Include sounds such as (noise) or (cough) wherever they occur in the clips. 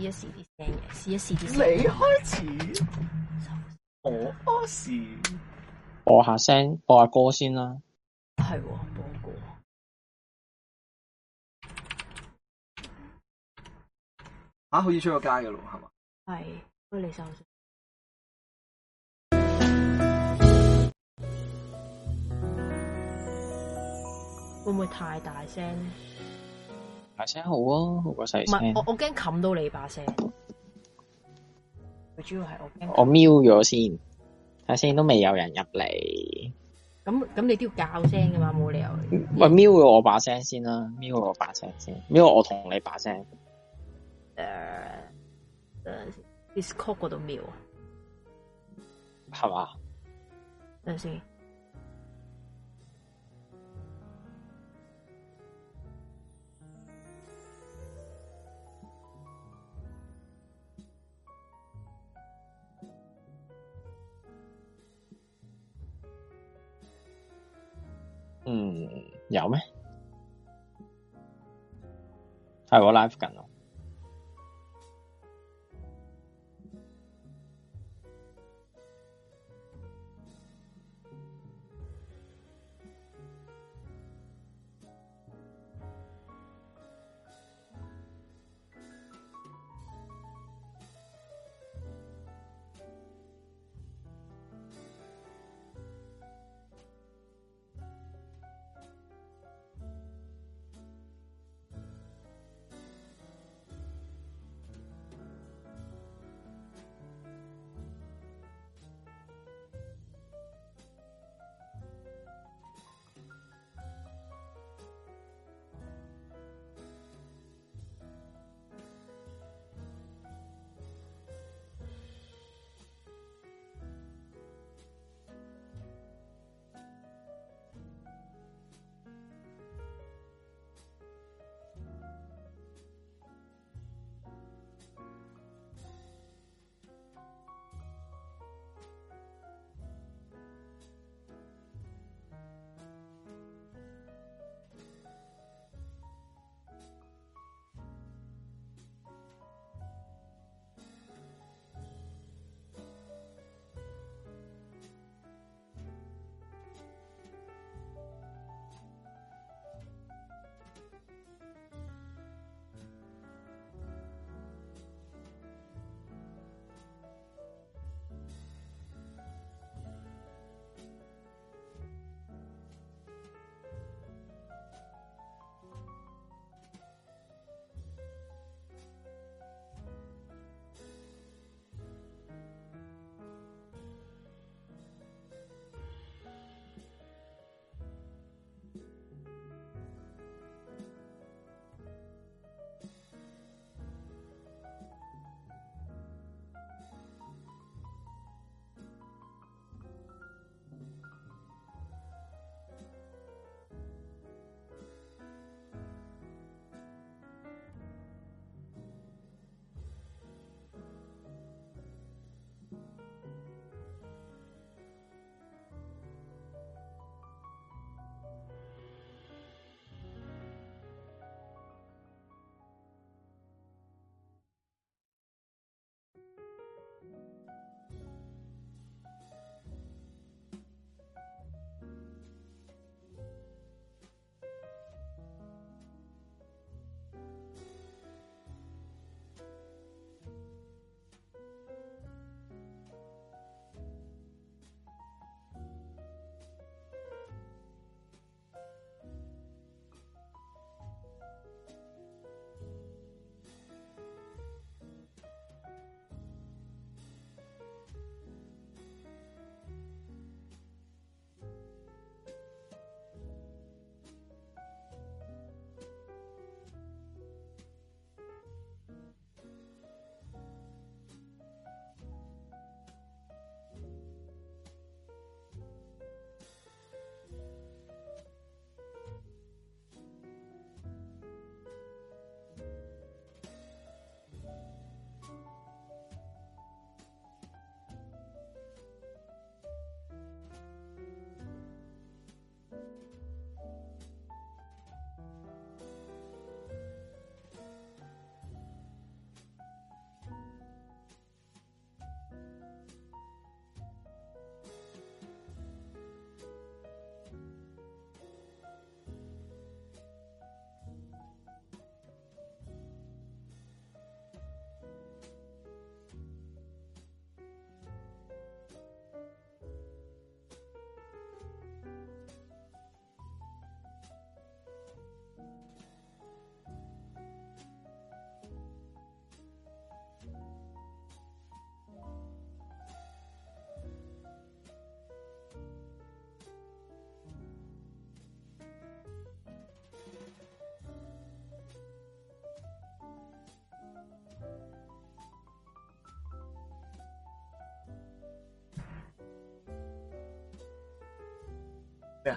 試一試啲聲嘢，試一試啲。試試你開始，我開始，我播下聲播下歌先啦。係播歌啊，吓好似出個街噶咯，係嘛？係，開嚟就。會唔會太大聲？把聲好啊，我個細聲。唔係，我我驚冚到你把聲。佢主要係我驚我瞄咗先，把聲都未有人入嚟。咁咁你都要教聲噶嘛？冇理由你。咪瞄咗我把聲先啦，瞄咗我把聲先，瞄我同你把聲。誒誒、uh, uh,，Discord 我都瞄啊。好啊吧。等先。嗯，有咩？係我 live 緊啊！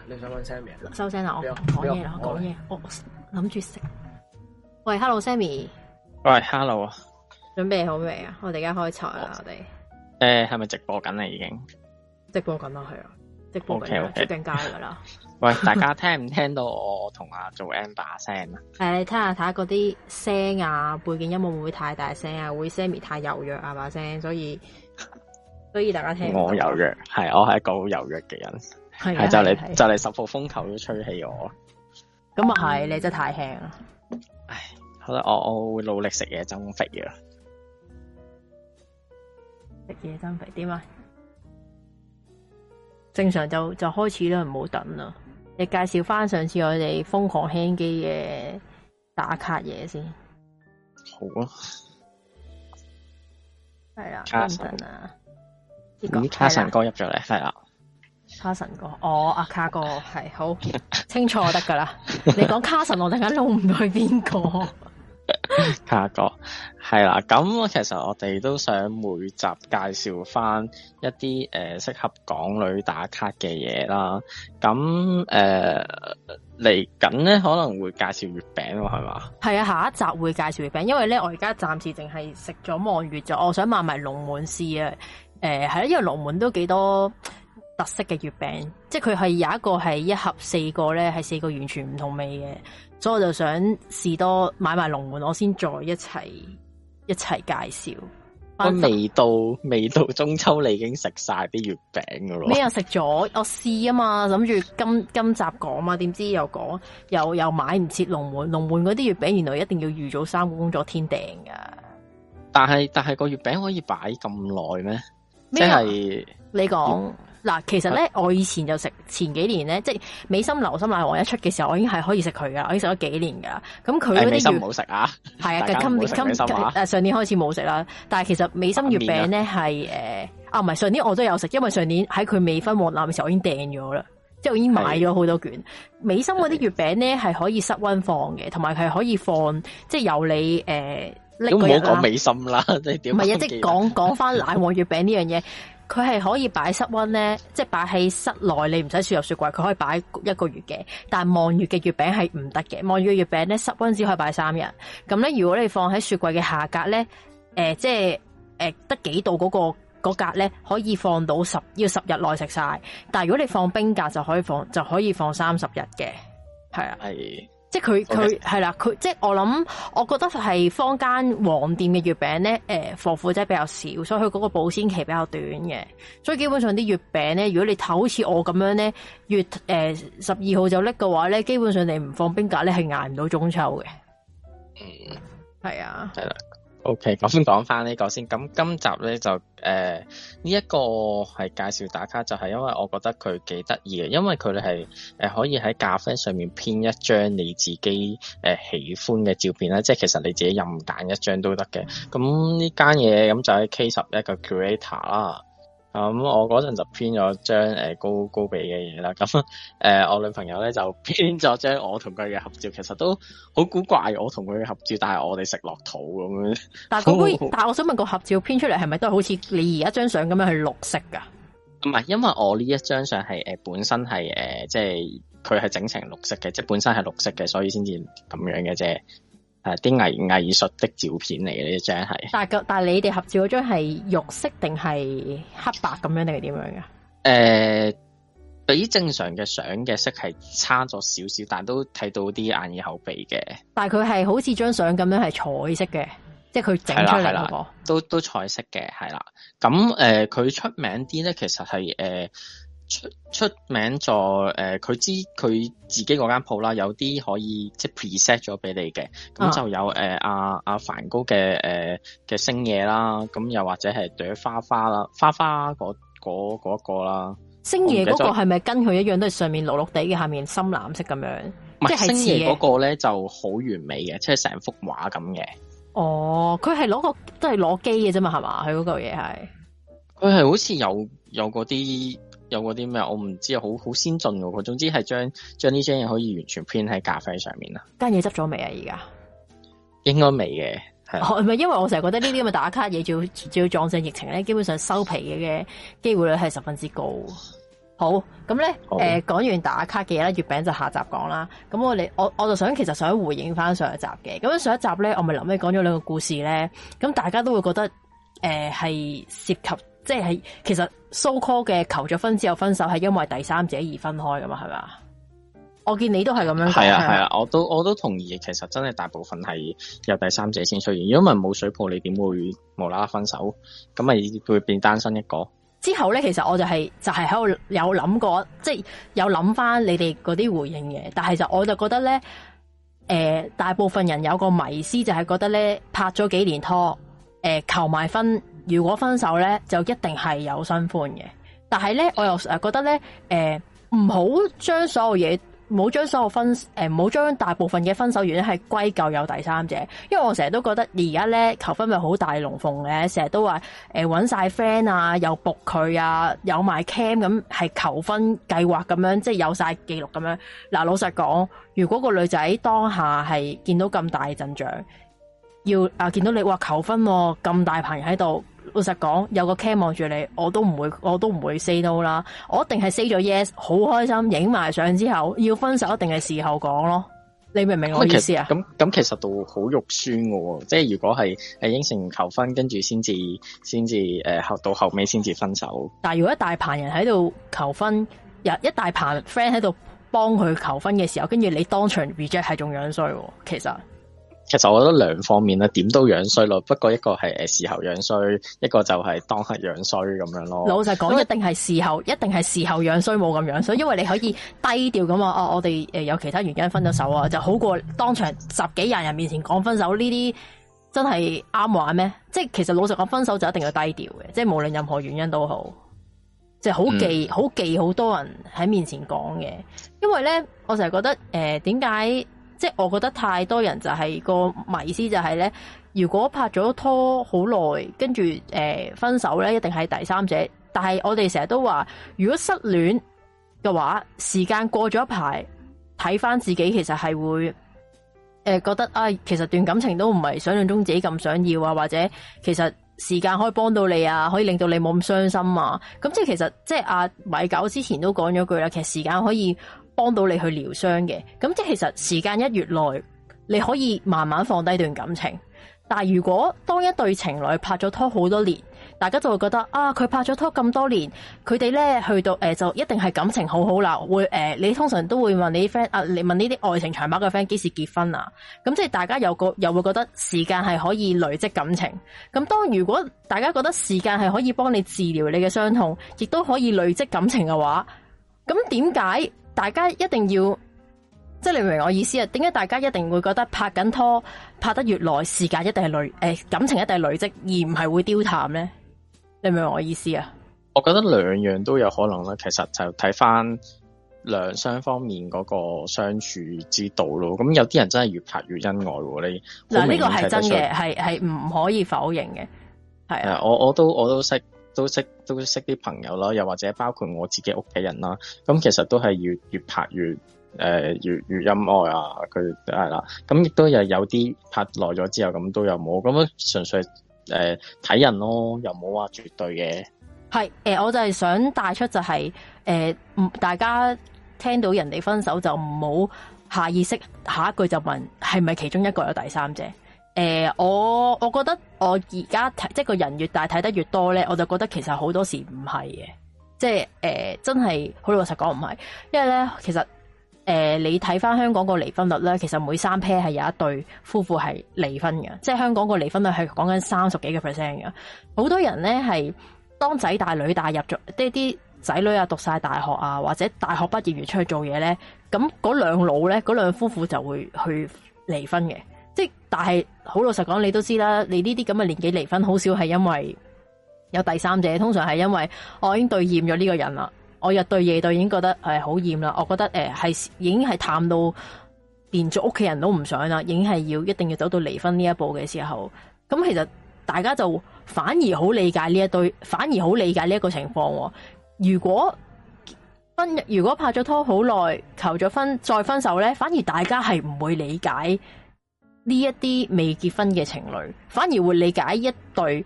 你想問 Sammy 收聲啦！我講嘢啦，講嘢。我諗住食。喂，Hello，Sammy。喂，Hello 啊！準備好未啊？我哋而家開場啦！我哋誒，係咪直播緊啊？已經直播緊啦，係啊，直播緊，出緊街噶啦。喂，大家聽唔聽到我同阿 Joan 把聲啊？誒，你睇下睇下嗰啲聲啊，背景音樂會唔會太大聲啊？會 Sammy 太柔弱呀把聲，所以所以大家聽我柔弱係，我係一個好柔弱嘅人。係就嚟就嚟十號風球都吹起我，咁啊係你真係太輕啦！唉，好啦，我我會努力食嘢增肥啊，食嘢增肥點啊？正常就就開始啦，唔好等啦。你介紹翻上，上次我哋瘋狂輕機嘅打卡嘢先，好啊，係啊的，卡神啊，咁、這個、嗯、的卡神哥入咗嚟，係啊。卡神哥，我、哦、阿、啊、卡哥係好 (laughs) 清楚得噶啦。你講卡神，我突然間撈唔到係邊個？ (laughs) 卡哥係啦。咁其實我哋都想每集介紹翻一啲誒適合港女打卡嘅嘢啦。咁誒嚟緊咧可能會介紹月餅係嘛？係啊，下一集會介紹月餅，因為咧我而家暫時淨係食咗望月就，我想買埋龍門試啊。誒、呃，係啊因為龍門都幾多。特色嘅月餅，即係佢係有一個係一盒四個咧，係四個完全唔同味嘅，所以我就想試多買埋龍門，我先再一齊一齊介紹。都未到未到中秋，你已經食晒啲月餅噶咯？咩 (laughs) 啊？食咗我試啊嘛，諗住今今集講嘛，點知又講又又買唔切龍門龍門嗰啲月餅，原來一定要預早三個工作天訂噶。但係但係個月餅可以擺咁耐咩？即係你講。嗱，其實咧，我以前就食前幾年咧，即係美心流心奶黃一出嘅時候，我已經係可以食佢噶，我已經食咗幾年噶啦。咁佢嗰啲月餅唔好食啊，係的啊，今年今年誒上年開始冇食啦。但係其實美心月餅咧係誒，啊唔係上年我都有食，因為上年喺佢未分黃藍嘅時候，我已經訂咗啦，即係我已經買咗好多卷是的 美心嗰啲月餅咧係是的 可以室溫放嘅，同埋係可以放，即、就、係、是、由你誒。都唔好講美心啦，即係點？唔係即係講講翻奶黃月餅呢樣嘢。 (laughs) 佢係可以擺室溫咧，即係擺喺室內，你唔使放入雪櫃，佢可以擺一個月嘅。但望月嘅月餅係唔得嘅，望月嘅月餅咧室溫只可以擺三日。咁咧，如果你放喺雪櫃嘅下格咧、呃，即係、呃、得幾度嗰、嗰個格咧，可以放到十要十日內食晒。但如果你放冰格就可以放就可以放三十日嘅，係啊係即係佢佢係啦，佢 Okay. 即係我諗，我覺得係坊間黃店嘅月餅咧，誒、呃、防腐劑比較少，所以佢嗰個保鮮期比較短嘅，所以基本上啲月餅咧，如果你睇好似我咁樣咧，月誒十二號就拎嘅話咧，基本上你唔放冰格咧係捱唔到中秋嘅。嗯、mm. 的。係啊。係啦。O.K. 咁先講翻呢個先。咁今集咧就誒呢一個係介紹打卡，就係因為我覺得佢幾得意嘅，因為佢哋係可以喺咖啡上面編一張你自己誒、呃、喜歡嘅照片啦。即係其實你自己任揀一張都得嘅。咁呢間嘢咁就喺 K 十一個 Creator 啦。咁、嗯、我嗰陣就編咗張誒高高鼻嘅嘢啦。咁、嗯、誒、呃，我女朋友咧就編咗張我同佢嘅合照，其實都好古怪。我同佢嘅合照，但係我哋食落肚咁樣。但係但係我想問個、哦、合照編出嚟係咪都係好似你而家張相咁樣係綠色噶？唔係，因為我呢一張相係誒本身係誒、呃，即係佢係整成綠色嘅，即係本身係綠色嘅，所以先至咁樣嘅啫。係啲藝藝術的照片嚟嘅，呢張係，但但係你哋合照張係肉色定係黑白咁樣定係點樣嘅？誒，比正常嘅相嘅色係差咗少少，但都睇到啲眼耳口鼻嘅。但係佢係好似張相咁樣係彩色嘅，即係佢整出嚟嗰個都都彩色嘅，係啦。咁誒，佢、呃、出名啲咧，其實係誒。呃出出名在誒，佢、呃、知佢自己嗰間鋪啦，有啲可以即係 preset 咗俾你嘅，咁就有誒阿阿梵高嘅誒嘅星夜啦，咁、嗯、又或者係朵花花啦，花花嗰嗰、嗰個啦。星夜嗰個係咪跟佢一樣，都係上面綠綠地嘅，下面深藍色咁樣是？即係星夜嗰個咧就好完美嘅，即係成幅畫咁嘅。哦，佢係攞個都係攞機嘅啫嘛，係嘛？佢嗰嚿嘢係，佢係好似有有嗰啲。有嗰啲咩？我唔知啊，好好先進噶。總之係將將呢張嘢，可以完全 print 喺咖啡上面啦。間嘢執咗未啊？而家應該未嘅，係咪？因為我成日覺得呢啲咁嘅打卡嘢，照照要，要撞上疫情咧，基本上收皮嘅嘅機會率係十分之高。好，咁咧，誒好，講、呃、完打卡嘅嘢啦，月餅就下集講啦。咁我哋我我就想其實想回應翻上一集嘅。咁上一集咧，我咪臨尾講咗兩個故事咧。咁大家都會覺得誒係、呃、涉及。即係其實 so call 嘅求咗婚之後分手係因為第三者而分開噶嘛，係咪啊？我見你都係咁樣講。係啊係啊，我都我都同意。其實真係大部分係有第三者先出現，如果唔係冇水泡，你點會無啦啦分手？咁咪會變單身一個。之後呢，其實我就係、是、就係喺度有諗過，即、就、係、是、有諗翻你哋嗰啲回應嘅。但係就我就覺得呢，誒、呃，大部分人有個迷思就係、是、覺得呢，拍咗幾年拖，誒、呃，求埋婚。如果分手咧，就一定係有新歡嘅。但係咧，我又誒覺得咧，誒唔好將所有嘢，唔好將所有分，誒唔好將大部分嘅分手原因係歸咎有第三者。因為我成日都覺得而家咧求婚咪好大龍鳳嘅，成日都話誒搵晒 friend 啊，又 book 佢啊，有埋 cam 咁係求婚計劃咁樣，即係有晒記錄咁樣。嗱、呃，老實講，如果個女仔當下係見到咁大陣仗，要啊見到你話求婚咁、啊、大棚人喺度。老實講，有個 cam 望住你，我都唔會，我都唔會 say no 啦。我一定係 say 咗 yes，好開心，影埋相之後，要分手一定係事後講咯。你明唔明我意思啊？咁咁其實都好肉酸嘅喎，即係如果係誒應承求婚，跟住先至先至誒後到後尾先至分手。但係如果一大棚人喺度求婚，一大棚 friend 喺度幫佢求婚嘅時候，跟住你當場 reject 係仲樣衰，其實。其實我覺得兩方面點點都樣衰咯。不過一個係誒時候樣衰，一個就係當刻樣衰咁樣咯。老實講，一定係時候，一定係時候樣衰冇咁樣衰，因為你可以低調咁話，我哋誒有其他原因分咗手啊，就好過當場十幾廿人面前講分手呢啲真係啱話咩？即係其實老實講，分手就一定要低調嘅，即係無論任何原因都好，即係好忌好、嗯、忌好多人喺面前講嘅。因為咧，我成日覺得誒，點、呃、解？即係我覺得太多人就係、是那個迷思就係咧，如果拍咗拖好耐，跟住誒分手咧，一定係第三者。但係我哋成日都話，如果失戀嘅話，時間過咗一排，睇返自己，其實係會誒、呃、覺得啊、哎，其實段感情都唔係想象中自己咁想要啊，或者其實時間可以幫到你啊，可以令到你冇咁傷心啊。咁即係其實即係、啊、阿米九之前都講咗句啦，其實時間可以。幫到你去療傷嘅，咁即係其實時間一越耐，你可以慢慢放低段感情。但係如果當一對情侶拍咗拖好多年，大家就會覺得啊，佢拍咗拖咁多年，佢哋咧去到誒、呃、就一定係感情好好啦。會誒、呃，你通常都會問你啲 friend 啊，你問呢啲愛情長跑嘅 friend 幾時結婚啊？咁即係大家又覺又會覺得時間係可以累積感情。咁當如果大家覺得時間係可以幫你治療你嘅傷痛，亦都可以累積感情嘅話，咁點解？大家一定要，即係你明唔明我意思啊？點解大家一定會覺得拍緊拖拍得越耐，時間一定係累，誒感情一定係累積，而唔係會丟淡咧？你明唔明我意思啊？我覺得兩樣都有可能啦。其實就睇返兩雙方面嗰個相處之道咯。咁有啲人真係越拍越恩愛喎。你嗱呢個係真嘅，係係唔可以否認嘅。係啊，我都我都我都識。都識都識啲朋友啦，又或者包括我自己屋企人啦。咁其實都係越越拍越，誒、呃、越越陰愛啊。佢係啦，咁亦都又有啲拍耐咗之後，咁都有冇咁樣純粹誒睇、呃、人咯，又冇話絕對嘅。係誒、呃，我就係想帶出就係、是、誒，唔、呃、大家聽到人哋分手就唔好下意識下一句就問係咪其中一個有第三者。誒、呃，我我覺得我而家睇即係個人越大睇得越多咧，我就覺得其實好多時唔係嘅，即係誒、呃、真係好老實講唔係，因為咧其實誒、呃、你睇翻香港個離婚率咧，其實每三 pair 係有一對夫婦係離婚嘅，即係香港個離婚率係講緊三十幾個 percent 嘅，好多人咧係當仔大女大入咗，即係啲仔女啊讀晒大學啊或者大學畢業完出去做嘢咧，咁嗰兩老咧嗰兩夫婦就會去離婚嘅。即係，但係好老實講，你都知啦。你呢啲咁嘅年紀離婚，好少係因為有第三者，通常係因為我已經對厭咗呢個人啦。我日對夜對，已經覺得係好厭啦。我覺得誒，係、呃、已經係淡到連做屋企人都唔想啦，已經係要一定要走到離婚呢一步嘅時候。咁其實大家就反而好理解呢一對，反而好理解呢一個情況、哦。如果分如果拍咗拖好耐，求咗婚再分手呢，反而大家係唔會理解。呢一啲未結婚嘅情侶，反而會理解一對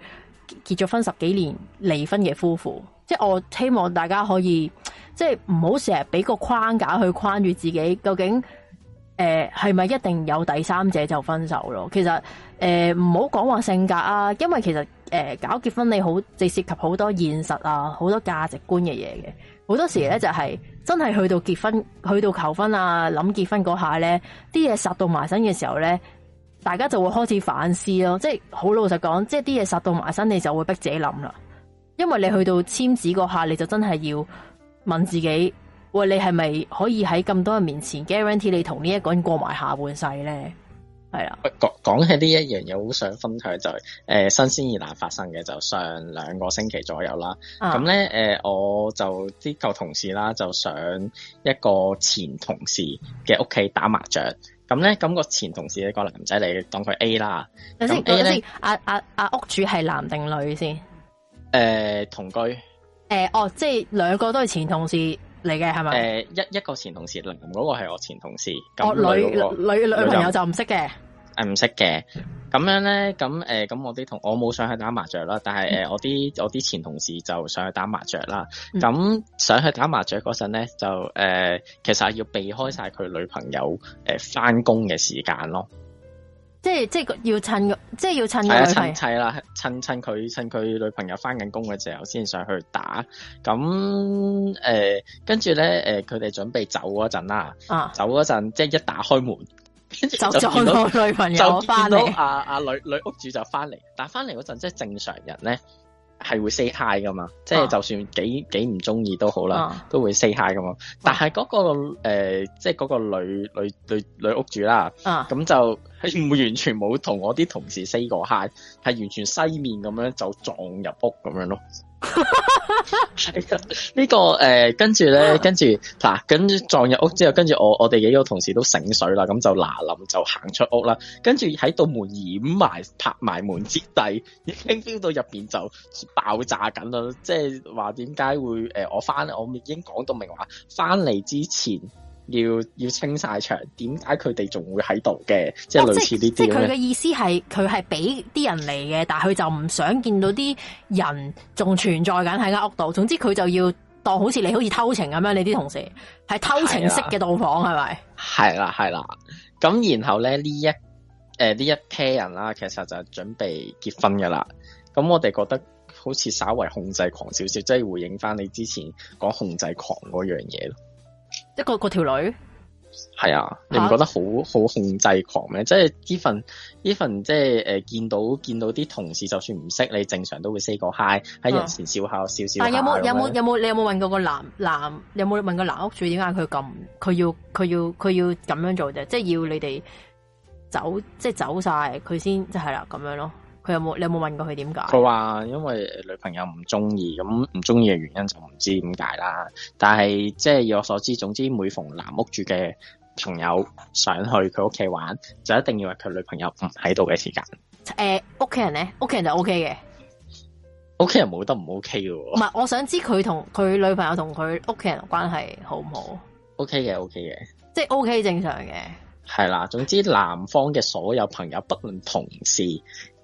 結咗婚十幾年離婚嘅夫婦。即係我希望大家可以，即係唔好成日俾個框架去框住自己。究竟誒係咪一定有第三者就分手咯？其實誒唔好講話性格啊，因為其實誒、呃、搞結婚你好，即涉及好多現實啊，好多價值觀嘅嘢嘅。好多時咧就係、是、真係去到結婚，去到求婚啊，諗結婚嗰下咧，啲嘢殺到埋身嘅時候咧。大家就會開始反思咯，即係好老實講，即係啲嘢殺到埋身，你就會逼自己諗啦。因為你去到簽紙嗰下，你就真係要問自己：喂，你係咪可以喺咁多人面前 guarantee 你同呢一個人過埋下半世咧？係啊。講講起呢一樣嘢，我好想分享就誒、是呃、新鮮熱辣發生嘅，就上兩個星期左右啦。咁咧誒，我就啲舊、這個、同事啦，就上一個前同事嘅屋企打麻雀。咁咧，咁個前同事嘅個男仔嚟，你當佢 A 啦。頭先等，頭先，阿阿阿屋主係男定女先？誒、呃，同居。誒、呃，哦，即係兩個都係前同事嚟嘅，係咪？誒、呃，一一,一個前同事男，嗰、那個係我前同事。我、哦、女女、那個、女，女朋友就唔識嘅。誒，唔識嘅，咁樣咧，咁誒，咁、呃、我啲同我冇上去打麻雀啦，但係誒、嗯呃，我啲我啲前同事就上去打麻雀啦。咁、嗯、上去打麻雀嗰陣咧，就誒、呃，其實係要避開晒佢女朋友誒返工嘅時間咯。即係即係要趁，即係要趁趁啦，趁趁佢趁佢女朋友返緊工嘅時候先上去打。咁誒，跟住咧，誒，佢、呃、哋準備走嗰陣啦，啊，走嗰陣即係一打開門。 (laughs) 就，就撞到女朋友回，就見到阿、啊、阿、 (laughs) 啊啊、女女屋主就翻嚟，但翻嚟嗰陣即係正常人咧，係會 say hi 噶嘛，即係、啊、就，就算幾幾唔中意都好啦，啊、都會 say hi 噶嘛。但係嗰、嗰個誒，即係嗰個女女女女屋主啦，咁、啊、就。係唔會完全冇同我啲同事 say 過 hi，係完全西面咁樣就撞入屋咁樣咯。呢、 (laughs) (laughs) 呢個誒、呃，跟住咧，跟住嗱、啊，跟住撞入屋之後，跟住我我哋幾個同事都醒水啦，咁就嗱臨就行出屋啦。跟住喺度門掩埋，拍埋門之底，已經 feel 到入邊就爆炸緊啦。即係話點解會誒、呃，我翻我已經講到明話，翻嚟之前。要要清晒場，點解佢哋仲會喺度嘅？即係類似呢啲、啊、即係佢嘅意思係佢係俾啲人嚟嘅，但係佢就唔想見到啲人仲存在緊喺間屋度。總之佢就要當好似你好似偷情咁樣，你啲同事係偷情式嘅到、啊、房係咪？係啦係啦，咁、啊啊、然後咧呢一呢、呃、一 pair 人啦，其實就準備結婚噶啦。咁我哋覺得好似稍為控制狂少少，即、就、係、是、回應翻你之前講控制狂嗰樣嘢咯。一個個條女，係啊，你唔覺得好好、啊、控制狂咩？即係呢份呢份，即係誒，見到見到啲同事，就算唔識你，正常都會 say 個 hi，喺人前笑下笑笑下。但有冇有冇呢有冇？你有冇問過個男男？你有冇問過個男屋主點解佢咁？佢要佢要佢要咁樣做啫，即係要你哋走，即係走晒，佢先即係啦咁樣咯。佢有冇你有冇問過佢點解？佢話因為女朋友唔中意，咁唔中意嘅原因就唔知點解啦。但係即係以我所知，總之每逢男屋住嘅朋友想去佢屋企玩，就一定要係佢女朋友唔喺度嘅時間。誒、呃，屋企人咧，屋企人就 OK 嘅。屋企人冇得唔 OK 嘅喎，啊。唔係，我想知佢同佢女朋友同佢屋企人嘅關係好唔好？OK 嘅，OK 嘅，即係 OK 正常嘅。係啦，總之男方嘅所有朋友，不論同事。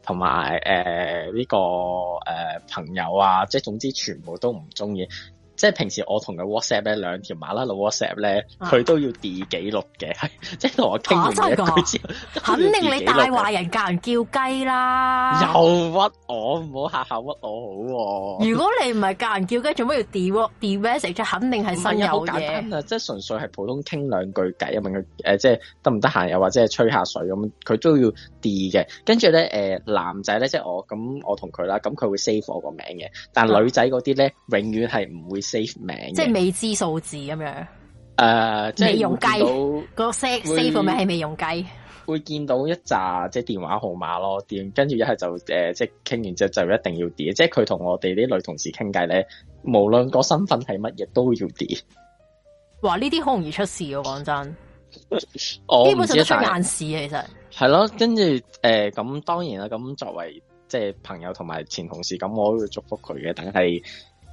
同埋誒呢個誒、呃、朋友啊，即係總之全部都唔中意。即係平時我同佢 WhatsApp 咧，兩條馬拉佬 WhatsApp 咧，佢都要 delete 記錄嘅，係即係同我傾完一句之後，肯定你大話，人教人叫雞啦。又屈我，唔好下下屈我好。如果你唔係教人叫雞，做乜要 delete delete message？肯定係新有嘅。係即係純粹係普通傾兩句偈，問佢誒，即係得唔得閒，又或者係吹下水咁，佢都要 delete 嘅。跟住咧，誒男仔咧，即係我咁，我同佢啦，咁佢會 save 我個名嘅。但係女仔嗰啲咧，永遠係唔會 save 名，即係未知數字咁樣。誒，未用雞，個 save 名係未用雞，會見到一紮即係電話號碼咯。點跟住一係就誒、呃，即係傾完之後就一定要跌。即係佢同我哋啲女同事傾偈咧，無論個身份係乜嘢都要跌。哇，呢啲好容易出事嘅，講真， (laughs) 我基本上都出眼屎。是其實係咯，跟住誒，咁、呃、當然啦。咁作為即係朋友同埋前同事，咁我會祝福佢嘅，但係。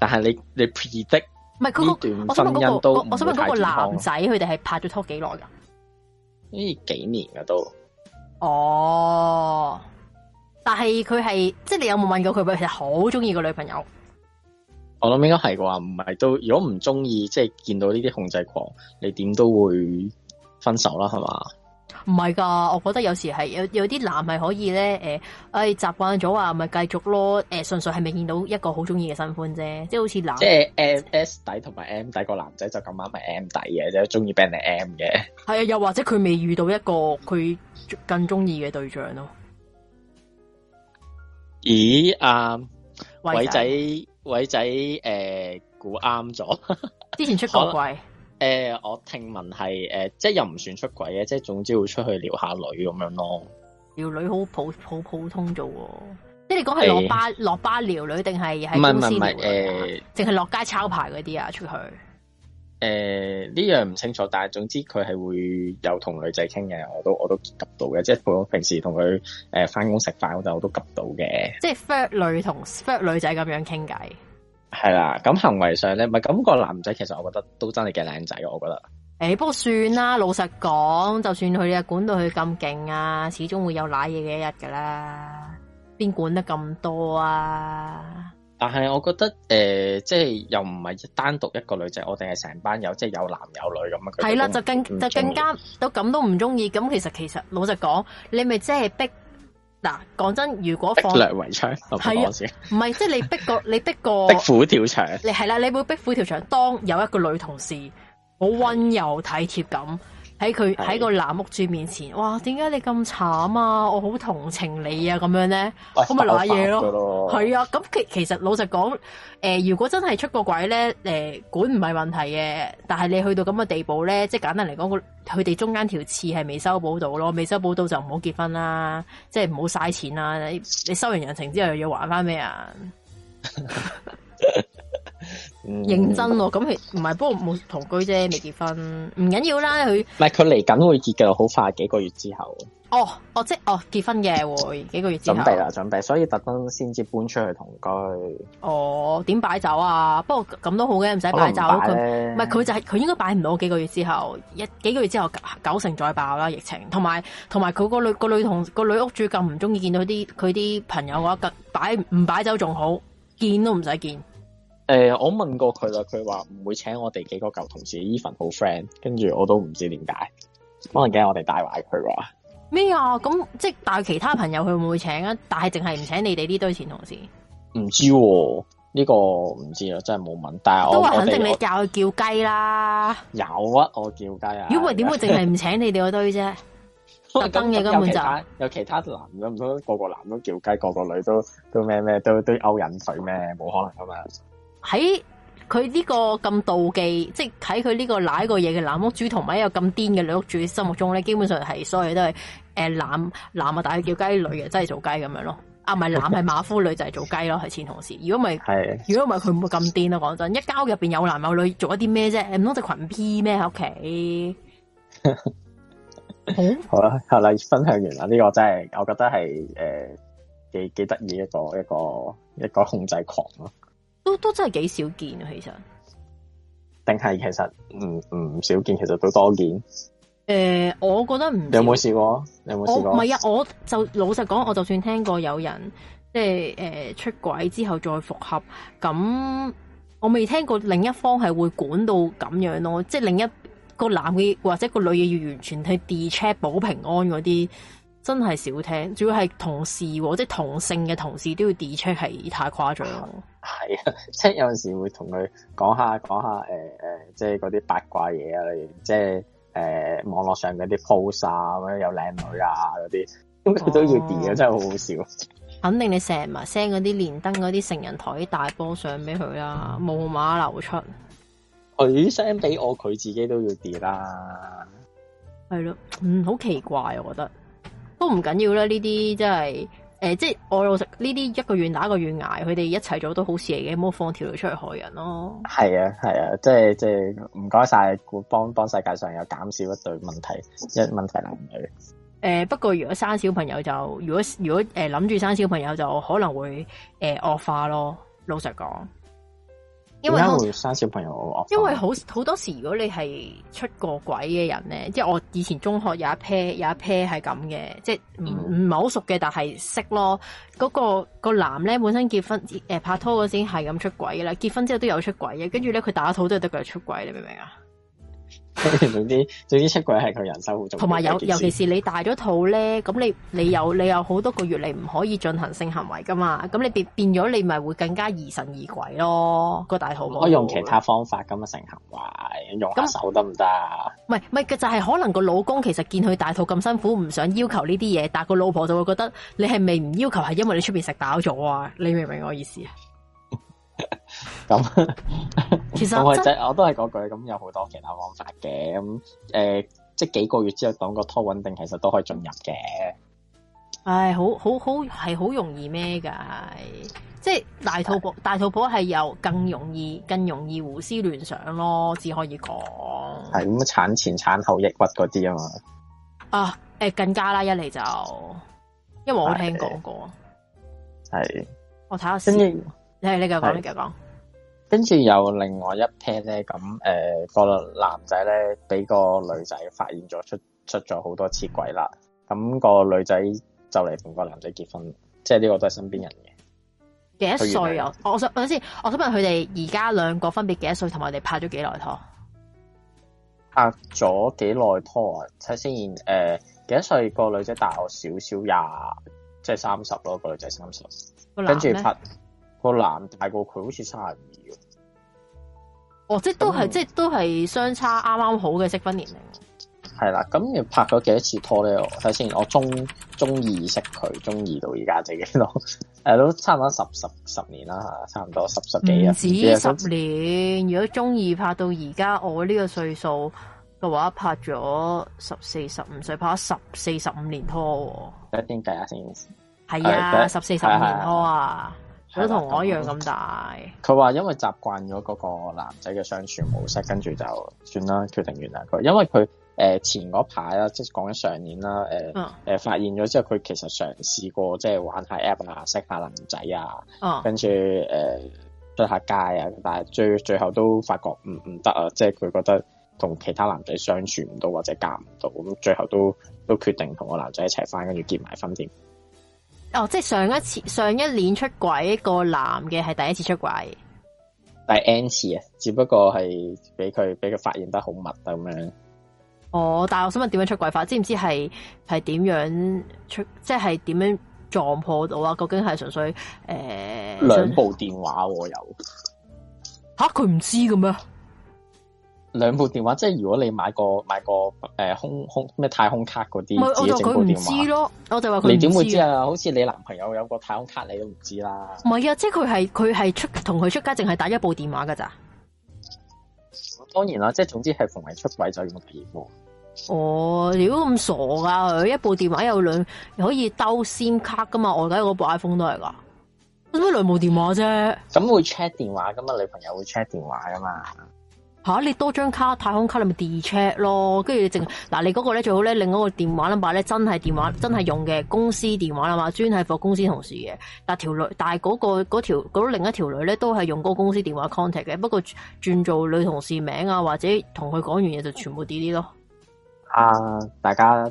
但係你你 predict 呢段婚姻都唔太健康。我想問嗰個男仔，佢哋係拍咗拖幾耐噶？呢幾年噶都。哦，但係佢係即係你有冇問過佢？佢其實好中意個女朋友。我諗應該係啩，唔係都如果唔中意，即係見到呢啲控制狂，你點都會分手啦，係嘛？唔係噶，我覺得有時係有有啲男係可以咧，誒、哎，誒習慣咗啊，咪繼續咯，誒、哎，純粹係未見到一個好中意嘅新歡啫，即係好似男，即係 M, M, M S 底同埋 M 底個男仔就咁啱係 M 底嘅啫，中意俾人哋 M 嘅。係啊，又或者佢未遇到一個佢更中意嘅對象咯。咦？阿偉仔，偉仔，誒，估啱咗， (laughs) 之前出過櫃。誒、呃，我聽聞係誒，即係又唔算出軌嘅，即係總之會出去撩下女咁樣咯。撩女好普好普通，即係你講係落班，欸、落班撩女定係喺公司撩？唔係唔係唔係，誒、呃，淨係落街抄牌嗰啲啊，出去。誒、呃，呢樣唔清楚，但係總之佢係會有同女仔傾嘅，我都我都及到嘅，即係普通平時同佢誒翻工食飯嗰陣，我都及到嘅。即係 f u r t 女同 f u r t 女仔咁樣傾偈。係啦，咁行為上咧，咪咁個男仔，其實我覺得都真係幾靚仔，我覺得。誒，不過算啦，老實講，就算佢啊管到佢咁勁啊，始終會有瀨嘢嘅一日噶啦，邊管得咁多啊？但係我覺得誒，即係又唔係單獨一個女仔，我哋係成班友，即係有男有女咁樣。係啦，就更就更加都咁都唔中意，咁其實其實老實講，你咪即係逼。嗱，講真，如果放梁維昌，係啊，唔係即係你逼個你逼個，逼個 (laughs) 虎跳牆，你係啦，啊，你會逼虎跳牆。當有一個女同事好溫柔體貼咁。喺佢喺個男屋主面前，的哇！點解你咁慘啊？我好同情你啊！咁樣呢、哎、不咧，咁咪賴嘢咯。係啊，咁其其實老實講，誒、呃，如果真係出個軌咧，誒、呃，管唔係問題嘅，但係你去到咁嘅地步咧，即係簡單嚟講，佢哋中間條刺係未修補到咯，未修補到就唔好結婚啦，即係唔好嘥錢啦。你你收完人情之後又要還翻咩啊？ (laughs) (laughs) 嗯、認真咯，哦，咁佢唔係，不過冇同居啫，未結婚，唔緊要啦。佢唔係佢嚟緊會結嘅，好快，幾個月之後。哦，哦，即係哦，結婚嘅會幾個月之後準備啦，準備，所以特登先至搬出去同居。哦，點擺酒啊？不過咁都好嘅，唔使擺酒。佢唔係佢就係、是、佢應該擺唔到，幾個月之後一幾個月之後九成再爆啦，疫情同埋同埋佢個女個女，女同個女屋主咁唔中意見到啲佢啲朋友嘅、那、話、個，擺唔擺酒仲好，見都唔使見。誒、欸，我問過佢啦，佢話唔會請我哋幾個舊同事，e 凡好 friend，跟住我都唔知點解，可能驚我哋帶壞佢話。咩啊？咁即係帶其他朋友去會唔會請啊？但係淨係唔請你哋呢堆前同事。唔知呢、啊這個唔知啦，真係冇問。但係我都話肯定你教佢叫雞啦。有啊，我叫雞啊。如果唔係，點會淨係唔請你哋嗰堆啫？特登嘅根本就。有其他男都唔通個個男都叫雞，個個女都都咩咩，都什麼什麼都，都勾引水咩？冇可能噶嘛。喺佢呢個咁妒忌，即係喺佢呢個瀨個嘢嘅男屋主同埋一個咁癲嘅女屋主心目中咧，基本上係所有嘢都係誒男男啊，但係叫雞女嘅真係做雞咁樣咯。啊，唔係男係 (laughs) 馬夫女，女就係、是、做雞咯，係前同事。如果唔係，如果唔係佢唔會咁癲咯。講真，一交入邊有男有女，做一啲咩啫？唔通只群 P 咩喺屋企。好了，好啦，阿麗分享完啦。呢、這個真係，我覺得係誒幾幾得意一個一個一個，一個控制狂咯。都都真係幾少見啊，其實，定係其實唔唔、嗯嗯、少見，其實都多見。誒、呃，我覺得唔你有冇試過？有冇試過？唔係啊，我就老實講，我就算聽過有人即係誒出軌之後再復合，咁我未聽過另一方係會管到咁樣咯。即係另一個男嘅或者個女嘅要完全去 detect 保平安嗰啲。真係少聽，主要係同事、啊、即係同性嘅同事都要 detect 係太誇張。係啊，啊，即係有陣時會同佢講下講下誒誒、呃，即係嗰啲八卦嘢啊，例如即係誒網絡上嗰啲 post 啊，有靚女啊嗰啲，咁佢都要 d 啊，哦、真係好好笑。肯定你成日 send 嗰啲連登嗰啲成人台啲大波相俾佢啦，冇碼流出。佢 send 俾我，佢自己都要 d 啦。係咯，嗯，好奇怪，我覺得。都唔緊要啦，呢啲真係誒、呃，即係我老實呢啲一個願打一個願挨，佢哋一齊做都好事嚟嘅，唔好放條女出去害人咯。係啊，係啊，即係即係，唔該晒，幫幫世界上又減少一對問題一問題男女。誒、呃，不過如果生小朋友就，如果如果誒諗住生小朋友就可能會誒惡、呃、化咯，老實講。而家生小朋友，因為好好多時，如果你係出過軌嘅人咧，即係我以前中學有一 pair 有一 pair 係咁嘅，即係唔唔係好熟嘅，但係識咯。嗰、嗰個、嗰個男咧本身結婚誒、欸、拍拖嗰時係咁出軌啦，結婚之後都有出軌嘅，跟住咧佢打肚都係得佢出軌，你明唔明啊？總之總之出軌係佢人生好重要同埋有，有，尤其是你大咗肚咧，咁你你有你有好多個月你唔可以進行性行為噶嘛，咁你變變咗你咪會更加疑神疑鬼咯個大肚，我可以用其他方法咁嘅性行為，用下手得唔得？唔係唔係，就係、是、可能個老公其實見佢大肚咁辛苦，唔想要求呢啲嘢，但係個老婆就會覺得你係咪唔要求係因為你出邊食飽咗啊？你明唔明我意思啊？咁， (laughs) 其實 (laughs) 我都係嗰句，咁有好多其他方法嘅，咁、嗯、誒、呃，即係幾個月之後等個胎穩定，其實都可以進入嘅。唉、哎，好好好，係好容易咩？噶，即係大肚婆，是的大肚婆係有更容易，更容易胡思亂想咯，只可以講。係咁，產前產後抑鬱嗰啲啊嘛。啊，誒、欸，更加啦，一嚟就，因為我聽講過、那個，係，是我睇下先，你係的你繼續講，你繼續講。跟住有另外一 pair 咧，咁誒、呃個男仔咧俾個女仔發現咗出出咗好多次軌啦。咁、個女仔就嚟同個男仔結婚，即係呢個都係身邊人嘅。幾多歲啊？我想問先，我想問佢哋而家兩個分別幾多歲，同埋佢哋拍咗幾耐拖？拍咗幾耐拖啊？睇先，誒、呃，幾多歲？個女仔大我少少廿，即係三十咯。個女仔三十，跟住拍個男大過佢，好似三十五。哦，即係都係，嗯、即係都係相差啱啱好嘅適婚年齡。係啦，咁你拍咗幾多次拖咧？睇先，我中中二識佢，中二到而家就幾多？誒， (laughs) 都差唔多十十十年啦，吓，差唔多十十幾啊，唔止十年。如果中二拍到而家，我呢個歲數嘅話，拍咗十四十五歲，拍咗十四十五年拖，哦。一聽計下先，係啊，十四十五年拖啊！佢同我，我一樣咁大。佢話因為習慣咗嗰個男仔嘅相處模式，跟住就算啦，決定原諒佢。因為佢誒、呃、前嗰排啦，即係講緊上年啦，誒、呃、誒、嗯、發現咗之後，佢其實嘗試過即係玩下 app 啊，識下男仔啊，嗯、跟住誒出下街啊，但係最最後都發覺唔唔得啊，即係佢覺得同其他男仔相處唔到或者夾唔到，咁最後都都決定同個男仔一齊翻，跟住結埋婚添。哦，即係上一次上一年出軌個男嘅係第一次出軌，第 n 次啊，只不過係俾佢俾佢發現得好密咁樣。哦，但係我想問點樣出軌法？知唔知係係點樣出？即係點樣撞破到啊？究竟係純粹誒兩、呃、部電話、哦、有吓佢唔知嘅咩？兩部電話，即係如果你買個買個誒、呃、空空咩太空卡嗰啲，只有唔知電咯。我哋話佢唔知。你點會知啊？知好似你男朋友有個太空卡，你都唔知啦。唔係啊，即係佢係佢係出,出同佢出街，淨係打一部電話噶咋？當然啦，即係總之係逢係出軌就咁嘅地方。哦，如果咁傻噶！一部電話有兩有可以兜 SIM 卡噶嘛？我而家部 iPhone 都係噶，做乜兩部電話啫？咁會 check 電話噶嘛？女朋友會 check 電話噶嘛？吓，你多張卡，太空卡你咪 D check 咯，跟住你淨嗱你嗰個咧最好咧，另一個電話咧嘛咧真係電話真係用嘅公司電話啊嘛，專係 for 公司同事嘅。但條女但係嗰個嗰條嗰另一條女咧都係用嗰個公司電話 contact 嘅，不過轉做女同事名，啊或者同佢講完嘢就全部 delete 囉。咯。啊，大家。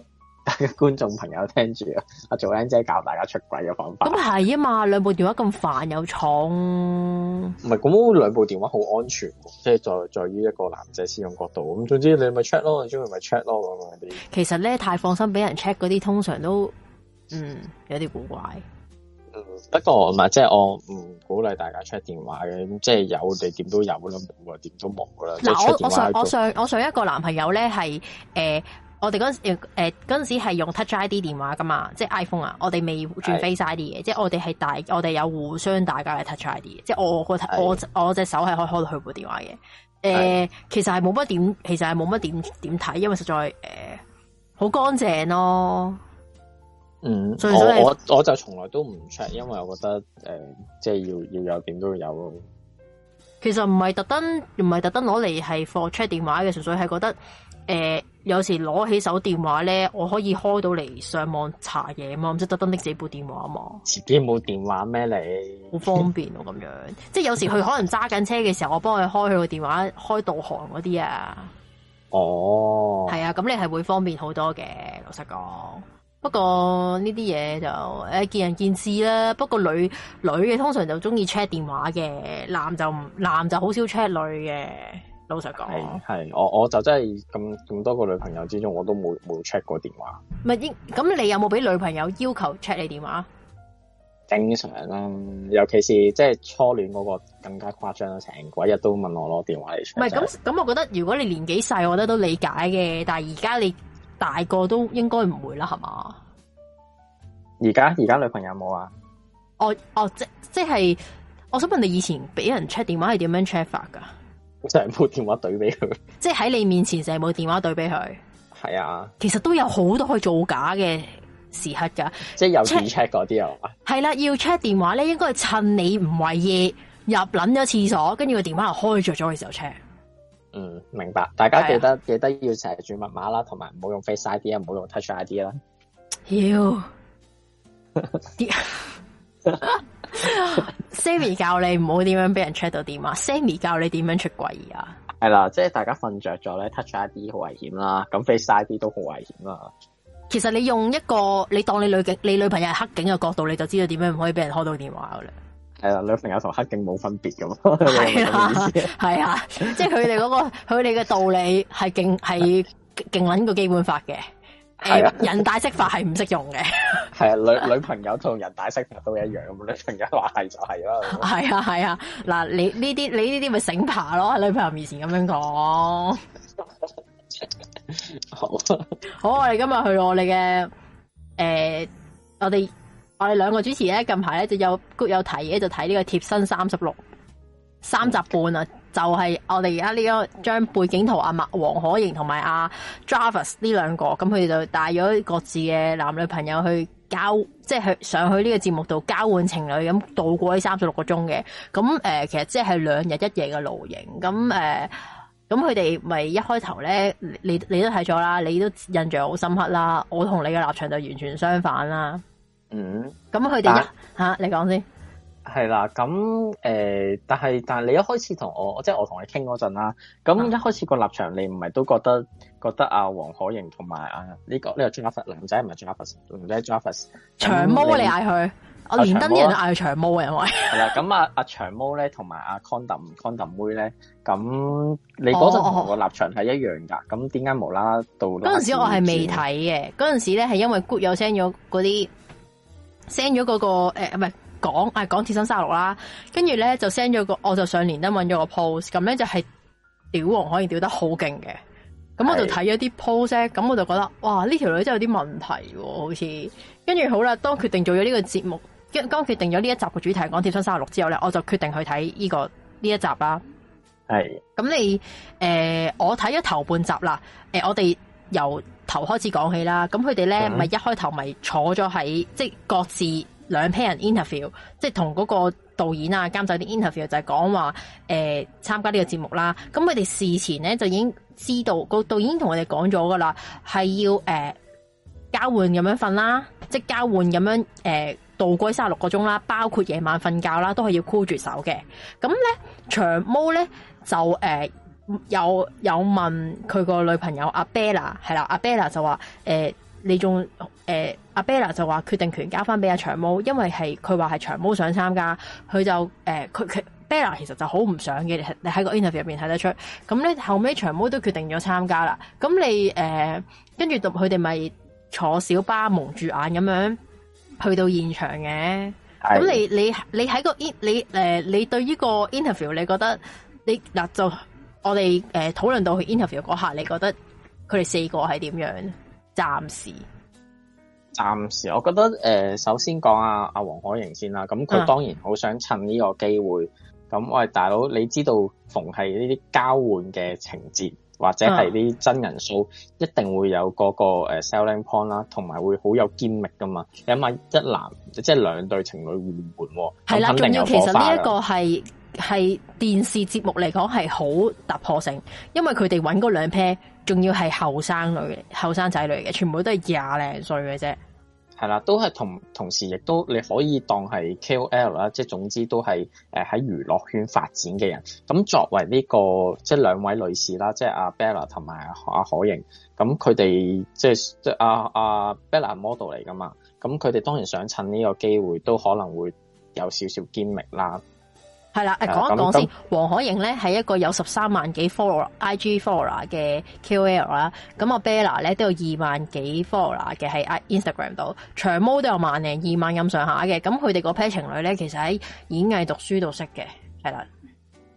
觀眾朋友聽住啊，阿 Joan 姐教大家出軌嘅方法。咁係啊嘛，兩部電話咁煩又重。唔係，咁兩部電話好安全，即係在在於一個男仔使用角度。咁總之你咪 check 咯，你中意咪 check 咯咁啲。其實咧，太放心俾人 check 嗰啲，通常都嗯有啲古怪。不過唔係，即係我唔鼓勵大家 check 電話嘅。咁即係有，你點都有啦；冇，點都冇噶啦。嗱、啊，我上我上我上我上一個男朋友咧，係誒。呃我哋嗰陣時誒，嗰陣、呃、時係用 Touch ID 電話噶嘛，即係 iPhone 啊。我哋未轉 Face ID 嘅，的即係我哋係大，我哋有互相大家嘅 Touch ID 嘅。即係我個我的我隻手係可以開到佢部電話嘅。誒、呃的，其實係冇乜點，其實係冇乜點點睇，因為實在誒好乾淨咯。嗯，所以我我，我就從來都唔 check，因為我覺得誒、呃，即係要要有點都要有。其實唔係特登，唔係特登攞嚟係 for check 電話嘅，純粹係覺得誒。呃有時攞起手電話咧，我可以開到嚟上網查嘢嘛，唔使特登拎自己部電話嘛。自己冇電話咩你？好方便喎、啊。咁樣即係有時佢可能揸緊車嘅時候，我幫佢開佢個電話，開導航嗰啲啊。哦，係啊，咁你係會方便好多嘅，老實講。不過呢啲嘢就誒見仁見智啦。不過女女嘅通常就中意 check 電話嘅，男就唔男就好少 check 女嘅。老實講，係、哦、我我就真係咁咁多個女朋友之中，我都冇冇 check 過電話。唔係，咁你有冇俾女朋友要求 check 你電話？正常啦，尤其是即係初戀嗰個更加誇張啦，成鬼日都問我攞電話嚟。唔係咁咁，我覺得如果你年紀細，我覺得都理解嘅。但係而家你大個都應該唔會啦，係嘛？而家而家女朋友有冇啊？我我、哦、即即係，我想問你以前俾人 check 電話係點樣 check 法㗎？成日冇電話懟俾佢，即係喺你面前成日冇電話懟俾佢。係啊，其實都有好多去造假嘅時刻噶，即係有 check check 嗰啲啊嘛。係啦查，要 check 電話咧，應該係趁你唔為意入捻咗廁所，跟住個電話又開着咗嘅時候 check。嗯，明白。大家記得、啊、記得要成日轉密碼啦，同埋唔好用 Face ID 啊，唔好用 Touch ID 啦。妖。 (laughs) (laughs) Sammy 教你唔好點樣俾人 check 到電話。Sammy 教你點樣出軌啊？係啦，即係大家瞓着咗咧，touch 一啲好危險啦、啊。咁 Face 晒啲都好危險啦、啊。其實你用一個，你當你女警、你女朋友係黑警嘅角度，你就知道點樣唔可以俾人開到電話噶啦。係啦，女朋友同黑警冇分別噶嘛。係啦，係啊 (laughs) ，即係佢哋嗰個，佢哋嘅道理係勁，係勁捻過基本法嘅。係、啊、人大釋法係唔識用嘅。係啊， (laughs) 女女朋友同人大釋法都一樣，女朋友話係就係咯。係啊係啊，嗱、啊 (laughs) 啊、你呢啲你呢啲咪醒爬咯，喺女朋友面前咁樣講。 (laughs) 好， (laughs) 好，我哋今日去我哋嘅，誒、呃，我哋我哋兩個主持咧，近排咧就有 g o 有提嘢，就睇呢個貼身三十六三集半啊。就係我哋而家呢個將背景圖阿麥黃可盈同埋阿 Jarvis 呢兩個，咁佢哋就帶咗各自嘅男女朋友去交，即係去上去呢個節目度交換情侶咁度過呢三十六個鐘嘅。咁、嗯、誒，其實即係兩日一夜嘅露營。咁、嗯、誒，咁佢哋咪一開頭咧，你你都睇咗啦，你都印象好深刻啦。我同你嘅立場就完全相反啦。嗯。咁佢哋一吓，你講先。係啦，咁誒，但係但係你一開始同我，即係我同你傾嗰陣啦，咁一開始個立場你唔係都覺得覺得阿黃可盈同埋啊呢個呢個 Joffre 龍仔，唔係 Joffre 龍仔 Joffre 長毛你嗌佢，我連登啲人都嗌佢長毛嘅，因為係啦，咁啊啊長毛咧同埋阿 condom condom 妹咧，咁你嗰陣同我立場係一樣噶。咁點解無啦啦到嗰陣時我係未睇嘅，嗰陣時咧係因為 good 有 send 咗嗰啲 send 咗嗰個唔係。講啊講貼身三十六啦，跟住咧就 send 咗個，我就上年都揾咗個 pose，咁咧就係、是、屌王可以屌得好勁嘅，咁是的 我就睇咗啲 pose，咁我就覺得哇呢條、這個、女真係有啲問題、啊，好似跟住好啦，當決定做咗呢個節目，跟當決定咗呢一集嘅主題講貼身三十六之後咧，我就決定去睇呢、這個呢一集啦、啊。係咁是的 你誒、呃，我睇咗頭半集啦，誒、呃，我哋由頭開始講起啦，咁佢哋咧咪一開頭咪坐咗喺即係各自。兩批人 interview，即係同嗰個導演啊監製啲 interview 就係講話誒參加呢個節目啦。咁佢哋事前咧就已經知道、個導演同我哋講咗噶啦，係要誒、呃、交換咁樣瞓啦，即係交換咁樣誒度過卅六個鐘啦，包括夜晚瞓覺啦，都係要箍住手嘅。咁咧長毛咧就誒、呃、有有問佢個女朋友阿 Bella 係啦，阿 Bella 就話誒。呃你仲誒阿、呃、Bella 就話決定權交翻俾阿長毛，因為係佢話係長毛想參加，佢就誒佢、呃、Bella 其實就好唔想嘅，你喺個 interview 入面睇得出。咁咧後尾長毛都決定咗參加啦。咁你誒跟住讀佢哋咪坐小巴蒙住眼咁樣去到現場嘅。咁的你你你喺個 int 你誒、呃、你對呢個 interview 你覺得你嗱、呃、就我哋誒、呃、討論到去 interview 嗰下，你覺得佢哋四個係點樣？暫時，暫時，我覺得誒、呃，首先講下阿黃海盈先啦，咁佢當然好想趁呢個機會，咁喂大佬，你知道逢係呢啲交換嘅情節，或者係啲真人 show，啊，一定會有個個誒 selling point 啦，同埋會好有 gimmick 噶嘛，你諗下一男即係兩對情侶互換，係啦的，仲要其實呢一個係係電視節目嚟講係好突破性，因為佢哋揾嗰兩 pair。仲要係後生女、後生仔女嘅，全部都係廿零歲嘅啫。係啦，都係同同時，亦都你可以當係 K O L 啦，即係總之都係誒喺娛樂圈發展嘅人。咁作為呢、這個即係兩位女士啦，即係阿 Bella 同埋阿可盈，咁佢哋即係即係阿阿 Bella model 嚟噶嘛，咁佢哋當然想趁呢個機會，都可能會有少少堅力啦。係啦，誒，講一講先。黃等可瑩咧係一個有十三萬幾 follower，IG follower 嘅 QL 啦。咁阿 Bella 咧都有二萬幾 follower 嘅，係 Instagram 度。長毛都有萬零二萬咁上下嘅。咁佢哋嗰 pair 情侶咧，其實喺演藝讀書度識嘅。係啦。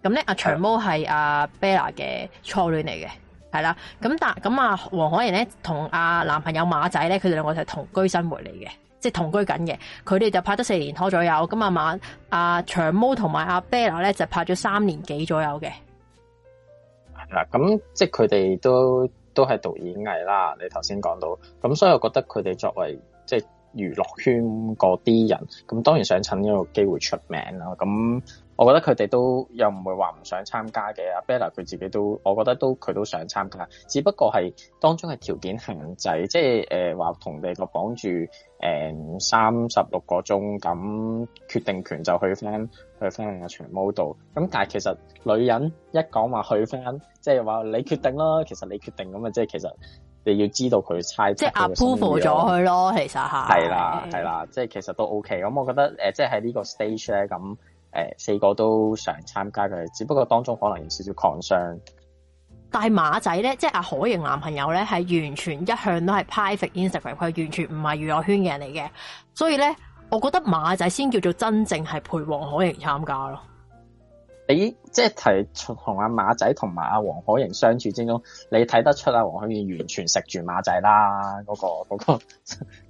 咁咧，阿長毛係阿 Bella 嘅初戀嚟嘅。係啦。咁但咁啊，黃可瑩咧同阿男朋友馬仔咧，佢哋兩個就係同居生活嚟嘅。即係同居緊嘅，佢哋就拍咗四年拖左右。咁啊馬阿長毛同埋、啊、阿 Bella 咧就拍咗三年幾左右嘅。係啦，咁即係佢哋都都係讀演藝啦。你頭先講到，咁所以我覺得佢哋作為即係娛樂圈嗰啲人，咁當然想趁呢個機會出名啦。咁。我覺得佢哋都又唔會話唔想參加嘅，阿 Bella 佢自己都，我覺得都佢都想參加，只不過係當中嘅條件限制，即係誒話同你、嗯、個綁住誒三十六個鐘咁決定權就去翻去翻阿全 model 度。咁但係其實女人一講話去翻即係話你決定啦，其實你決定咁啊，即係其實你要知道佢猜即係 approve 咗佢咯，其實係係啦係啦，即係其實都 OK。咁我覺得誒、呃，即係喺呢個 stage 咧咁。誒，四個都想參加嘅，只不過當中可能有少少抗傷。但係馬仔咧，即係阿可瑩男朋友咧，係完全一向都係 private Instagram，佢完全唔係娛樂圈嘅人嚟嘅，所以咧，我覺得馬仔先叫做真正係陪黃可瑩參加咯。你即係睇同阿馬仔同埋阿黃可瑩相處之中，你睇得出阿黃可瑩完全食住馬仔啦，嗰個嗰個。那個 (laughs)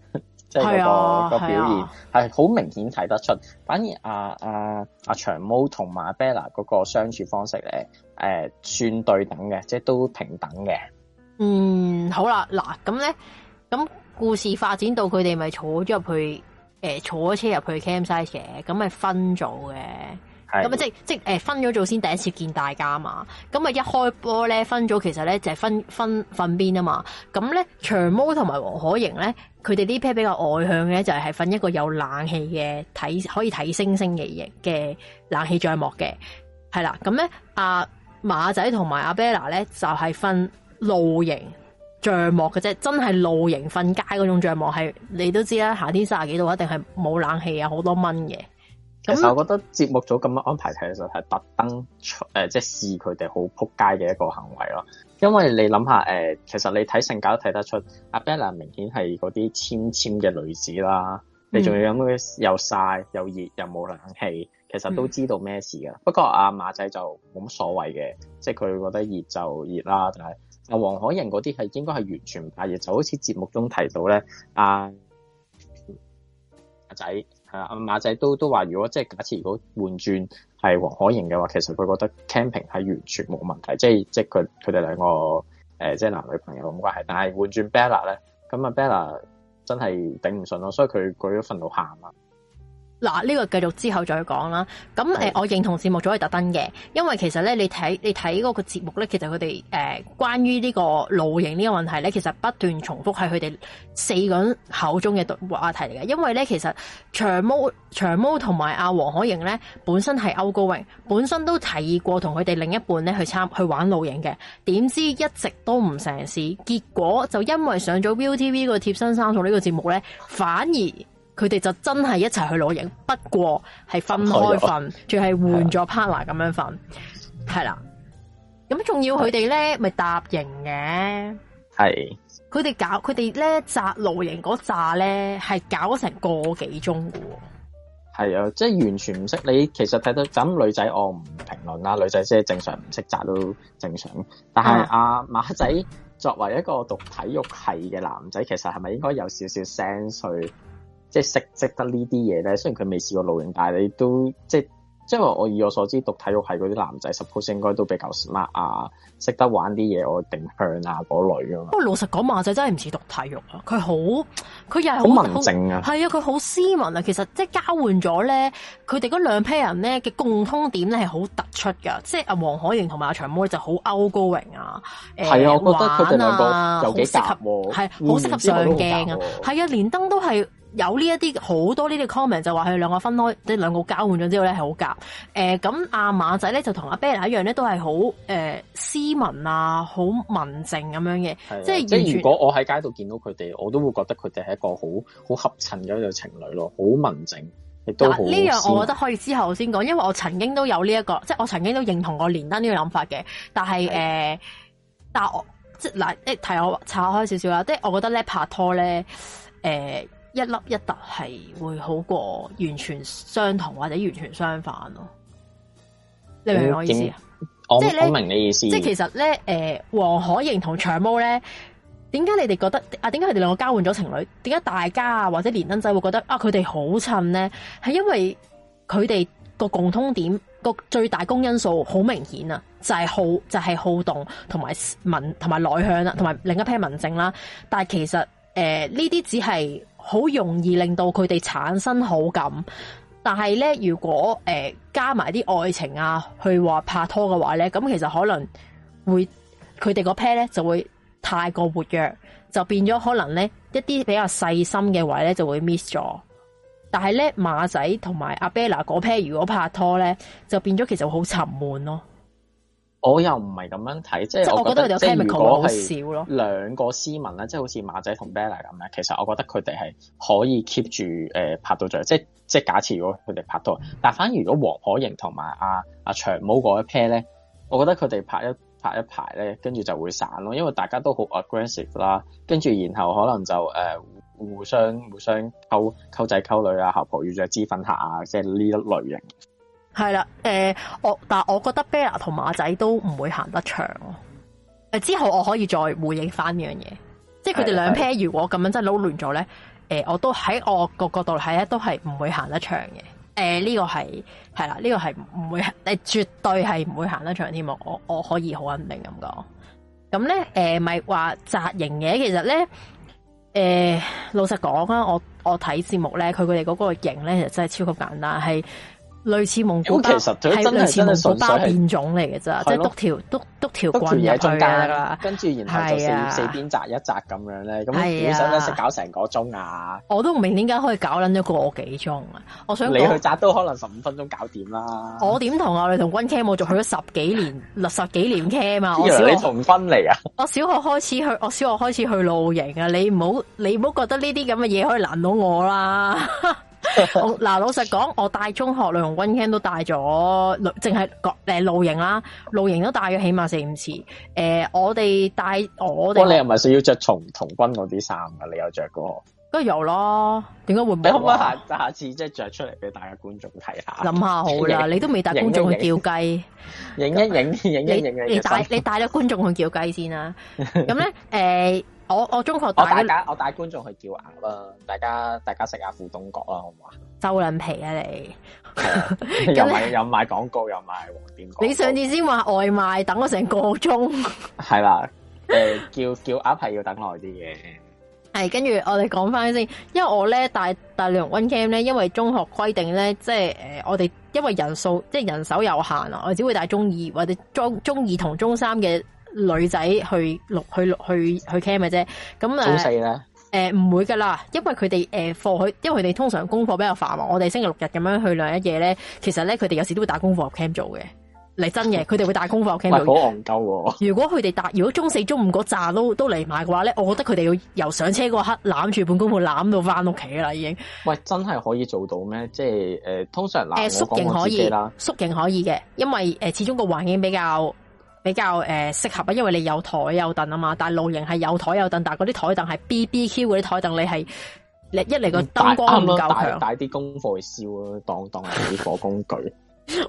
即係、那、嗰、個啊、個表現係好、啊、明顯睇得出，反而阿阿阿長毛同埋 Bella 嗰個相處方式咧，誒、呃、算對等嘅，即係都平等嘅。嗯，好啦，嗱咁咧，咁故事發展到佢哋咪坐咗入去誒、呃、坐咗車入去 campsite 嘅，咁咪分組嘅。咁啊是，即係即係誒分咗組先，第一次見大家嘛。咁啊，一開波咧，分組其實咧就係分分瞓邊啊嘛。咁咧，長毛同埋黃可瑩咧，佢哋呢 pair 比較外向嘅，就係瞓一個有冷氣嘅睇可以睇星星嘅嘢嘅冷氣帳幕嘅。係啦，咁咧阿馬仔同埋阿 Bella 咧就係、是、瞓露營帳幕嘅啫，真係露營瞓街嗰種帳幕，係你都知啦，夏天卅幾度一定係冇冷氣啊，好多蚊嘅。其實我覺得節目組咁樣安排睇，其實係特登出即係試佢哋好撲街嘅一個行為咯。因為你諗下其實你睇性格都睇得出，阿 Bella 明顯係嗰啲纖纖嘅女子啦。嗯、你仲要咁樣又曬、又熱又冇冷氣，其實都知道咩事噶。嗯、不過阿、啊、馬仔就冇乜所謂嘅，即係佢覺得熱就熱啦。但係阿黃可瑩嗰啲係應該係完全唔怕熱，就好似節目中提到咧，阿阿仔。阿、啊、馬仔都都話，如果即係假設如果換轉係黃可瑩嘅話，其實佢覺得 camping 係完全冇問題，即係即係佢佢哋兩個、呃、即係男女朋友咁關係。但係換轉 Bella 咧，咁啊 Bella 真係頂唔順咯，所以佢舉咗份到喊啊！嗱，呢個繼續之後再講啦。咁、嗯呃、我認同節目組係特登嘅，因為其實咧，你睇你睇嗰個節目咧，其實佢哋誒關於呢個露營呢個問題咧，其實不斷重複係佢哋四個人口中嘅話題嚟嘅。因為咧，其實長毛長毛同埋阿黃可盈咧，本身係歐高榮，going, 本身都提議過同佢哋另一半咧去參去玩露營嘅，點知一直都唔成事，結果就因為上咗 Viu TV 個貼身36、這個、呢個節目咧，反而。佢哋就真係一齊去露營，不過係分開瞓，仲係換咗 partner 咁樣瞓，係啦的。咁仲要佢哋咧，咪的搭營嘅係佢哋搞，佢哋咧紮露營嗰扎咧係搞成個幾鐘嘅，係啊，即、就、係、是、完全唔識你。其實睇到咁女仔，我唔評論啦。女仔即係正常唔識紮都正常，但係阿、啊嗯、馬仔作為一個讀體育系嘅男仔，其實係咪應該有少少 sense？即係識識得呢啲嘢咧，雖然佢未試過露營，但係你都即係，因為我以我所知讀體育系嗰啲男仔，suppose 應該都比較 smart 啊，識得玩啲嘢，我定向啊嗰類啊嘛。不過老實講，馬仔真係唔似讀體育啊，佢好佢又係好文靜啊，係啊，佢好斯文啊。其實即係交換咗咧，佢哋嗰兩批人咧嘅共通點咧係好突出噶。即係阿黃海瑩同埋阿長妹就好 outgoing 啊，誒，我覺得佢哋兩個有幾適合喎，係好適合上鏡啊，係啊，連登都係。有呢一啲好多呢啲 comment 就話佢兩個分開，即係兩個交換咗之後咧係好夾。誒，咁、呃、阿、啊、馬仔咧就同阿 Bella 一樣咧，都係好誒斯文啊，好文靜咁樣嘅。是啊、是即係即係，如果我喺街度見到佢哋，我都會覺得佢哋係一個好好合襯嘅一對情侶咯，好文靜但好好文靜，亦都好。呢樣我覺得可以之後先講，因為我曾經都有呢、這、一個，即係我曾經都認同過連登呢個諗法嘅。但係誒的、呃，但我即係嗱，即係提我岔開少少啦。即係我覺得咧拍拖咧，誒、呃。一粒一突係會好過完全相同或者完全相反咯，你明唔明我意思啊？即係我，我明嘅意思。即係其實咧，誒、呃，黃可盈同長毛咧，點解你哋覺得啊？點解佢哋兩個交換咗情侶？點解大家啊或者連登仔會覺得啊佢哋好襯咧？係因為佢哋個共通點個最大公因素好明顯啊，就係、是、好就係、是、好動同埋文同埋內向啦，同埋另一批文靜啦。但係其實誒呢啲只係。好容易令到佢哋產生好感，但係咧，如果誒、呃、加埋啲愛情啊去話拍拖嘅話咧，咁其實可能會佢哋個 pair 咧就會太過活躍，就變咗可能咧一啲比較細心嘅位咧就會 miss 咗，但係咧，馬仔同埋阿 Abella 嗰 pair 如果拍拖咧，就變咗其實好沉悶咯。我又唔係咁樣睇，即係我覺得，我覺得有即係如果係兩個斯文咧，即係好似馬仔同 Bella 咁咧，其實我覺得佢哋係可以 keep 住拍到最後，即係即係假設如果佢哋拍到，嗯、但係反而如果黃可盈同埋阿阿長毛嗰 pair 咧，我覺得佢哋拍一拍一排咧，跟住就會散咯，因為大家都好 aggressive 啦，跟住然後可能就、呃、互相互相溝溝仔溝女啊，合婆遇着知粉客啊，即係呢一類型。係啦，誒、呃，我但係我覺得 Bella 同馬仔都唔會行得長誒，之後我可以再回應翻呢樣嘢，是的即係佢哋兩 pair 如果咁樣真係撈亂咗咧，誒、呃，我都喺我個角度睇，咧，都係唔會行得長嘅。誒、呃，呢、這個係係啦，呢、這個係唔會，你絕對係唔會行得長添。我我我可以好肯定咁講。咁咧，誒、呃，咪話扎型嘅，其實咧，誒、呃，老實講啊，我我睇節目咧，佢佢哋嗰個型咧，其實真係超級簡單係。是類似蒙古包，係類似蒙古包變種嚟嘅啫，督條督督條棍喺中間啦，啊、跟住然後就四四邊紮一紮咁樣咧，咁本身都識搞成個鐘啊！我都唔明點解可以搞捻咗個幾鐘啊！我想你去紮都可能十五分鐘搞掂啦。我點同啊？我同軍 cam 我仲去咗十幾年， (laughs) 十幾年 cam 啊！我小原來你同軍嚟啊？我小學開始去，我小學開始去露營啊！你唔好你唔好覺得呢啲咁嘅嘢可以難到我啦。 (laughs) 嗱， (laughs) 老實講，我大中學女童軍都帶咗，淨係誒露營啦，露營都帶咗起碼四五次。誒、呃，我哋帶我哋，你又唔係需要着從童軍嗰啲衫噶？你有着過？跟住有咯，點解會冇？可唔可以下下次即係着出嚟俾大家觀眾睇下？諗下好啦，你都未帶觀眾去叫雞，影一影，影一影，你帶你帶咗觀眾去叫雞先啦、啊。咁咧， (laughs) 誒、呃。我我中學帶我帶架我帶觀眾去叫鴨啦，大家大家食下腐冬角啦，好唔好啊？周兩皮啊你，又賣又賣廣告又賣黃點？你上次先話外賣等咗成個鐘，係 (laughs) 啦，誒、呃、叫叫鴨係要等耐啲嘅。係跟住我哋講翻先，因為我咧大量 one cam 咧，因為中學規定咧，即係誒我哋因為人數即係人手有限啊，我只會帶中二或者中中二同中三嘅。女仔去錄去去去 cam 嘅啫，咁啊，中四呢？誒唔、呃、會噶啦，因為佢哋誒課去，因為佢哋通常功課比較繁忙，我哋星期六日咁樣去兩一夜咧，其實咧佢哋有時都會打功課入 cam 做嘅，嚟真嘅，佢哋會打功課入 cam 做。唔唔夠。如果佢哋打，如果中四中五嗰扎都都嚟埋嘅話咧，我覺得佢哋要由上車嗰刻攬住本功課攬到翻屋企啦，已經。喂，真係可以做到咩？即係誒、呃，通常誒縮型可以，縮型可以嘅，因為誒、呃、始終個環境比較。比較誒呃、適合啊，因為你有台有凳啊嘛，但露營係有台有凳，但嗰啲台凳係 B B Q 嗰啲台凳，你係一嚟個燈光唔夠強，帶啲功課燒啊。當當係起火工具。 (laughs)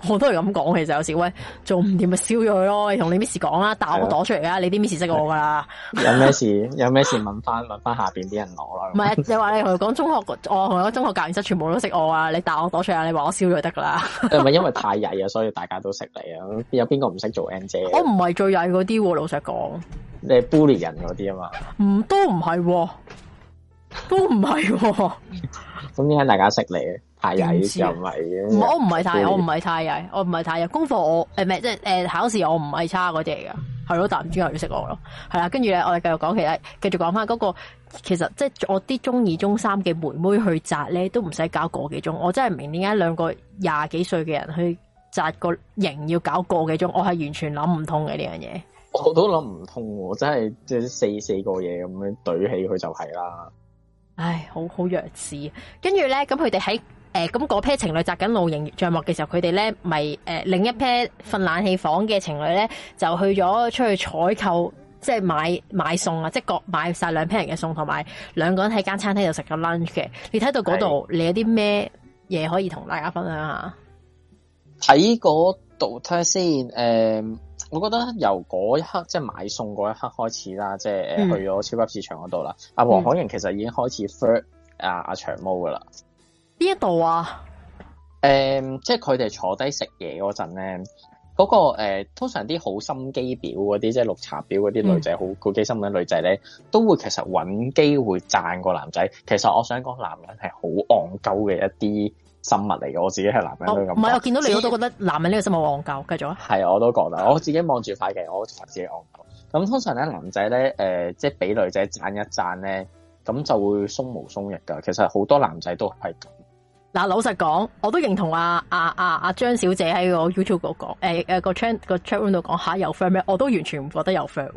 我都係咁講，其實有時喂做唔掂咪燒咗佢咯。你同你 miss 講啦，但我躲出嚟啊！的你啲 miss 識我噶啦。有咩事？有咩事問？ (laughs) 問翻問翻下邊啲人攞囉。唔係你話你同我講中學， (laughs) 我同我中學教員室全部都識我啊！你但我躲出嚟，你話我燒咗得噶啦。係 (laughs) 咪因為太曳啊？所以大家都識你啊？有邊個唔識做 a n g 我唔係最曳嗰啲，老實講。你 bully 人嗰啲啊嘛？唔都唔係、哦，都唔係、哦。咁點解大家識你？太曳又唔係嘅，我唔係太，我唔係太曳，我唔係太曳。功課我誒咩即係誒考試我唔係差嗰啲嚟噶，係咯，但唔知有要識我咯。係啦，跟住咧我哋繼續講，其實繼續講翻嗰個，其實即係我啲中二、中三嘅妹妹去紮咧，都唔使搞個幾鐘。我真係唔明點解兩個廿幾歲嘅人去紮個形要搞個幾鐘，我係完全諗唔通嘅呢樣嘢。我都諗唔通，真係即係四四個嘢咁樣懟起佢就係啦。唉，好好弱智。跟住咧，咁佢哋喺。誒，咁嗰批情侶紮緊露營帳幕嘅時候，佢哋咧咪誒另一批瞓冷氣房嘅情侶咧，就去咗出去採購，即係買買餸啊，即係各買晒兩批人嘅餸，同埋兩個人喺間餐廳度食咗 lunch 嘅。你睇到嗰度，是你有啲咩嘢可以同大家分享下？睇嗰度睇下先，誒、呃，我覺得由嗰一刻即係買餸嗰一刻開始啦，即係去咗超級市場嗰度啦。阿黃海盈其實已經開始 flirt 阿阿長毛噶啦。呢一度啊，誒、um，即係佢哋坐低食嘢嗰陣咧，嗰個誒，通常啲好心機婊，嗰啲，即係綠茶婊嗰啲女仔，好顧忌心嘅女仔咧，都會其實搵機會讚個男仔。其實我想講，男人係好戇鳩嘅一啲生物嚟嘅。我自己係男人，咁、哦。唔係我見到你我都覺得男人呢個生物戇鳩。繼續啊，係 (laughs) 我都覺得，我自己望住塊鏡，我自己戇鳩。咁通常咧，男仔咧，誒、呃，即係俾女仔讚一讚咧，咁就會鬆毛鬆翼噶。其實好多男仔都係咁。嗱，老實講，我都認同阿阿阿阿張小姐喺，欸啊，個 YouTube 度講，誒誒個 chat 個 chat room 度講吓有 friend 咩？我都完全唔覺得有 friend。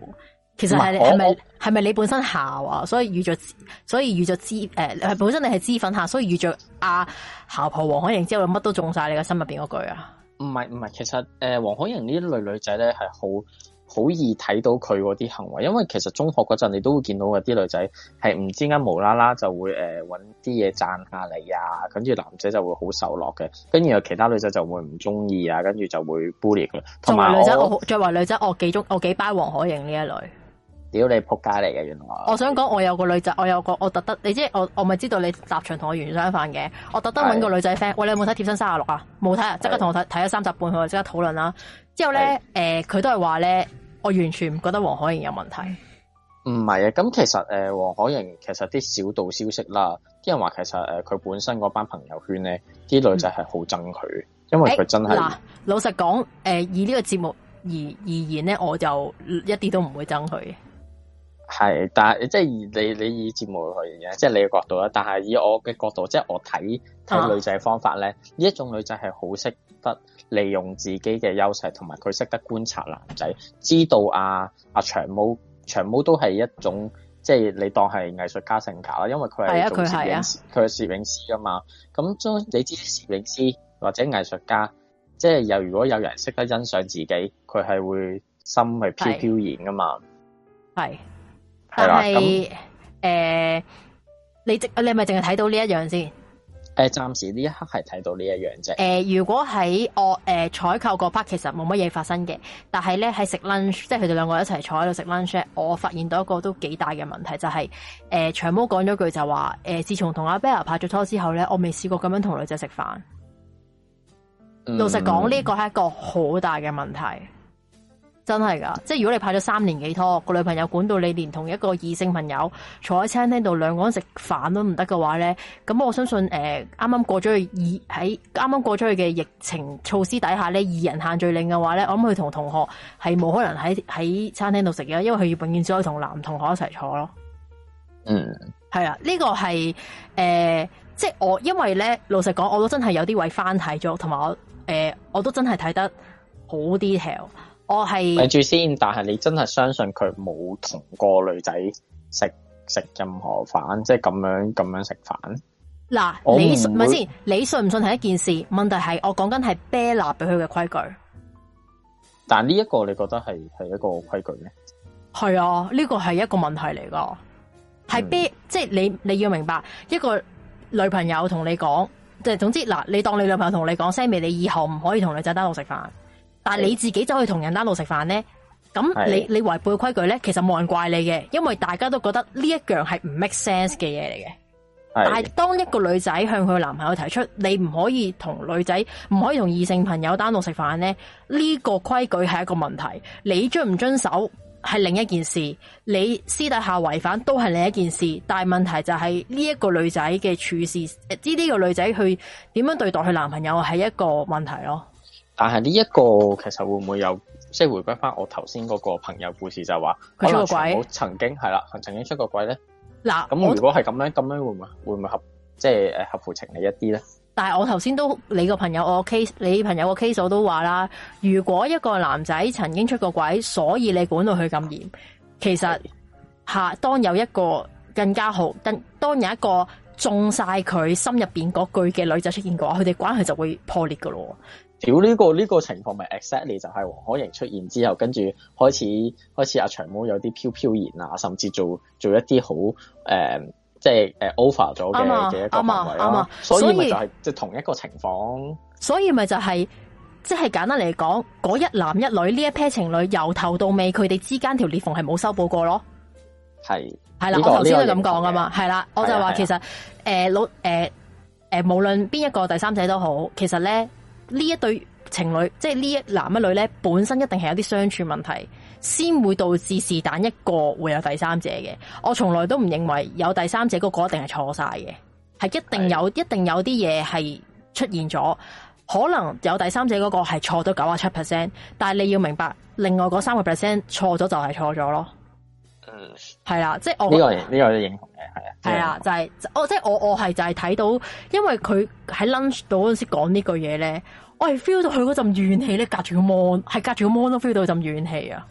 其實係係咪係咪你本身姣啊？所以遇咗所以遇着脂誒，係本身你係脂粉下，所以遇着阿姣婆黃海瑩之後，乜都中晒你嘅心入邊嗰句啊？唔係唔係，其實誒黃海瑩呢一類女仔咧係好。好易睇到佢啲行為，因為其實中學嗰陣你都會見到嗰啲女仔係唔知點解無啦啦就會誒揾啲嘢讚下你啊，跟住男仔就會好受落嘅，跟住有其他女仔就會唔中意啊，跟住就會 bully 佢。作為女仔，我作為女仔，我幾中我幾拜黃可盈呢一類。屌你仆街嚟嘅原來，來！我想講，我有個女仔，我有個我特登。你知我我咪知道你立場同我完全相反嘅，我特登揾個女仔 friend，的喂，你有冇睇《貼身三十六》啊？冇睇啊！即刻同我睇睇咗三集半，我即刻討論啦、啊。之後咧誒，佢的、呃、都係話咧。我完全唔覺得黃海瑩有問題，唔係。唔係啊，咁其實誒，黃海瑩其實啲小道消息啦，啲人話其實誒，佢、呃、本身嗰班朋友圈咧，啲女仔係好憎佢，因為佢真係嗱、欸。老實講，誒、呃，以呢個節目而而言咧，我就一啲都唔會憎佢。係，但係即係你你以節目去嘅，即係你嘅角度啦。但係以我嘅角度，即係我睇睇女仔方法咧，呢、啊、一種女仔係好識得。利用自己嘅優勢，同埋佢識得觀察男仔，知道阿、啊、阿、啊、長毛長毛都係一種，即係你當係藝術家性格啦，因為佢係做攝影師，佢係攝影師噶嘛。咁你知攝影師或者藝術家，即係又如果有人識得欣賞自己，佢係會心係飄飄然噶嘛。係係啦，咁誒，你淨你係咪淨係睇到呢一樣先？誒，暫時呢一刻係睇到呢一樣啫。誒、呃，如果喺我誒採購嗰 part 其實冇乜嘢發生嘅，但係咧喺食 lunch，即係佢哋兩個一齊坐喺度食 lunch，我發現到一個都幾大嘅問題，就係、是、誒、呃、長毛講咗句就話，誒、呃、自從同阿 bear 拍咗拖之後咧，我未試過咁樣同女仔食飯。嗯、老實講，呢、這個係一個好大嘅問題。真係噶，即係如果你拍咗三年幾拖，個女朋友管到你連同一個異性朋友坐喺餐廳度，兩個人食飯都唔得嘅話咧，咁我相信誒，啱、呃、啱過咗去喺啱啱過咗去嘅疫情措施底下咧，二人限聚令嘅話咧，我諗佢同同學係冇可能喺喺餐廳度食嘅，因為佢永遠只可以同男同學一齊坐咯。嗯，係啊，呢、這個係誒、呃，即係我因為咧老實講，我都真係有啲位翻睇咗，同埋我誒、呃，我都真係睇得好 detail。我係，等住先。但係你真係相信佢冇同個女仔食食任何飯，即係咁樣咁樣食飯。嗱，你信咪先？你信唔信係一件事？問題係我講緊係 Bella 俾佢嘅規矩。但呢一個你覺得係係一個規矩咩？係啊，呢、這個係一個問題嚟噶。係 Bella,、嗯、即係你你要明白一個女朋友同你講，即係總之嗱，你當你女朋友同你講 Sammi，你以後唔可以同女仔單獨食飯。但係你自己走去同人單獨食飯呢？咁你是你違背規矩呢？其實冇人怪你嘅，因為大家都覺得呢一樣係唔 make sense 嘅嘢嚟嘅。是但係當一個女仔向佢男朋友提出你唔可以同女仔唔可以同異性朋友單獨食飯呢，呢、呢個規矩係一個問題。你遵唔遵守係另一件事，你私底下違反都係另一件事。但係問題就係呢一個女仔嘅處事，呃、知呢個女仔去點樣對待佢男朋友係一個問題咯。但係呢一個其實會唔會有，即係回歸翻我頭先嗰個朋友故事就話佢出過軌，我曾經係啦，曾經出過軌咧。嗱喇，咁如果係咁樣，咁我樣會唔會會唔會合，即係誒合乎情理一啲咧？但係我頭先都你個朋友我 case，你朋友個 case 我都話啦，如果一個男仔曾經出過軌，所以你管到佢咁嚴，其實吓當有一個更加好，當當有一個中晒佢心入邊嗰句嘅女仔出現過，佢哋關係就會破裂噶咯。屌，呢、這個呢、這個情況咪 exactly 就係黃可瑩出現之後，跟住開始開始阿長毛有啲飄飄然啊，甚至做做一啲好誒，即係誒 over 咗嘅嘅一個範圍、啊嗯嗯嗯嗯、所以咪就係、是、即係同一個情況，所以咪就係即係簡單嚟講，嗰一男一女呢一 pair 情侶由頭到尾佢哋之間條裂縫係冇修補過咯。係係啦，我頭先都咁講啊嘛，係啦，我就話其實誒老誒誒，無論邊一個第三者都好，其實咧。呢一對情侶，即係呢一男一女咧，本身一定係有啲相處問題，先會導致是但一個會有第三者嘅。我從來都唔認為有第三者嗰個一定係錯晒嘅，係一定有是一定有啲嘢係出現咗，可能有第三者嗰個係錯咗九啊七 percent，但係你要明白，另外嗰三個 percent 錯咗就係錯咗咯。係啦，即係我呢、這個呢、這個都認同嘅，係啊，係啦的，就係即係我我係就係睇到，因為佢喺 lunch 到嗰陣時講呢句嘢咧，我係 feel 到佢嗰陣怨氣咧，隔住個 mon 係隔住個 mon 都 feel 到陣陣怨氣啊。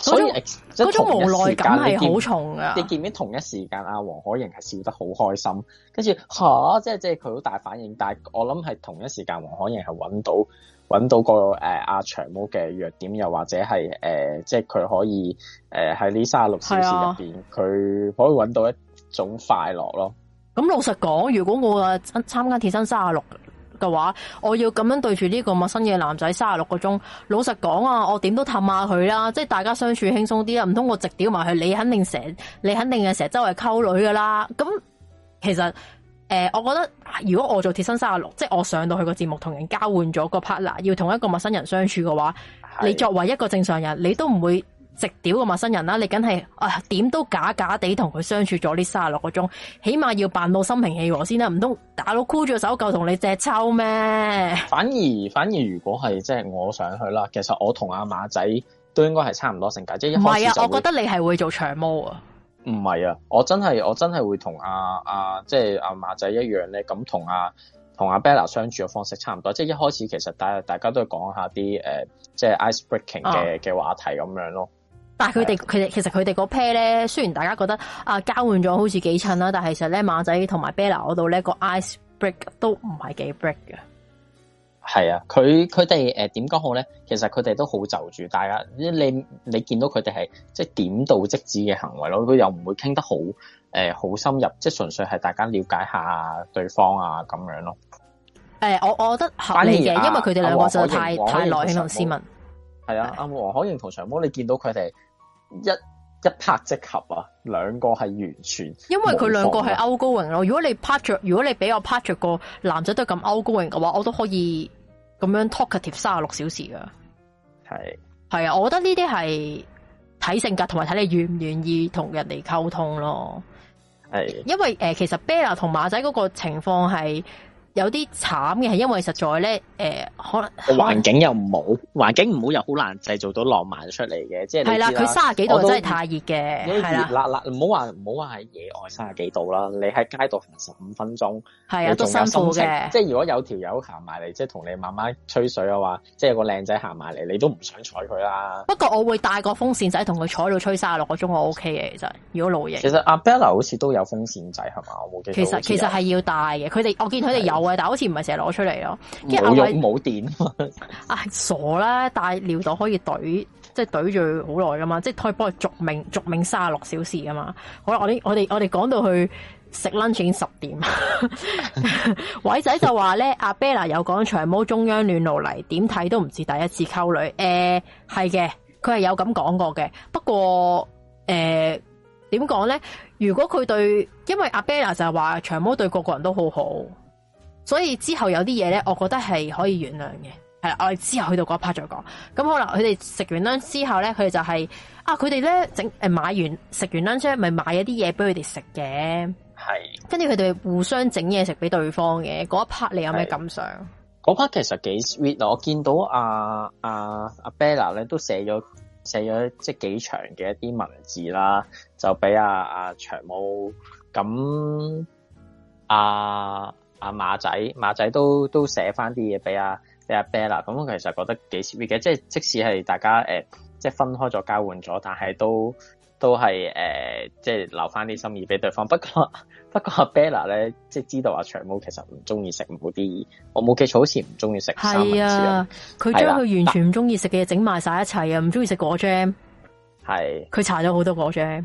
所以嗰種，即種無奈感係好重啊。你見唔見同一時間阿黃可瑩係笑得好開心，跟住吓，即係即係佢好大反應，但係我諗係同一時間黃可瑩係揾到揾到個誒阿、呃、長毛嘅弱點，又或者係誒、呃，即係佢可以誒喺呢卅六小時入邊，佢的可以揾到一種快樂咯。咁老實講，如果我啊參參加貼身卅六嘅話，我要咁樣對住呢個陌生嘅男仔卅六個鐘，老實講啊，我點都氹下佢啦，即係大家相處輕鬆啲啊。唔通我直屌埋去？你肯定成，你肯定係成日周圍溝女噶啦。咁其實。誒、呃，我覺得如果我做貼身三十六，即係我上到去個節目，同人交換咗個 partner，要同一個陌生人相處嘅話，的你作為一個正常人，你都唔會直屌個陌生人啦，你梗係啊點都假假地同佢相處咗呢三十六個鐘，起碼要扮到心平氣和先啦，唔通打到箍住個手夠同你隻揪咩？反而反而如果係即係我上去啦，其實我同阿馬仔都應該係差唔多性格，即係唔係啊？我覺得你係會做長毛啊。唔係啊，我真係我真係會同阿阿即係阿馬仔一樣咧，咁同阿、啊、同阿、啊、Bella 相處嘅方式差唔多，即係一開始其實大家大家都講一下啲誒即係 ice breaking 嘅嘅話題咁樣咯。啊、但佢哋是其實其實佢哋嗰 pair 咧，雖然大家覺得啊交換咗好似幾襯啦，但係其實咧馬仔同埋 Bella 嗰度咧，個 ice break 都唔係幾 break 嘅。係啊，佢佢哋誒點講好咧？其實佢哋都好就住大家，你你見到佢哋係即係點到即止嘅行為咯，佢又唔會傾得好誒好深入，即係純粹係大家了解下對方啊咁樣咯。誒、哎，我我覺得合理嘅，啊、因為佢哋兩個就太、啊、就太耐，希同斯文。係啊，阿黃是可盈同長毛，你見到佢哋一。一拍即合啊，兩個係完全，因為佢兩個係 outgoing 咯。如果你拍着，如果你俾我拍着個男仔都咁 outgoing 嘅話，我都可以咁樣 talkative 三十六小時噶。係係啊，我覺得呢啲係睇性格同埋睇你願唔願意同人哋溝通咯。係是，因為誒、呃，其實 Bella 同馬仔嗰個情況係。有啲慘嘅係因為實在咧，誒可能環境又唔好，環境唔好又好難製造到浪漫出嚟嘅，即係係啦，佢卅幾度真係太熱嘅，係熱辣辣，唔好話唔好話喺野外卅幾度啦，你喺街度行十五分鐘，係啊，都辛苦嘅，即係如果有條友行埋嚟，即係同你慢慢吹水嘅話，即係個靚仔行埋嚟，你都唔想睬佢啦。不過我會帶個風扇仔同佢坐喺度吹卅六個鐘我 OK 嘅，其實如果露營。其實阿 abella 好似都有風扇仔係嘛，我冇記錯其實其實係要帶嘅，佢哋我見佢哋有。但好似唔係成日攞出嚟咯，冇用冇沒電啊、 (laughs) 哎！傻啦，但係尿袋可以懟，即、就、係、是、懟住好耐噶嘛，即、就、係、是、可以幫佢續命，續命卅六小時噶嘛。好啦，我啲我哋我哋講到去食 lunch 已經十點，偉 (laughs) (laughs) 仔就話咧 (laughs) 阿 Bella 有講長毛中央暖爐嚟，點睇都唔似第一次溝女。誒、呃，係嘅，佢係有咁講過嘅。不過誒，點講咧？如果佢對，因為阿 Bella 就係話長毛對個個人都好好。所以之後有啲嘢咧，我覺得係可以原諒嘅，係啦。我哋之後去到嗰一 part 再講。咁好啦，佢哋食完啦之後咧，佢哋就係、是、啊，佢哋咧整誒買完食完啦之後，咪買咗啲嘢俾佢哋食嘅。係的。跟住佢哋互相整嘢食俾對方嘅。嗰一 part 你有咩感想？嗰 part 其實幾 sweet。我見到阿阿阿 Bella 咧都寫咗寫咗即係幾長嘅一啲文字啦，就俾阿阿長毛咁阿。啊阿、啊、馬仔，馬仔都都寫翻啲嘢俾阿俾阿 Bella，咁其實覺得幾 sweet 嘅，即係即使係大家、呃、即係分開咗交換咗，但係都都係、呃、即係留翻啲心意俾對方。不過不過阿 Bella 咧，即係知道阿、啊、長毛其實唔中意食唔好啲，我冇記錯好似唔中意食三文治。係啊，佢將佢完全唔中意食嘅嘢整埋曬一齊啊，唔中意食果醬。係但。佢搽咗好多果醬。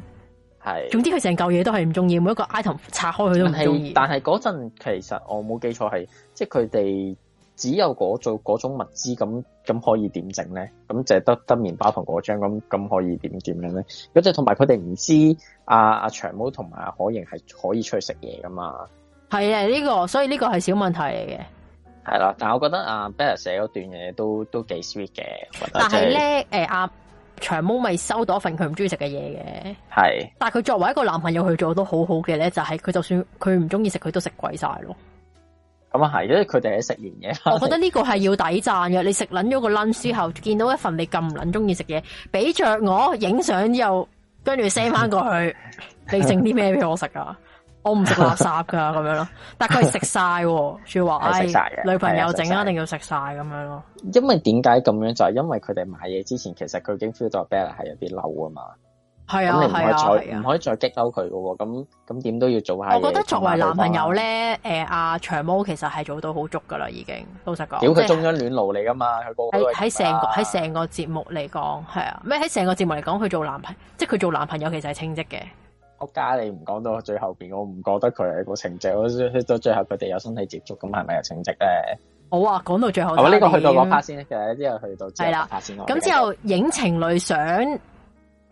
係，是總之佢成嚿嘢都係唔中意，每一個 item 拆開佢都唔中意。但係嗰陣其實我冇記錯係，即係佢哋只有嗰種，種物資，咁咁可以點整咧？咁淨係得得麵包同果醬，咁咁可以點點樣咧？咁即係同埋佢哋唔知阿阿、啊啊、長毛同埋阿可盈係可以出去食嘢噶嘛？係啊，呢、這個所以呢個係小問題嚟嘅。係啦，但係我覺得阿、啊、Bella 寫嗰段嘢都都幾 sweet 嘅。就是、但係咧，誒、呃、阿。啊長毛咪收到一份佢唔中意食嘅嘢嘅，係是，但係佢作為一個男朋友去做都好好嘅咧，就係、是、佢就算佢唔中意食，佢都食鬼晒咯。咁啊係，因為佢哋係食完嘢，我覺得呢個係要抵讚嘅。你食捻咗個 lunch 之後，見到一份你咁捻中意食嘢，俾着我影相之後跟住 send 翻過去， (laughs) 你整啲咩俾我食啊？我唔食垃圾噶咁樣咯，但佢食晒，仲要話，哎，女朋友整一定要食晒咁樣咯。因為點解咁樣就係因為佢哋買嘢之前，其實佢已經 feel 到 bad 係有啲嬲啊嘛。係啊，唔可以再唔可以再激嬲佢噶。咁咁點都要做下。我覺得作為男朋友咧，誒，阿長毛其實係做到好足噶啦，已經老實講。屌佢中央暖爐嚟噶嘛，喺喺成個喺成個節目嚟講係啊，咩喺成個節目嚟講佢做男朋即係佢做男朋友其實係稱職嘅。我加、okay, 你唔講到最後邊，我唔覺得佢係個情節。我到最後佢哋有身體接觸咁係咪有情節咧？好啊，講到最後，我呢、啊這個去到嗰 part 先，其實之後去到係啦。咁之後影情侶相，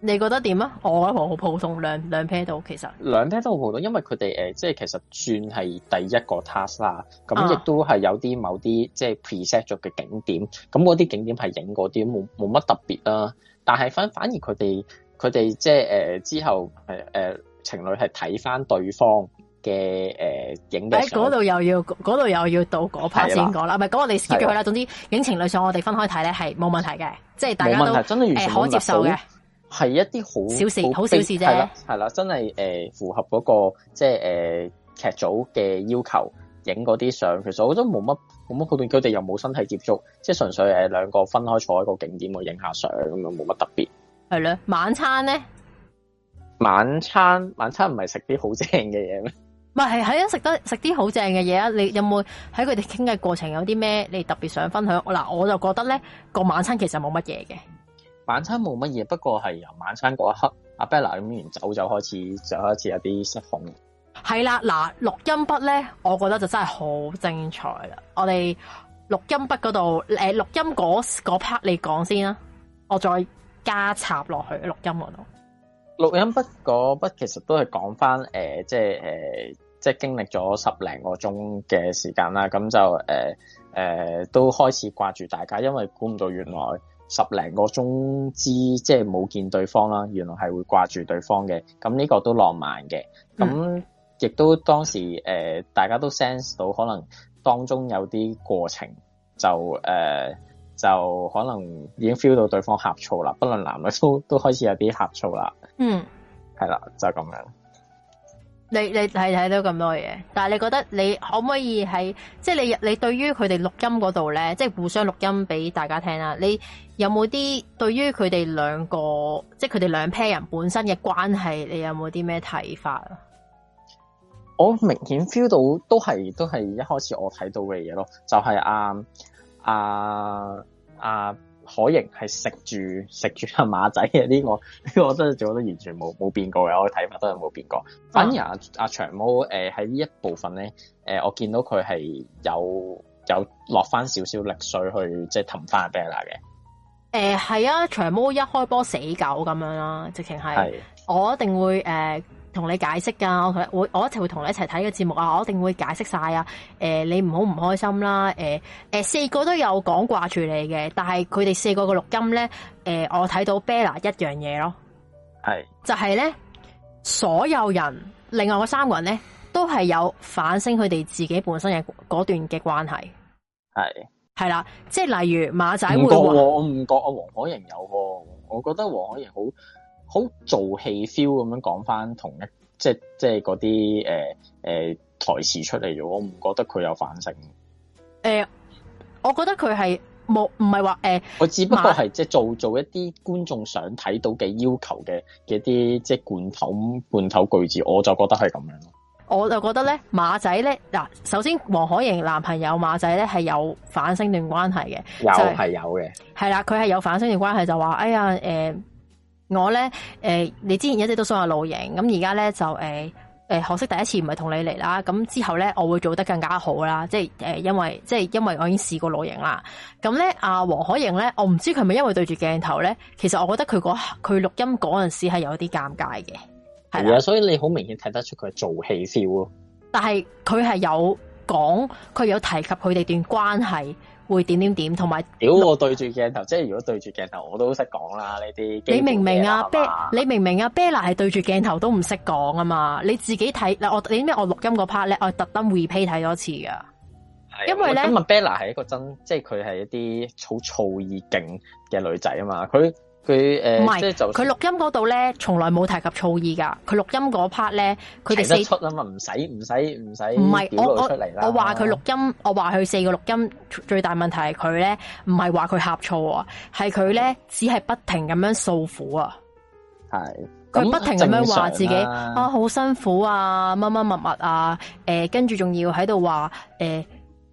你覺得點啊？我嗰部好普通，兩兩 pair 到其實。兩 pair 都好普通，因為佢哋誒，即、呃、係其實算係第一個 task 啦。咁亦都係有啲某啲即係 preset 咗嘅景點。咁嗰啲景點係影嗰啲，冇冇乜特別啦。但係反反而佢哋。佢哋即係誒之後誒誒、呃、情侶係睇翻對方嘅誒影。喺嗰度又要嗰度又要到嗰 p 先講啦，係咁的我哋 s k 佢啦。總之影情侶相我哋分開睇咧係冇問題嘅，即係大家都係、呃、可接受嘅。係一啲好小事，好小事啫。係啦，係啦，真係誒符合嗰、那個即係誒劇組嘅要求影嗰啲相。其實我得冇乜冇乜覺得佢哋又冇身體接觸，即係純粹誒兩個分開坐喺個景點去影下相咁樣，冇乜特別。係啦，晚餐咧，晚餐晚餐唔係食啲好正嘅嘢咩？唔係，係啊食得食啲好正嘅嘢啊！你有冇喺佢哋傾偈過程有啲咩？你特別想分享？嗱，我就覺得咧個晚餐其實冇乜嘢嘅。晚餐冇乜嘢，不過係由晚餐嗰一刻，阿 Bella 咁完走就開始，就開始有啲失控。係啦，嗱，錄音筆咧，我覺得就真係好精彩啦！我哋錄音筆嗰度誒，錄音嗰 part 你講先啦，我再。加插落去錄音嗰度，錄音，錄音筆嗰筆其實都係講翻誒，即係誒、呃，即係經歷咗十零個鐘嘅時，時間啦。咁就誒誒、呃呃，都開始掛住大家，因為估唔到原來十零個鐘之即係冇見對方啦，原來係會掛住對方嘅。咁呢個都浪漫嘅。咁亦、嗯、都當時誒、呃，大家都 sense 到可能當中有啲過程就誒。呃就可能已經 feel 到對方呷醋啦，不論男女都都開始有啲呷醋啦。嗯，係啦，就咁樣。你你睇睇到咁多嘢，但係你覺得你可唔可以喺即係你你對於佢哋錄音嗰度咧，即係互相錄音俾大家聽啦？你有冇啲對於佢哋兩個，即係佢哋兩 pair 人本身嘅關係，你有冇啲咩睇法啊？我明顯 feel 到都係都係一開始我睇到嘅嘢咯，就係啊。阿阿可瑩係食住食住阿馬仔嘅呢、這個呢、這個我真係做得完全冇冇變過嘅，我嘅睇法都係冇變過。反而阿、啊、阿、嗯啊、長毛誒喺呢一部分咧，誒、呃、我見到佢係有有落翻少少力水去即係氹翻阿彼得嘅。誒係、呃、啊，長毛一開波死狗咁樣啦，直情係是我一定會誒。呃同你解釋噶，我會我我一齊會同你一齊睇個節目啊，我一定會解釋晒啊。誒、呃，你唔好唔開心啦。誒、呃、誒、呃，四個都有講掛住你嘅，但係佢哋四個嘅錄音咧，誒、呃，我睇到 Bella 一樣嘢咯，係是就係咧，所有人另外嗰三個人咧，都係有反省佢哋自己本身嘅嗰段嘅關係，係係啦，即係例如馬仔會話，王我唔覺啊，黃海瑩有，我覺得黃海瑩好。好做戲 feel 咁樣講翻同一即係即係嗰啲誒誒台詞出嚟嘅。我唔覺得佢有反省。誒，我覺得佢係冇，唔係話誒，我只不過係即係做做一啲觀眾想睇到嘅要求嘅嘅啲即係罐頭罐頭句子，我就覺得係咁樣咯。我就覺得咧馬仔咧嗱，首先黃可瑩男朋友馬仔咧係有反省段關係嘅，有係、就是、有嘅，係啦，佢係有反省段關係就話哎呀誒。呃我咧，誒、呃，你之前一直都想話露營，咁而家咧就，誒、呃，誒，可惜第一次唔係同你嚟啦，咁之後咧我會做得更加好啦，即係，誒、呃，因為，即係因為我已經試過露營啦，咁咧，阿、啊、黃可盈咧，我唔知佢係咪因為對住鏡頭咧，其實我覺得佢嗰佢錄音嗰陣時係有啲尷尬嘅，係啊、嗯，所以你好明顯睇得出佢係做戲笑喎。咯，但係佢係有講，佢有提及佢哋段關係。會點點點，同埋屌我對住鏡頭，即係如果對住鏡頭，我都識講啦呢啲。你明唔明啊？b 啤，你明唔明啊？Bella 係對住鏡頭都唔識講啊嘛！你自己睇嗱，我你咩？我錄音個 part 咧，我特登 repeat 睇多一次噶。係，因為咧 Bella 係一個真，即係佢係一啲好燥意勁嘅女仔啊嘛，佢。佢誒，唔係，即係就佢錄音嗰度咧，從來冇提及醋意噶。佢錄音嗰 part 咧，佢哋四出啊嘛，唔使唔使唔使表露出嚟啦。唔係我我我話佢錄音，我話佢四個錄音最大問題係佢咧，唔係話佢呷醋喎啊，係佢咧，只係不停咁樣訴苦啊。係佢不停咁樣話自己啊，好辛苦啊，乜乜乜物啊，誒、呃，跟住仲要喺度話誒。呃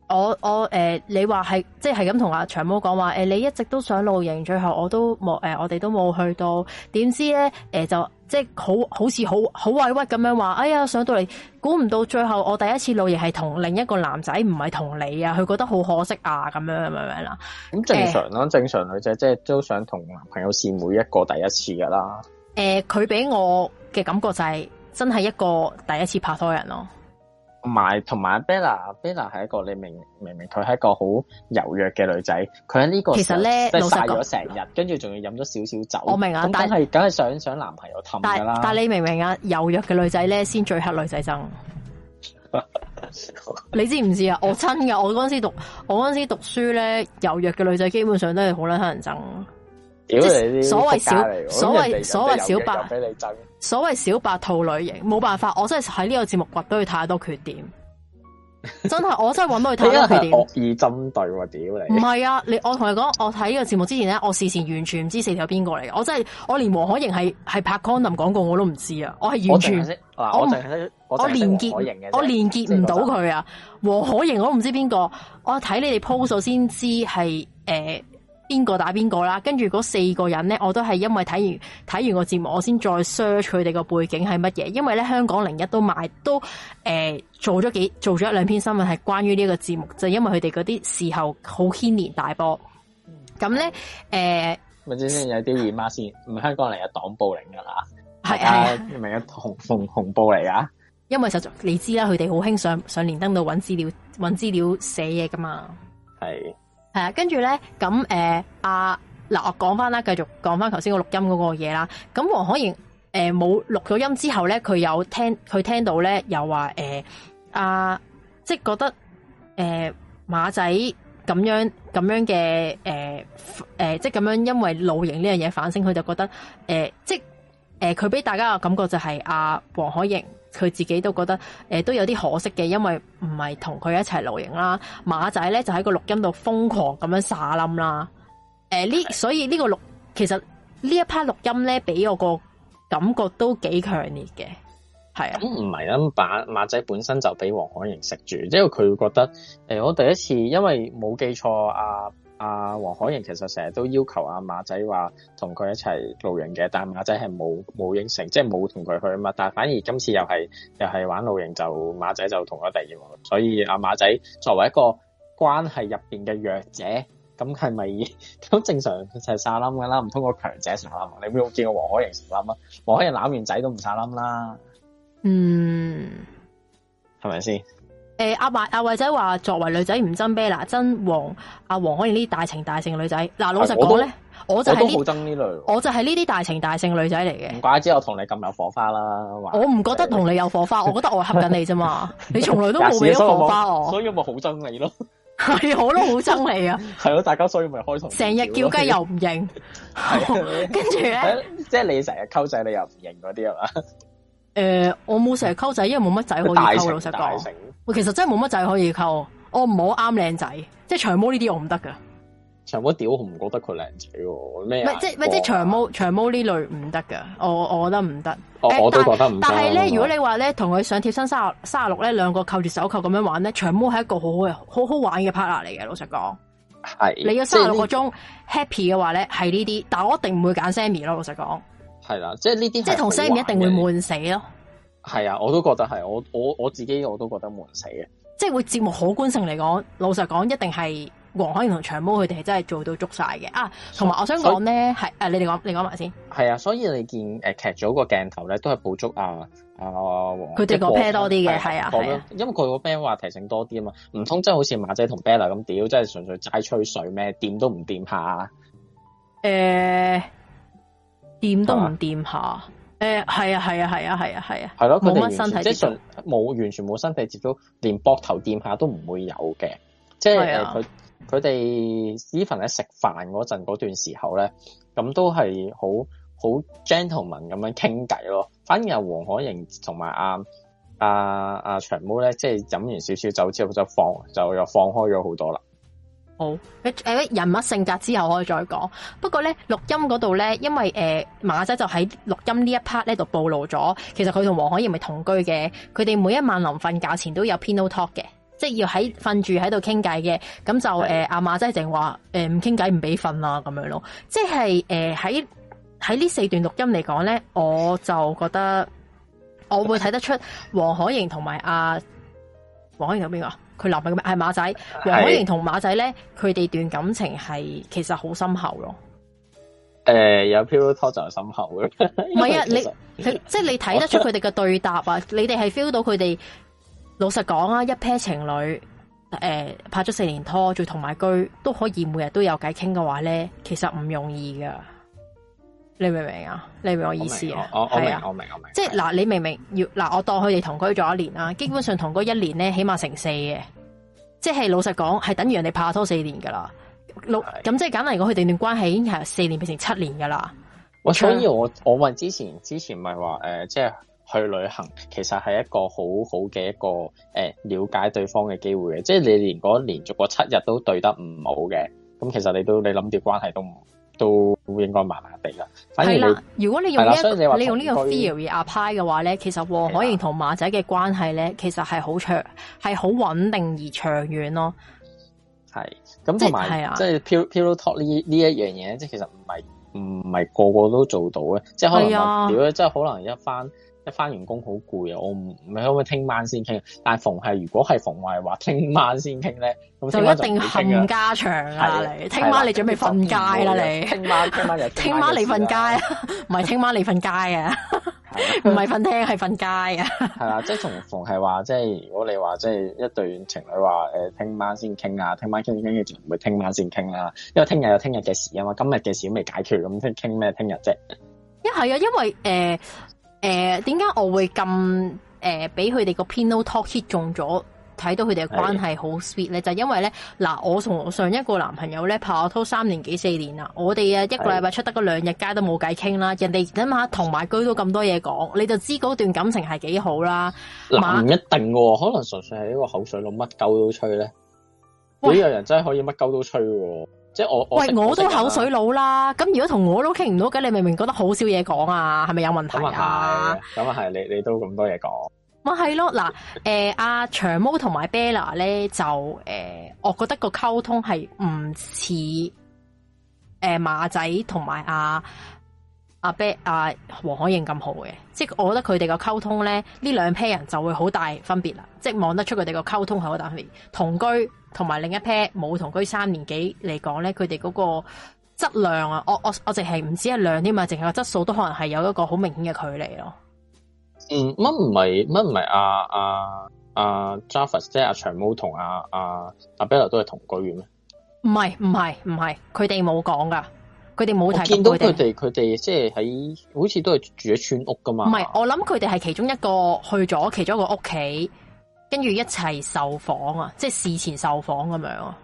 我我誒、呃，你話係即係咁同阿長毛講話誒，你一直都想露營，最後我都冇誒、呃，我哋都冇去到，點知咧誒、呃、就即係好好似好好委屈咁樣話，哎呀上到嚟，估唔到最後我第一次露營係同另一個男仔，唔係同你啊，佢覺得好可惜啊咁樣，明唔明啦？咁正常啦、呃、正常女仔即係都想同男朋友試每一個第一次噶啦。誒、呃，佢俾我嘅感覺就係、是、真係一個第一次拍拖人咯。同埋，同埋阿 Bella，Bella 係一個你明明明，佢係一個好柔弱嘅女仔，佢喺呢個即係曬咗成日，跟住仲要飲咗少少酒，我明啊，但係梗係想想男朋友氹噶啦。但係你明唔明啊？柔弱嘅女仔咧，先最乞女仔憎。 (laughs) 你知唔知啊？我親噶，我嗰陣時讀，我嗰陣時讀書咧，柔弱嘅女仔基本上都係好撚乞人憎即！所謂小所謂所謂小白。所謂小白兔類型，冇辦法，我真係喺呢個節目掘到佢太多缺點，真係我真係搵到佢太多缺點。惡意針對喎，點嚟唔係啊，你我同你講，我睇呢個節目之前咧，我事前完全唔知四條邊個嚟嘅，我真係我連黃可瑩係係拍 condom 廣告我都唔知啊，我係完全我我連結我連結唔到佢啊，黃可瑩我都唔知邊個，我睇你哋 post 先知係誒。呃邊個打邊個啦？跟住嗰四個人咧，我都係因為睇完睇完個節目，我先再 search 佢哋個背景係乜嘢。因為咧香港零一都賣都誒、呃、做咗幾做咗一兩篇新聞係關於呢個節目，就是、因為佢哋嗰啲時候好牽連大波。咁咧誒，咪先先有啲二媽先，唔係、啊、香港零一黨報嚟噶啦，係啊，唔明個紅、啊、紅紅報嚟噶。因為實在你知啦，佢哋好興上上連登度揾資料揾資料寫嘢噶嘛，係。係啊，跟住咧，咁誒，阿嗱，我講翻啦，繼續講翻頭先個錄音嗰個嘢啦。咁黃可瑩誒冇錄咗音之後咧，佢有聽佢聽到咧，又話誒阿即係覺得誒馬仔咁樣咁樣嘅誒誒，即係咁樣，因為露營呢樣嘢反省，佢就覺得誒即係誒，佢俾大家嘅感覺就係阿黃可瑩。佢自己都覺得誒、呃、都有啲可惜嘅，因為唔係同佢一齊露營啦。馬仔咧就喺、呃、是的 個錄，錄音度瘋狂咁樣耍冧啦。誒呢，所以呢個錄其實呢一 part 錄音咧，俾我個感覺都幾強烈嘅，係啊。咁唔係啊，咁馬仔本身就俾黃海瑩食住，即係佢會覺得誒、欸，我第一次因為冇記錯啊。阿、啊、黃海瑩其實成日都要求阿、啊、馬仔話同佢一齊露營嘅，但係馬仔係冇冇應承，即係冇同佢去啊嘛。但係反而今次又係又係玩露營，就馬仔就同咗第二，所以阿、啊、馬仔作為一個關係入邊嘅弱者，咁係咪咁正常就沙冧噶啦？唔通過強者沙冧，你有冇見過黃海瑩沙冧啊？黃海瑩攬完仔都唔沙冧啦，嗯，係咪先？誒，阿衛阿衛仔話，作為女仔唔爭啤啦，真王。阿王可以呢啲大情大性嘅女仔。嗱，老實講咧，我就係好憎呢類，我就係呢啲大情大性嘅女仔嚟嘅。唔怪之我同你咁有火花啦。我唔覺得同你有火花，我覺得我恰緊你啫嘛。你從來都冇俾咗火花喎，所以咪好憎你咯。係好咯，好憎你啊。係咯，大家所以咪開台。成日叫雞又唔認，跟住咧，即係你成日溝仔，你又唔認嗰啲係嘛？誒，我冇成日溝仔，因為冇乜仔可以溝老實講。我其實真係冇乜仔可以扣，我唔好啱靚仔，即係長毛呢啲我唔得噶、啊。長毛屌，我唔覺得佢靚仔喎，咩？即係即係長毛長毛呢類唔得噶，我我覺得唔得。我也但都覺得唔得。但係咧，嗯、如果你話咧同佢上貼身三卅六咧，兩個扣住手扣咁樣玩咧，長毛係一個很好好好好玩嘅 partner 嚟嘅。老實講，係是你要十六個鐘 happy 嘅話咧，係呢啲。但係我一定唔會揀 Sammy 咯。老實講，係啦、啊，即係呢啲即係同 Sammy 一定會悶死咯。係啊，我都覺得係，我我我自己我都覺得悶死嘅，即係會節目可觀性嚟講，老實講，一定係黃海瑩同長毛佢哋係真係做到捉晒嘅啊！同埋，我想講咧，係誒以、啊，你哋講，你講埋先。係啊，所以你見誒劇組個鏡頭咧，都係捕捉啊。阿黃，佢哋個 pair 多啲嘅，係啊，因為佢個 pair 話題性多啲啊嘛，唔通真係好似馬仔同 Bella 咁屌，真係純粹齋吹水咩？掂都唔掂下，啊欸、下。誒、啊，掂都唔掂下。誒，係、欸、啊，係啊，係啊，係啊，係啊，係咯、啊，佢哋身體即係純冇完全冇身體接觸，連膊頭掂下都唔會有嘅，即係佢佢哋 even 喺食飯嗰陣嗰段時候咧，咁都係好好 gentleman 咁樣傾偈咯，反而係黃可盈同埋阿阿阿長毛咧，即係飲完少少酒之後就放就又放，放開咗好多啦。好，誒，人物性格之後可以再講。不過咧，錄音嗰度咧，因為誒、呃、馬仔就喺錄音這一呢一 part 咧度暴露咗，其實佢同黃可瑩咪同居嘅，佢哋每一晚臨瞓覺前都有 Pino Talk 嘅，即係要喺瞓住喺度傾偈嘅。咁就誒阿、呃、馬仔淨話誒唔傾偈唔俾瞓啦咁樣咯，即係誒喺喺呢四段錄音嚟講咧，我就覺得我會睇得出黃可瑩同埋阿黃可瑩有邊個？佢男朋友係馬仔，黃海瑩同馬仔咧，佢哋段感情係其實好深厚咯。誒，有 feel 到拖就係深厚咯。唔係啊，你 (laughs) 即係你睇得出佢哋嘅對答啊， (laughs) 你哋係 feel 到佢哋老實講啊，一 pair 情侶誒、呃，拍咗四年拖，仲同埋居都可以每日都有偈傾嘅話咧，其實唔容易噶。你明唔明啊？你明唔明我意思啊？我我明，我明，我明。即係嗱，是啊、你明明要嗱，我當佢哋同居咗一年啦，基本上同居一年咧，起碼成四嘅，即係老實講，係等於人哋拍拖四年噶啦。六咁是的 即係簡單嚟講，佢哋段關係已經係四年變成七年噶啦。我所以我我問之前，之前咪話誒，即係去旅行，其實係一個很好好嘅一個誒、呃、了解對方嘅機會嘅。即係你連嗰個連續七日都對得唔好嘅，咁其實你都你諗住關係都唔。都會應該麻麻哋啦。係啦，如果你用呢，你，一你用呢個 theory apply 嘅話咧，其實黃海瑩同馬仔嘅關係咧，其實係好長，係好穩定而長遠咯。係，咁同埋，即係 pillow talk 呢呢一樣嘢，即係其實唔係唔係個個都做到嘅，的即係可能如果即係可能一翻。一翻完工好攰啊！我唔唔可唔可以聽晚先傾？但逢係如果係逢係話話聽晚先傾咧，咁就一定冚家場啊！你聽晚你準備瞓街啦！你聽晚聽晚聽晚你瞓街啊？唔係聽晚你瞓街啊？唔係瞓廳係瞓街啊？係啦，即係從逢係話即係如果你話即係一對情侶話誒聽晚先傾啊，聽晚傾傾住就唔會聽晚先傾啦，因為聽日有聽日嘅事啊嘛，今日嘅事都未解決咁聽傾咩聽日啫？一係啊，因為誒。誒，點解、呃、我會咁誒，俾、呃、佢哋個 pillow talk hit 中咗，睇到佢哋嘅關係好 sweet 咧？是的 就因為咧，嗱，我同我上一個男朋友咧拍拖三年幾四年啦，我哋啊一個禮拜出得嗰兩日街都冇計傾啦，人哋諗下同埋居都咁多嘢講，你就知嗰段感情係幾好啦。唔一定喎、哦，可能純粹係一個口水佬，乜鳩都吹咧。喂 有啲人真係可以乜鳩都吹。哦。即係我喂我，我都口水佬啦，咁、嗯、如果同我都傾唔到偈，你明明覺得好少嘢講啊，係咪有問題啊？咁啊係，你你都咁多嘢講、啊，咪係咯嗱，誒阿、 (laughs) 啊啊、長毛同埋 Bella 咧就誒、啊，我覺得個溝通係唔似誒馬仔同埋阿阿 B 阿黃可瑩咁好嘅，即、就、係、是、我覺得佢哋個溝通咧呢兩批人就會好大分別啦，即係望得出佢哋個溝通係好大分別。同居。同埋另一 pair 冇同居三年幾嚟講咧，佢哋嗰個質量啊，我我我淨係唔知係量添嘛，淨係個質素都可能係有一個好明顯嘅距離咯。嗯，乜唔係乜唔係阿啊阿 j a f a 即係阿、啊、長毛同阿、啊、阿阿、啊、Bella 都係同居嘅咩？唔係唔係唔係，佢哋冇講噶，佢哋冇睇見，到佢哋，佢哋即係喺好似都係住咗村屋噶嘛。唔係，我諗佢哋係其中一個去咗其中一個屋企。跟住一齊受訪啊，即係事前受訪咁樣。啊。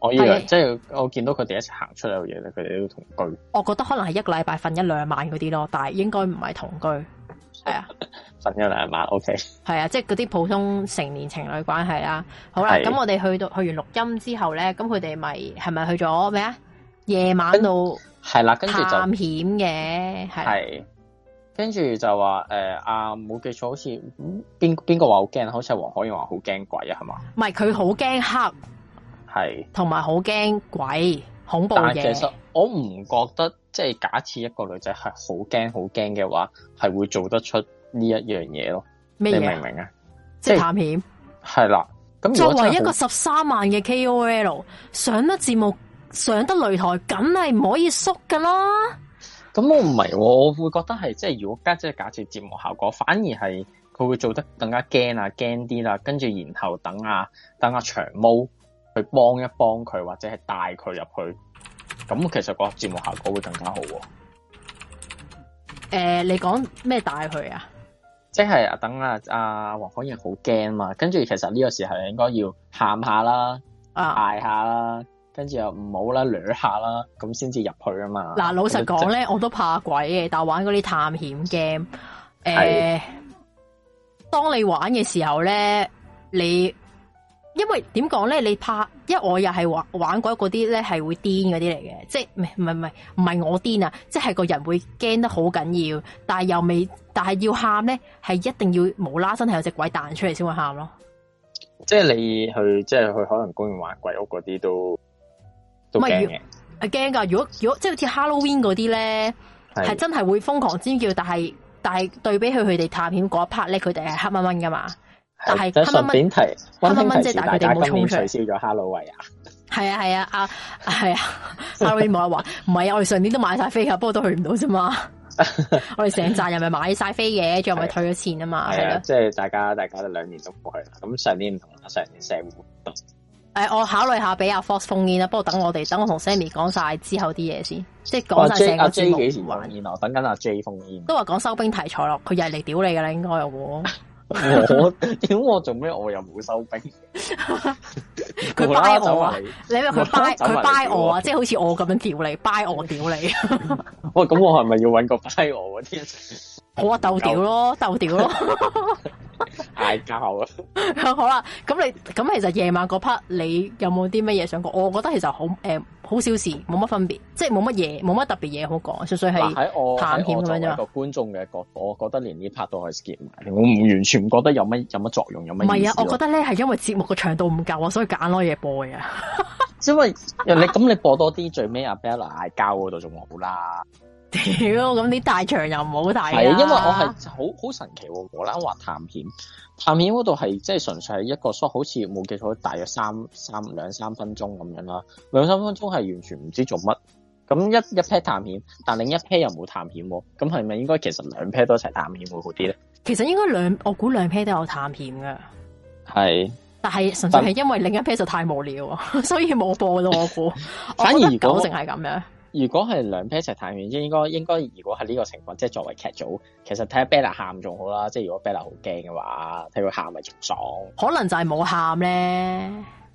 我以為對即係我見到佢哋一齊行出嚟嘅嘢咧，佢哋都同居。我覺得可能係一個禮拜瞓一兩晚嗰啲咯，但係應該唔係同居。係啊，瞓 (laughs) 一兩晚，O K。係啊，即係嗰啲普通成年情侶關係啦。好啦，咁是我哋去到去完錄音之後咧，咁佢哋咪係咪去咗咩啊？夜晚度係啦，跟住就探險嘅係。跟住就話誒、欸、啊，冇記錯，好似邊邊個話好驚，好似係黃可盈話好驚鬼啊，係嘛？唔係佢好驚黑，係同埋好驚鬼恐怖嘢。但其實我唔覺得，即係假設一個女仔係好驚好驚嘅話，係會做得出呢一樣嘢咯？咩嘢？你明唔明啊？即係探險係啦。咁作為一個十三萬嘅 KOL，上得節目上得擂台，梗係唔可以縮噶啦。咁我唔係，我會覺得係即係如果家姐假設節目效果，反而係佢會做得更加驚啊驚啲啦，跟住然後等啊等阿長毛去幫一幫佢，或者係帶佢入去，咁其實個節目效果會更加好喎。誒，你講咩帶佢啊？即係啊，等阿阿黃海瑩好驚嘛，跟住其實呢個時候應該要喊下啦，啊，嗌下啦。跟住又唔好啦，掠下啦，咁先至入去啊嘛。嗱，老實講咧，我都怕鬼嘅，但係玩嗰啲探險 game，誒，當你玩嘅時候咧，你因為點講咧，你怕，因為我又係玩玩鬼嗰啲咧，係會癲嗰啲嚟嘅，即係唔係唔係唔係我癲啊，即係個人會驚得好緊要，但係又未，但係要喊咧，係一定要無啦啦，真係有隻鬼彈出嚟先會喊咯。即係你去，即係去海洋公園玩鬼屋嗰啲都。唔係，要驚噶。如果如果即係好似 Halloween 嗰啲咧，係真係會瘋狂尖叫。但係但係對比起佢哋探險嗰一 part 咧，佢哋係黑蚊蚊噶嘛。但係黑蚊蚊即係但係佢哋冇衝出。取消咗 Halloween 啊！係啊係啊啊係啊！Halloween 冇得玩。唔係啊，我哋上年都買晒飛噶，不過都去唔到啫嘛。我哋成站又咪買晒飛嘅，最後咪退咗錢啊嘛。係啊，即係大家大家都兩年都冇去啦。咁上年唔同啦，上年社會活動。誒、哎，我考慮下俾阿 Fox 封煙啦，不過等我哋等我同 Sammi 講晒之後啲嘢先，即係講晒成個。阿 J 幾時封煙啊？J, 啊等緊阿 J 封煙，都話講收兵題材咯，佢又嚟屌你噶啦，應該又我屌我做咩？我又冇收兵，佢掰我啊！ (laughs) 你話佢掰佢掰我啊？即係好似我咁樣屌你，掰 (laughs) 我屌你。 (laughs) 喂，咁我係咪要搵個掰我嗰、啊、啲？ (laughs) 好啊，鬥屌咯，鬥屌咯，嗌交啊！好啦，咁你咁其實夜晚嗰 part 你有冇啲乜嘢想講？我覺得其實好誒，好、呃、小事，冇乜分別，即係冇乜嘢，冇乜特別嘢好講，純粹係喺我、啊、拍片咁樣啫嘛。個觀眾嘅角度， (laughs) 我覺得連呢 part 都可以 skip 埋。我唔完全唔覺得有乜有乜作用，有乜。唔係啊，我覺得咧係因為節目嘅長度唔夠啊，所以揀多嘢播啊。 (laughs) 因為你咁你播多啲，最尾阿 Bella 嗌交嗰度仲好啦。屌，咁啲大場又唔好大啊！係，因為我係好好神奇，我啦話探險探險嗰度係即係純粹係一個 shot 好似冇記錯，大約三三兩三分鐘咁樣啦，兩三分鐘係完全唔知做乜。咁一一 pair 探險，但另一 pair 又冇探險，咁係咪應該其實兩 pair 都一齊探險會好啲咧？其實應該兩，我估兩 pair 都有探險噶，係的，但係純粹係因為另一 pair 就太無聊，但 (laughs) 所以冇播咯。我估反而九成係咁樣。如果係兩 pair 一齊談完，即應該應該，應該如果係呢個情況，即作為劇組，其實睇下 Bella 喊仲好啦。即如果 Bella 好驚嘅話，睇佢喊咪直爽。可能就係冇喊咧。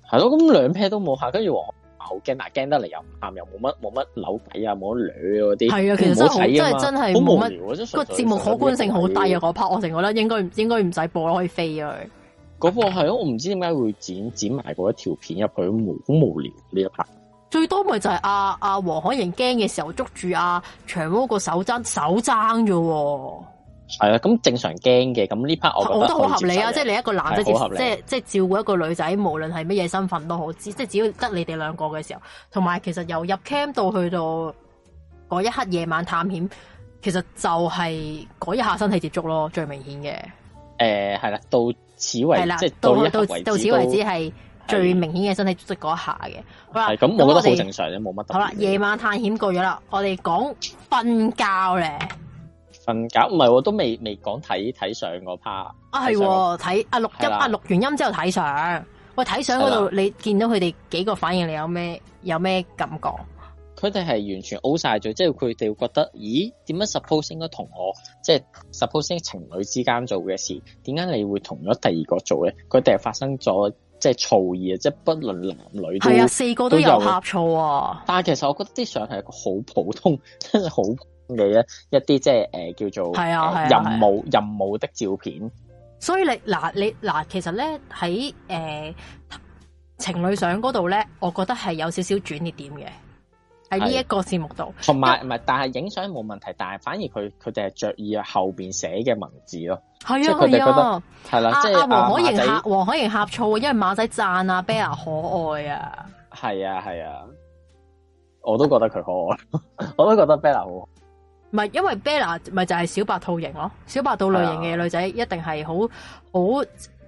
係咯，咁兩 pair 都冇喊，跟住話好驚，但係驚得嚟又唔喊，又冇乜冇乜扭計啊，冇乜女嗰啲。係啊，其實的真係真係好無聊啊，真。啊、個節目可純粹 觀性好低啊！嗰 part，我成個覺得應該應該唔使播，可以飛啊！嗰個係咯，我唔知點解會剪剪埋嗰一條片入去，無咁無聊呢一 part。這個最多咪就係阿阿黃海瑩驚嘅時候捉住阿、啊、長毛個手爭手爭啫、啊，係啊咁正常驚嘅。咁呢 part 我覺得好合理啊，即係你一個男仔接，即係即係照顧一個女仔，無論係乜嘢身份都好，即係只要得你哋兩個嘅時候。同埋其實由入 camp 到去到嗰一刻夜晚探險，其實就係嗰一下身體接觸咯，最明顯嘅。誒係啦，到此為止，的即係到到到，到此為止係。的最明顯嘅身體組織嗰一下嘅，係咁，我覺得好正常，啫們，冇乜。好啦，夜晚探險過咗啦，我哋講瞓覺咧。瞓覺唔係，我都未未講睇睇相嗰 part 啊，係睇阿錄音，阿錄、啊的啊、完音之後睇相。喂，睇相嗰度你見到佢哋幾個反應，你有咩有咩感覺？佢哋係完全 O 晒咗，即係佢哋會覺得，咦，點解 Supposing 應該同我即係、就是、Supposing 情侶之間做嘅事，點解你會同咗第二個做咧？佢哋係發生咗。即係嘈嘢，即係、就是、不論男女，係啊，四個都有呷醋啊。但係其實我覺得啲相係一個好普通，真係好普通嘅一一啲即係誒叫做係啊，啊、呃、任務啊任務的照片。所以你嗱你嗱，其實咧喺誒情侶相嗰度咧，我覺得係有少少轉捩點嘅。喺呢一個節目度，同埋唔係，但係影相冇問題，但係反而佢佢哋係着意啊後邊寫嘅文字咯，是啊即，即啊，佢哋覺得係啦，即係阿黃可瑩吓，黃可瑩呷醋，因為馬仔讚啊 Bella 可愛啊，係啊係啊，我都覺得佢可愛， (laughs) (laughs) 我都覺得 Bella 好，唔係因為 Bella 咪就係小白兔型咯，小白兔類型嘅女仔一定係好好。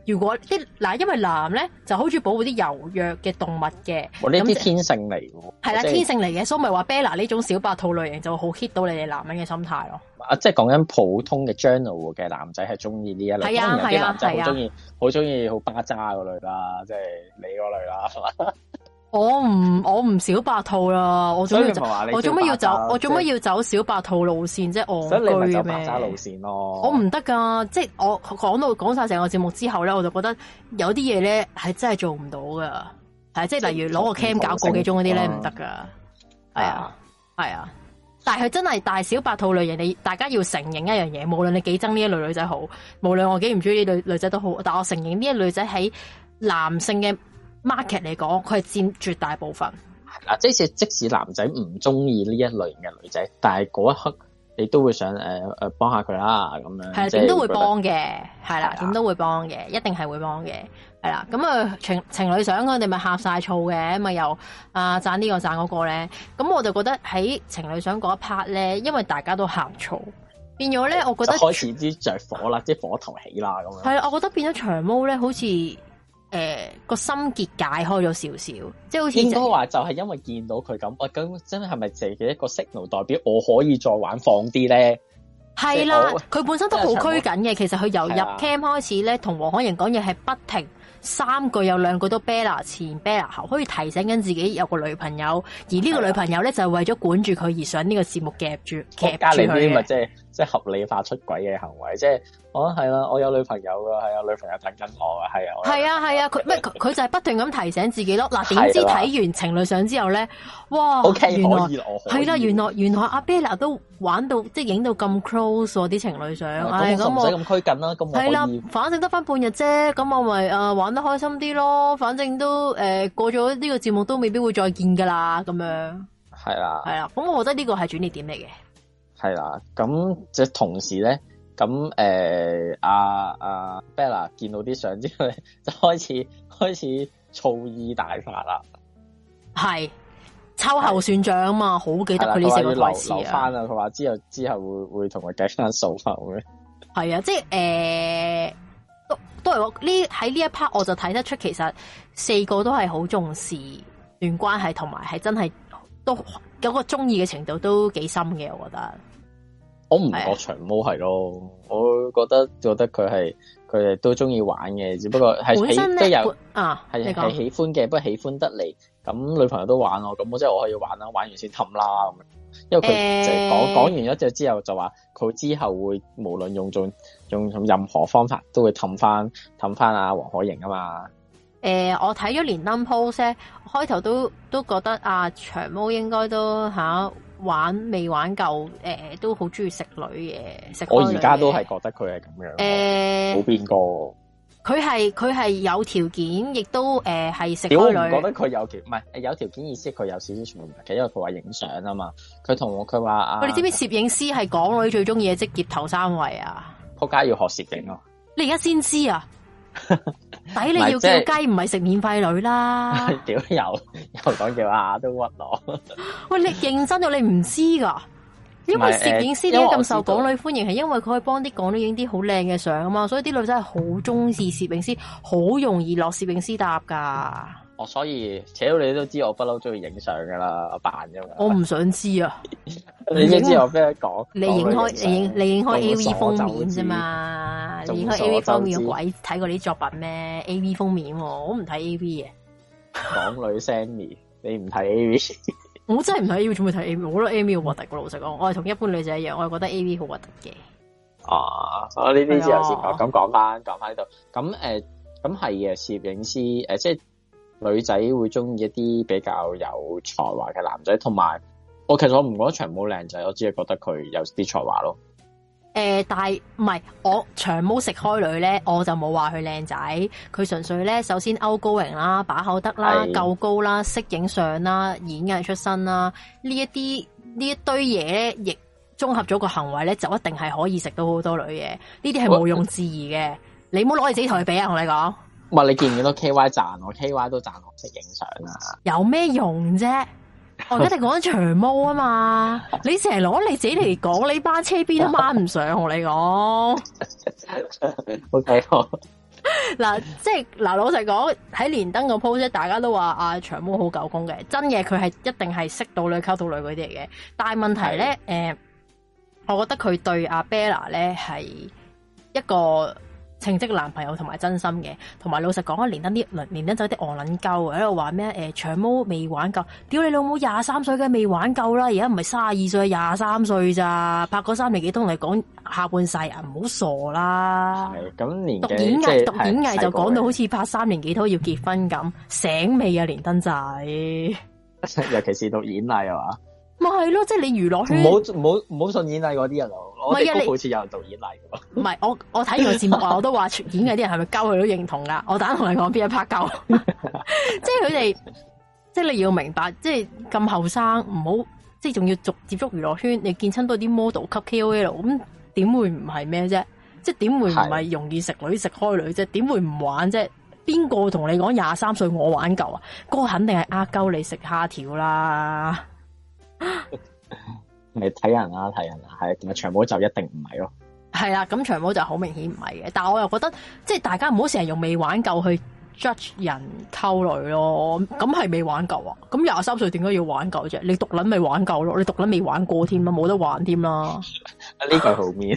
如果啲嗱，因為男咧就好中意保護啲柔弱嘅動物嘅，呢啲天性嚟喎，係啦就、就是、天性嚟嘅，所以咪話 Bella 呢種小白兔類型就好 hit 到你哋男人嘅心態咯。啊，即係講緊普通嘅 journal 嘅男仔係中意呢一類，因為、啊、有啲男仔好中意，好中意好巴渣嗰類啦，即、就、係、是、你嗰類啦。 (laughs) 我唔我唔小白兔啦，我做咩要走？我做咩要走？我做咩要走小白兔路線啫？我所以你咪走白兔路線咯。我唔得噶，即係我講到講晒成個節目之後咧，我就覺得有啲嘢咧係真係做唔到噶，係即係例如攞個 cam 搞個幾鐘嗰啲咧唔得噶，係啊係啊，啊。但係佢真係大小白兔類型，你大家要承認一樣嘢，無論你幾憎呢一類女仔好，無論我幾唔中意呢一類女仔都好，但我承認呢一類女仔喺男性嘅 market 嚟講，佢係佔絕大部分。係啦，即使即使男仔唔中意呢一類嘅女仔，但係嗰一刻你都會想誒誒幫下佢啦咁樣。係的，點都、就是、會幫嘅，係啦的，點都會幫嘅，一定係會幫嘅，係啦。咁啊、呃、情情侶相我哋咪呷晒醋嘅，咪又啊讚、呃這個、呢個讚嗰個咧。咁我就覺得喺情侶相嗰一 part 咧，因為大家都呷醋，變咗咧，就我覺得開始啲着火啦，啊、即係火頭起啦咁樣。係啊，我覺得變咗長毛咧，好似。誒，個、呃、心結解開咗少少，即係好似、就是、應該話就係因為見到佢咁，我、啊、咁真係咪自己一個 signal 代表我可以再玩放啲咧？係啦、啊，佢本身都好拘謹嘅。其實佢由入 cam 開始咧，同、啊、黃海瑩講嘢係不停三句有兩句都 banana 前 banana 後可以提醒緊自己有個女朋友，而呢個女朋友咧、啊、就係為咗管住佢而上呢個節目夾住夾住佢。即係合理化出軌嘅行為，即係我係啦，我有女朋友㗎，係有女朋友等緊我㗎，係啊，係啊，啊，佢咩？ (laughs) 佢就係不斷咁提醒自己咯。嗱、啊，點知睇完情侶相之後咧，哇！OK，原來係啦、啊，原來原來阿 Bella 都玩到即係影到咁 close 喎、啊、啲情侶相。咁唔使咁拘謹啦、啊，咁可以。係啦、啊，反正得翻半日啫，咁我咪、呃、玩得開心啲咯。反正都、呃、過咗呢個節目都未必會再見㗎啦，咁樣。係啦、啊。係啦、啊，咁我覺得呢個係轉捩點嚟嘅。係啦，咁即係同時咧，咁誒，阿、欸、阿、啊啊、Bella 見到啲相之後，就開始開始醋意大發啦。係秋後算賬嘛，好記得佢呢四個台詞啊。翻啊，佢話之後之後會會同佢計翻數嘅。係啊，即係誒、呃，都都係我呢喺呢一 part 我就睇得出，其實四個都係好重視段關係，同埋係真係都有個鍾意嘅程度都幾深嘅，我覺得。我唔覺得長毛係咯，是啊、我覺得覺得佢係佢都中意玩嘅，只不過係喜都有啊，係係是你說 喜歡嘅，不過喜歡得嚟，咁女朋友都玩那我，咁我即係我可以玩啦，玩完先氹啦咁。因為佢就講講、欸、完咗只之後就話佢之後會無論用盡用任何方法都會氹翻氹翻阿黃海瑩啊嘛。誒、欸，我睇咗連登 post 開頭都都覺得阿、啊、長毛應該都吓。啊玩未玩夠，誒、呃、都好中意食女嘅。食女我而家都係覺得佢係咁樣，冇、呃、變過。佢係佢係有條件，亦都誒係、呃、食女。我覺得佢有條唔係有條件意思，佢有少少做嘅，因為佢話影相啊嘛。佢同我，佢話啊，你知唔知攝影師係港女最中意嘅職業頭三位啊？仆街要學攝影咯。你而家先知啊！抵 (laughs) 你要叫雞，唔係食免費女啦。屌又又講叫阿都屈落。喂，你認真到你唔知噶。因為攝影師點解咁受港女歡迎，係因為佢可以幫啲港女影啲好靚嘅相啊嘛，所以啲女仔係好中意攝影師，好容易落攝影師搭噶。我、oh, 所以扯到你都知道我，一的我，的我不嬲中意影相噶啦，扮啫嘛。我唔想知啊， (laughs) 你影知道我邊度講？你影開，照你影，你影開 A V 封面啫嘛？你影開 A V 封面嘅鬼睇過啲作品咩？A V 封面，我唔睇 A V 嘅。 (laughs) 港女 Sammi，你唔睇 A, (laughs) A, A V？我真係唔睇 A V，准會睇 A V，我覺得 A V 好核突。老實講，我係同一般女仔一樣，我係覺得 A V 好核突嘅。哦、oh, oh, 啊，我呢啲之後先講，咁講翻，講翻呢度。咁誒，咁係嘅攝影師，誒、呃，即係。女仔會中意一啲比較有才華嘅男仔，同埋我其實我唔覺得長毛靚仔，我只係覺得佢有啲才華咯。誒、呃，但係唔係我長毛食開女咧，我就冇話佢靚仔，佢純粹咧，首先 outgoing 型啦，把口得啦，夠是高啦，識影相啦，演藝出身啦，這些這些呢一啲呢一堆嘢，亦綜合咗個行為咧，就一定係可以食到好多女嘢，呢啲係毋庸置疑嘅。啊、你唔好攞你自己嚟比啊，同你講。唔係你見唔見到 KY 賺我 (laughs) ，KY 都賺我識影相啊！有咩用啫？我而家講緊長毛啊嘛！ (laughs) 你成日攞你自己嚟講，你班車邊都掹唔上，同 (laughs) 你講。OK 好嗱，即係嗱，老實講喺連登個 post 啫，大家都話阿、啊、長毛好狗公嘅，真嘅佢係一定係識到女溝到女嗰啲嚟嘅。但係問題咧，誒的、欸，我覺得佢對阿 Bella 咧係一個。稱職男朋友同埋真心嘅，同埋老實講啊，連登啲連登仔啲戇捻鳩喺度話咩？誒、呃，長毛未玩夠，屌你老母廿三歲嘅未玩夠啦！而家唔係卅二歲，廿三歲咋？拍個三年幾拖同你講下半世啊，唔好傻啦！係咁年紀讀演藝，就是、讀演藝就講到好似拍三年幾拖要結婚咁醒未啊？連登仔，尤其是讀演藝啊嘛。 (laughs) 咪係咯，即係、就是、你娛樂圈，唔好好唔好信演藝嗰啲人咯。因為好似有人做演藝嘅，唔係我我睇完節目我都話，演藝啲人係咪鳩佢都認同噶？我等同你講，邊一拍夠？即係佢哋，即係你要明白，即係咁後生，唔好即係仲要接接觸娛樂圈，你見親多啲 model 級 KOL，咁點會唔係咩啫？即係點會唔係容易食女食開女啫？點會唔玩啫？邊個同你講廿三歲我玩夠啊？個、那個、肯定係阿鳩你食蝦條啦。咪睇 (laughs) 人啊，睇人啊。係咪長毛就一定唔係咯？係啦，咁長毛就好明顯唔係嘅。但係我又覺得，即係大家唔好成日用未玩夠去 judge 人溝女咯。咁係未玩夠啊？咁廿三歲點解要玩夠啫？你獨撚未玩夠咯？你獨撚未，未玩過添啊？冇得玩添啦！呢台好面，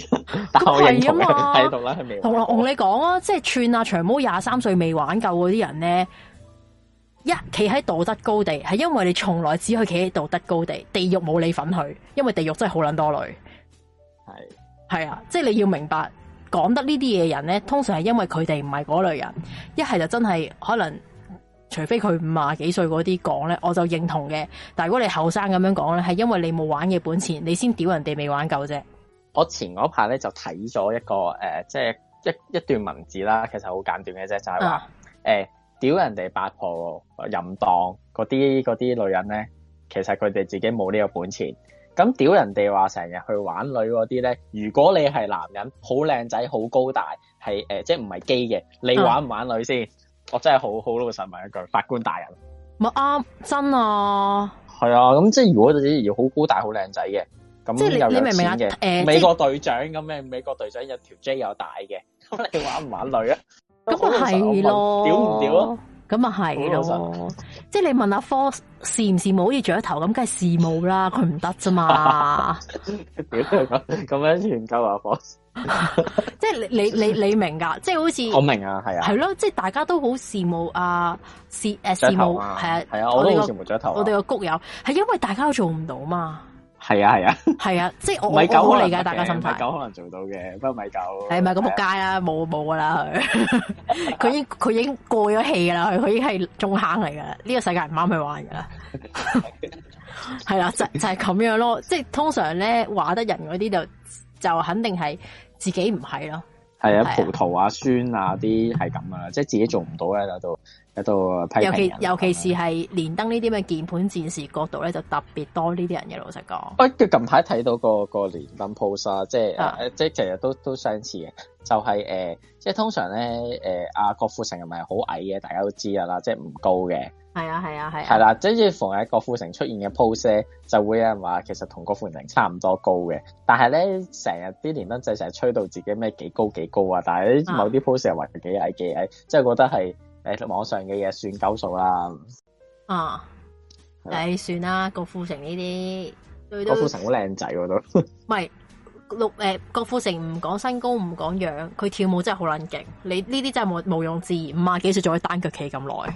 但係我認同喺度啦，係咪？同你講啊，即係串啊，長毛廿三歲未玩夠嗰啲人咧。一企喺道德高地，係因為你從來只可以企喺道德高地，地獄冇你份去，因為地獄真係好撚多女。係係啊，即係你要明白，講得呢啲嘢人咧，通常係因為佢哋唔係嗰類人。一係就真係可能，除非佢五廿幾歲嗰啲講咧，我就認同嘅。但如果你後生咁樣講咧，係因為你冇玩嘅本錢，你先屌人哋未玩夠啫。我前嗰排咧就睇咗一個誒、呃，即係一一段文字啦，其實好簡短嘅啫，就係話誒。啊欸屌人哋八婆淫蕩嗰啲嗰啲女人咧，其實佢哋自己冇呢個本錢。咁屌人哋話成日去玩女嗰啲咧，如果你係男人，好靚仔，好高大，係誒、呃，即係唔係基嘅，你玩唔玩女先？嗯、我真係好好老實問一句，法官大人，咪啱真啊？係啊，咁、啊、即係如果自己要好高大、好靚仔嘅，咁即係你，有有你明唔明啊？誒、呃，美國隊長咁咩美國隊長有條 J 又大嘅，咁 (laughs) 你玩唔玩女啊？嗯咁啊係咯，屌唔屌咯，咁啊係咯，即係你問阿 f o 羨唔羨慕好似咗頭咁，梗係羨慕啦，佢唔得啫嘛，屌，咁樣全球阿 f o 即係你你你你明噶，即係好似我明啊，係啊，係咯，即係大家都好羨慕啊，C 誒羨慕係啊係啊，我都羨慕咗頭，啊，我哋個谷友係因為大家都做唔到嘛。係啊，係啊，係啊， (laughs) 啊，即係米狗好理解大家心態，米狗可能做到嘅，不過米狗係咪咁撲街啊？冇冇噶啦，佢佢 (laughs) 已佢已經過咗氣噶啦，佢佢已經係中坑嚟噶啦，呢、這個世界唔啱佢玩噶啦，係啊就就係咁樣咯，即係通常咧話得人嗰啲就就肯定係自己唔係咯。係啊，葡萄啊，酸啊，啲係咁啊，即係自己做唔到咧，喺度喺度批評人。尤其尤其是係連登呢啲咁嘅鍵盤戰士角度咧，就特別多呢啲人嘅老實講。喂佢、欸、近排睇到、那個、那個連登 post 啊，即係、啊、即係其實都都相似嘅，就係、是、誒、呃，即係通常咧，誒、呃、阿郭富城係咪好矮嘅？大家都知啊啦，即係唔高嘅。係啊係啊係啊！係啦、啊，啊啊、即係逢係郭富城出現嘅 post，就會有人話其實同郭富城差唔多高嘅。但係咧，成日啲連登仔成日吹到自己咩幾高幾高啊！但係某啲 post 又話佢幾矮幾矮，即係覺得係誒、哎、網上嘅嘢算鳩數啦。啊，誒、啊、算啦，郭富城呢啲，郭富城好靚仔我都。 (laughs) 六誒、呃，郭富城唔講身高唔講樣，佢跳舞真係好撚勁。你呢啲真係冇無庸置疑，五啊幾歲仲可以單腳企咁耐？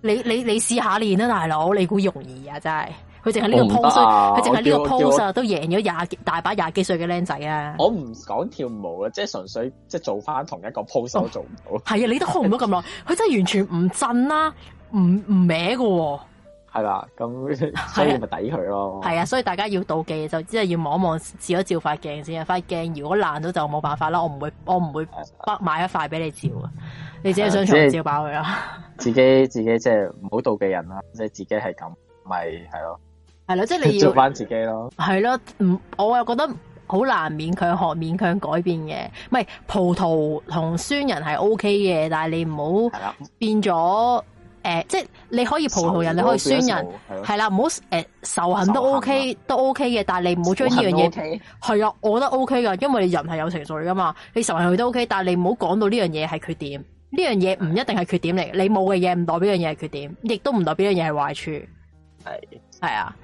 你你你試下練啦，大佬，你估容易啊？真係，佢淨係呢個 pose，佢淨係呢個 pose 都贏咗廿大把廿幾歲嘅靚仔啊！我唔講跳舞啊，即係純粹即係做翻同一個 pose 我做唔到、哦。係 (laughs) 啊，你都 hold 唔到咁耐，佢真係完全唔震啦，唔唔歪噶。係啦，咁所以咪抵佢咯。係啊，啊，所以大家要妒忌，就即係要望一望照一照塊鏡先啊。塊鏡如果爛到就冇辦法啦。我唔會，我唔會北買一塊俾你照啊。你自己想重是照爆佢啦。自己自己即係唔好妒忌人啦。即、就、係、是、自己係咁，咪係咯。係咯、啊，即係、啊就是、你要做翻自己咯。係咯、啊，唔我又覺得好難勉強學、勉強改變嘅。唔係葡萄同酸人係 OK 嘅，但係你唔好變咗。誒，即係你可以葡萄人，你可以酸人，係啦，唔好誒仇恨都 O K 都 O K 嘅，但係你唔好將呢樣嘢係啊，我覺得 O K 噶，因為你人係有情緒噶嘛，你仇恨佢都 O K，但係你唔好講到呢樣嘢係缺點，呢樣嘢唔一定係缺點嚟，你冇嘅嘢唔代表樣嘢係缺點，亦都唔代表樣嘢係壞處。係係啊，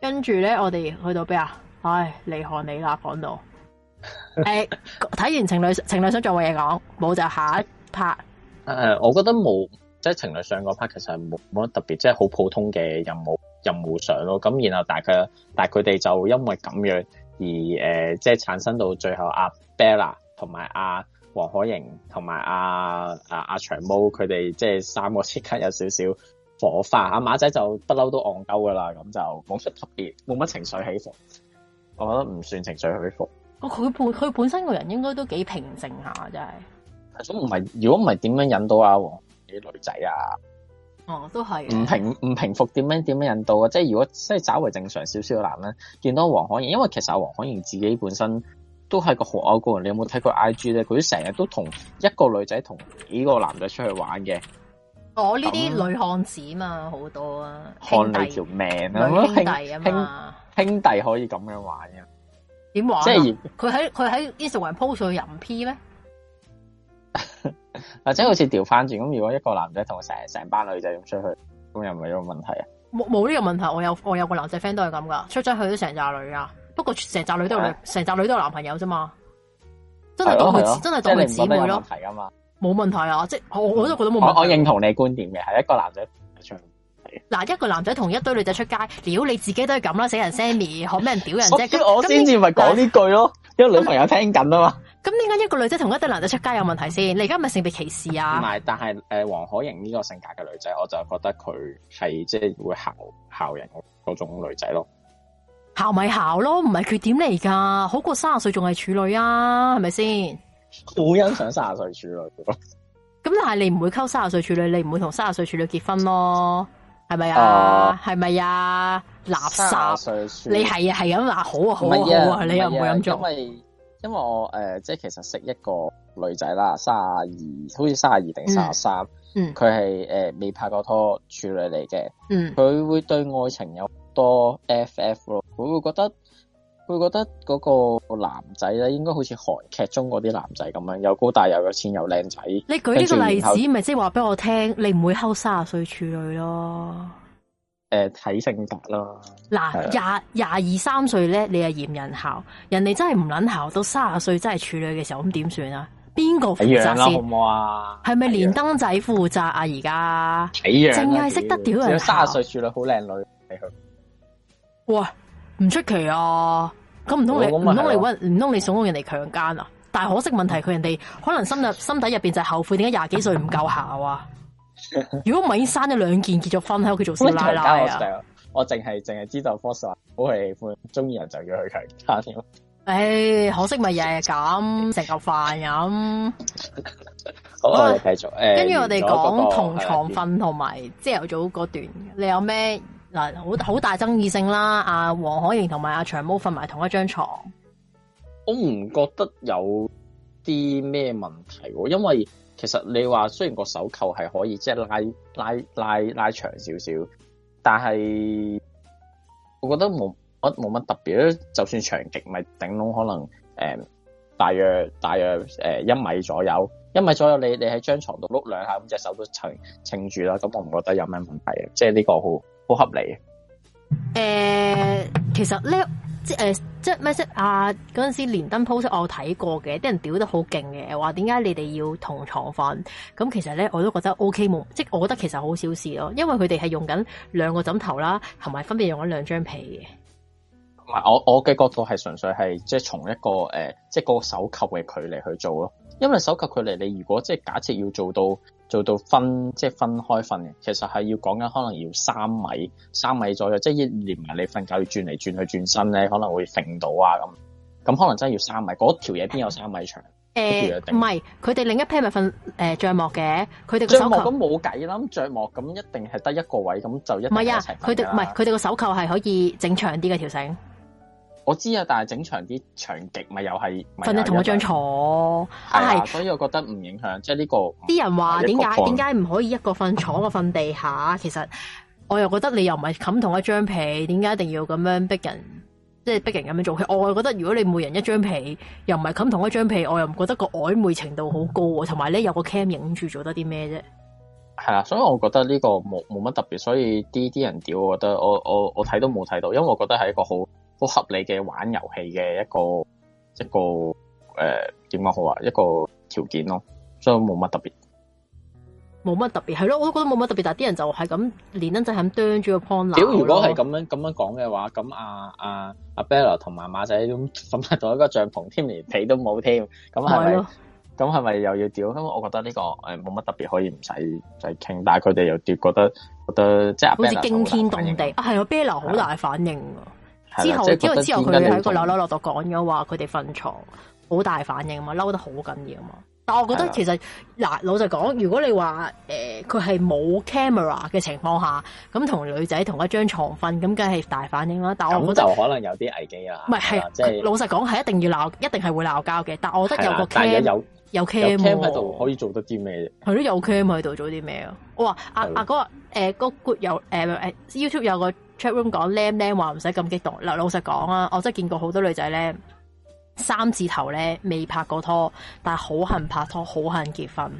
跟住咧，我哋去到邊啊？唉，離岸你啦，講到 (laughs) 誒，睇完情侶情侶想做嘅嘢講，冇就下一 part。誒、呃，我覺得冇。即係情侶上嗰 part 其實係冇冇乜特別，即係好普通嘅任務任務上咯。咁然後大概，但佢哋就因為咁樣而誒、呃，即係產生到最後阿、啊、Bella 同埋、啊、阿黃可盈同埋阿阿阿長毛佢哋即係三個即刻有少少火花。阿、啊、馬仔就不嬲都戇鳩噶啦，咁就冇乜特別，冇乜情緒起伏。我覺得唔算情緒起伏。哦，佢本佢本身個人應該都幾平靜下，真係。咁唔係，如果唔係點樣引到阿、啊、黃？啲女仔啊，哦，都係唔平唔平復點樣點樣引導啊！即係如果即係稍為正常少少嘅男咧，見到黃可瑩，因為其實黃可瑩自己本身都係個酷歐哥，你有冇睇過 I G 咧？佢成日都同一個女仔同幾個男仔出去玩嘅。我呢啲女漢子嘛，好多啊，兄弟條命啊，兄弟啊嘛，兄弟可以咁樣玩啊。點玩？即係佢喺佢喺 Instagram post 上人 P 咩？或者好似調翻轉咁，如果一個男仔同成成班女仔咁出去，咁又唔係一個問題啊？冇冇呢個問題？我有我有個男仔 friend 都係咁噶，出咗去都成紮女啊。不過成紮女都有成紮女都有男朋友啫嘛，真係當佢真係當佢姊妹咯。冇問題啊，即係我我都覺得冇。我認同你觀點嘅，係一個男仔出。嗱，一個男仔同一堆女仔出街，屌你自己都係咁啦，死人 Sammi 學咩人屌人啫？我先至咪講呢句咯，因為女朋友聽緊啊嘛。咁點解一個女仔同一個男仔出街有問題先？你而家咪性別歧視啊？唔係，但係誒，黃、呃、可瑩呢個性格嘅女仔，我就覺得佢係即係會姣姣人嗰種女仔咯。姣咪姣咯，唔係缺點嚟噶，好過三十歲仲係處女啊，係咪先？好欣賞三十歲處女咯。咁但係你唔會溝三十歲處女，你唔會同三十歲處女結婚咯，係咪啊？係咪、uh, 啊？垃圾！你係啊，係咁話好啊，好啊，啊好啊，你又唔會咁做。因為我誒，即、呃、係其實識一個女仔啦，卅二、嗯，好似卅二定卅三，佢係誒未拍過拖處女嚟嘅，佢、嗯、會對愛情有多 FF 咯，佢會覺得佢覺得嗰個男仔咧，應該好似韓劇中嗰啲男仔咁樣，又高大又有錢又靚仔。你舉呢個例子，咪即係話俾我聽，你唔會溝卅歲處女咯。誒，睇、呃、性格啦嗱，廿廿二,二,二三歲咧，你係嫌人姣，人哋真係唔捻姣。到三十歲真係處女嘅時候，咁點算啊？邊個負責先？係咪連登仔負責啊？而家淨係識得屌人。三十歲處女好靚女，哇！唔出奇啊！咁唔通你唔通、嗯啊、你搵唔通你送人哋強姦啊？但係可惜問題佢人哋可能心入心底入邊就後悔，點解廿幾歲唔夠姣啊？ (laughs) 如果唔係已經生咗兩件結咗婚喺屋企做師奶啦，我淨係淨係知道 Force 好喜歡中意人就要去強加添。唉、哎，可惜咪日日咁食嚿飯咁。 (laughs) 飯好，好，我哋繼續。誒、呃，跟住我哋講、那個、同床瞓同埋朝頭早嗰段，你有咩嗱，好好大爭議性啦？阿黃可瑩同埋阿長毛瞓埋同一張床，我唔覺得有啲咩問題，因為。其實你話，雖然個手扣係可以即係拉拉拉拉長少少，但係我覺得冇乜冇乜特別，就算長極咪頂籠可能誒、嗯、大約大約誒一米左右，一米左右你你喺張床度碌兩下，五隻手都撐撐住啦，咁我唔覺得有咩問題嘅，即係呢個好好合理嘅。誒，uh, 其實呢？即係，即係咩啊！嗰陣時連登 post 我睇過嘅，啲人屌得好勁嘅，話點解你哋要同床瞓？咁其實咧，我都覺得 O K 冇，即係我覺得其實好小事咯，因為佢哋係用緊兩個枕頭啦，同埋分別用緊兩張被嘅。唔係，我我嘅角度係純粹係即係從一個誒、呃，即係個手球嘅距離去做咯，因為手球距離你如果即係假設要做到。做到分即係、就是、分開瞓嘅，其實係要講緊可能要三米，三米左右，即係連埋你瞓覺要轉嚟轉去轉身咧，可能會揈到啊咁，咁可能真係要三米，嗰條嘢邊有三米長誒，唔係、欸，佢哋另一批咪瞓誒帳幕嘅，佢哋帳幕咁冇計啦，咁帳幕咁一定係得一個位咁就一唔係啊，佢哋唔係，佢哋個手扣係可以整長啲嘅條繩。條繩我知啊，但係整場啲場景咪又係瞓喺同一張床，啊，係，所以我覺得唔影響，即係呢個啲人話點解點解唔可以一個瞓床一個瞓地下？ (laughs) 其實我又覺得你又唔係冚同一張被，點解一定要咁樣逼人？即係逼人咁樣做？我又覺得如果你每人一張被，又唔係冚同一張被，我又唔覺得個曖昧程度好高。同埋咧有個 cam 影住，做得啲咩啫？係啊，所以我覺得呢個冇冇乜特別，所以啲啲人屌，我覺得我我我睇都冇睇到，因為我覺得係一個好。好合理嘅玩遊戲嘅一個一個誒點講好啊，一個條、呃、件咯，所以冇乜特別，冇乜特別係咯，我都覺得冇乜特別，但啲人就係咁連登仔咁啄住個 point。如果係咁樣咁樣講嘅話，咁阿阿阿 Bella 同埋馬仔咁甚至咗一個帳篷添，連被都冇添，咁係咪？咁係咪又要屌？咁我覺得呢個誒冇乜特別，可以唔使再傾。但係佢哋又屌，覺得覺得即係好似驚天動地啊！係啊 Bella 好大反應之後之後之後佢喺個扭扭落度講咗話佢哋瞓床好大反應嘛，嬲得好緊要嘛。但我覺得其實嗱，的老實講，如果你話誒佢係冇 camera 嘅情況下，咁同女仔同一張床瞓，咁梗係大反應啦。但我覺得咁就可能有啲危機啊。唔係係，即係、老實講係一定要鬧，一定係會鬧交嘅。但我覺得有個 cam 有，有 cam 喺度可以做得啲咩啫？佢都有 cam 喺度做啲咩的啊？我話阿阿哥誒，嗰 good 有誒誒、呃啊、，YouTube 有個。chatroom 講靚靚話唔使咁激動嗱，老實講啊，我真係見過好多女仔咧，三字頭咧未拍過拖，但係好恨拍拖，好恨結婚。誒、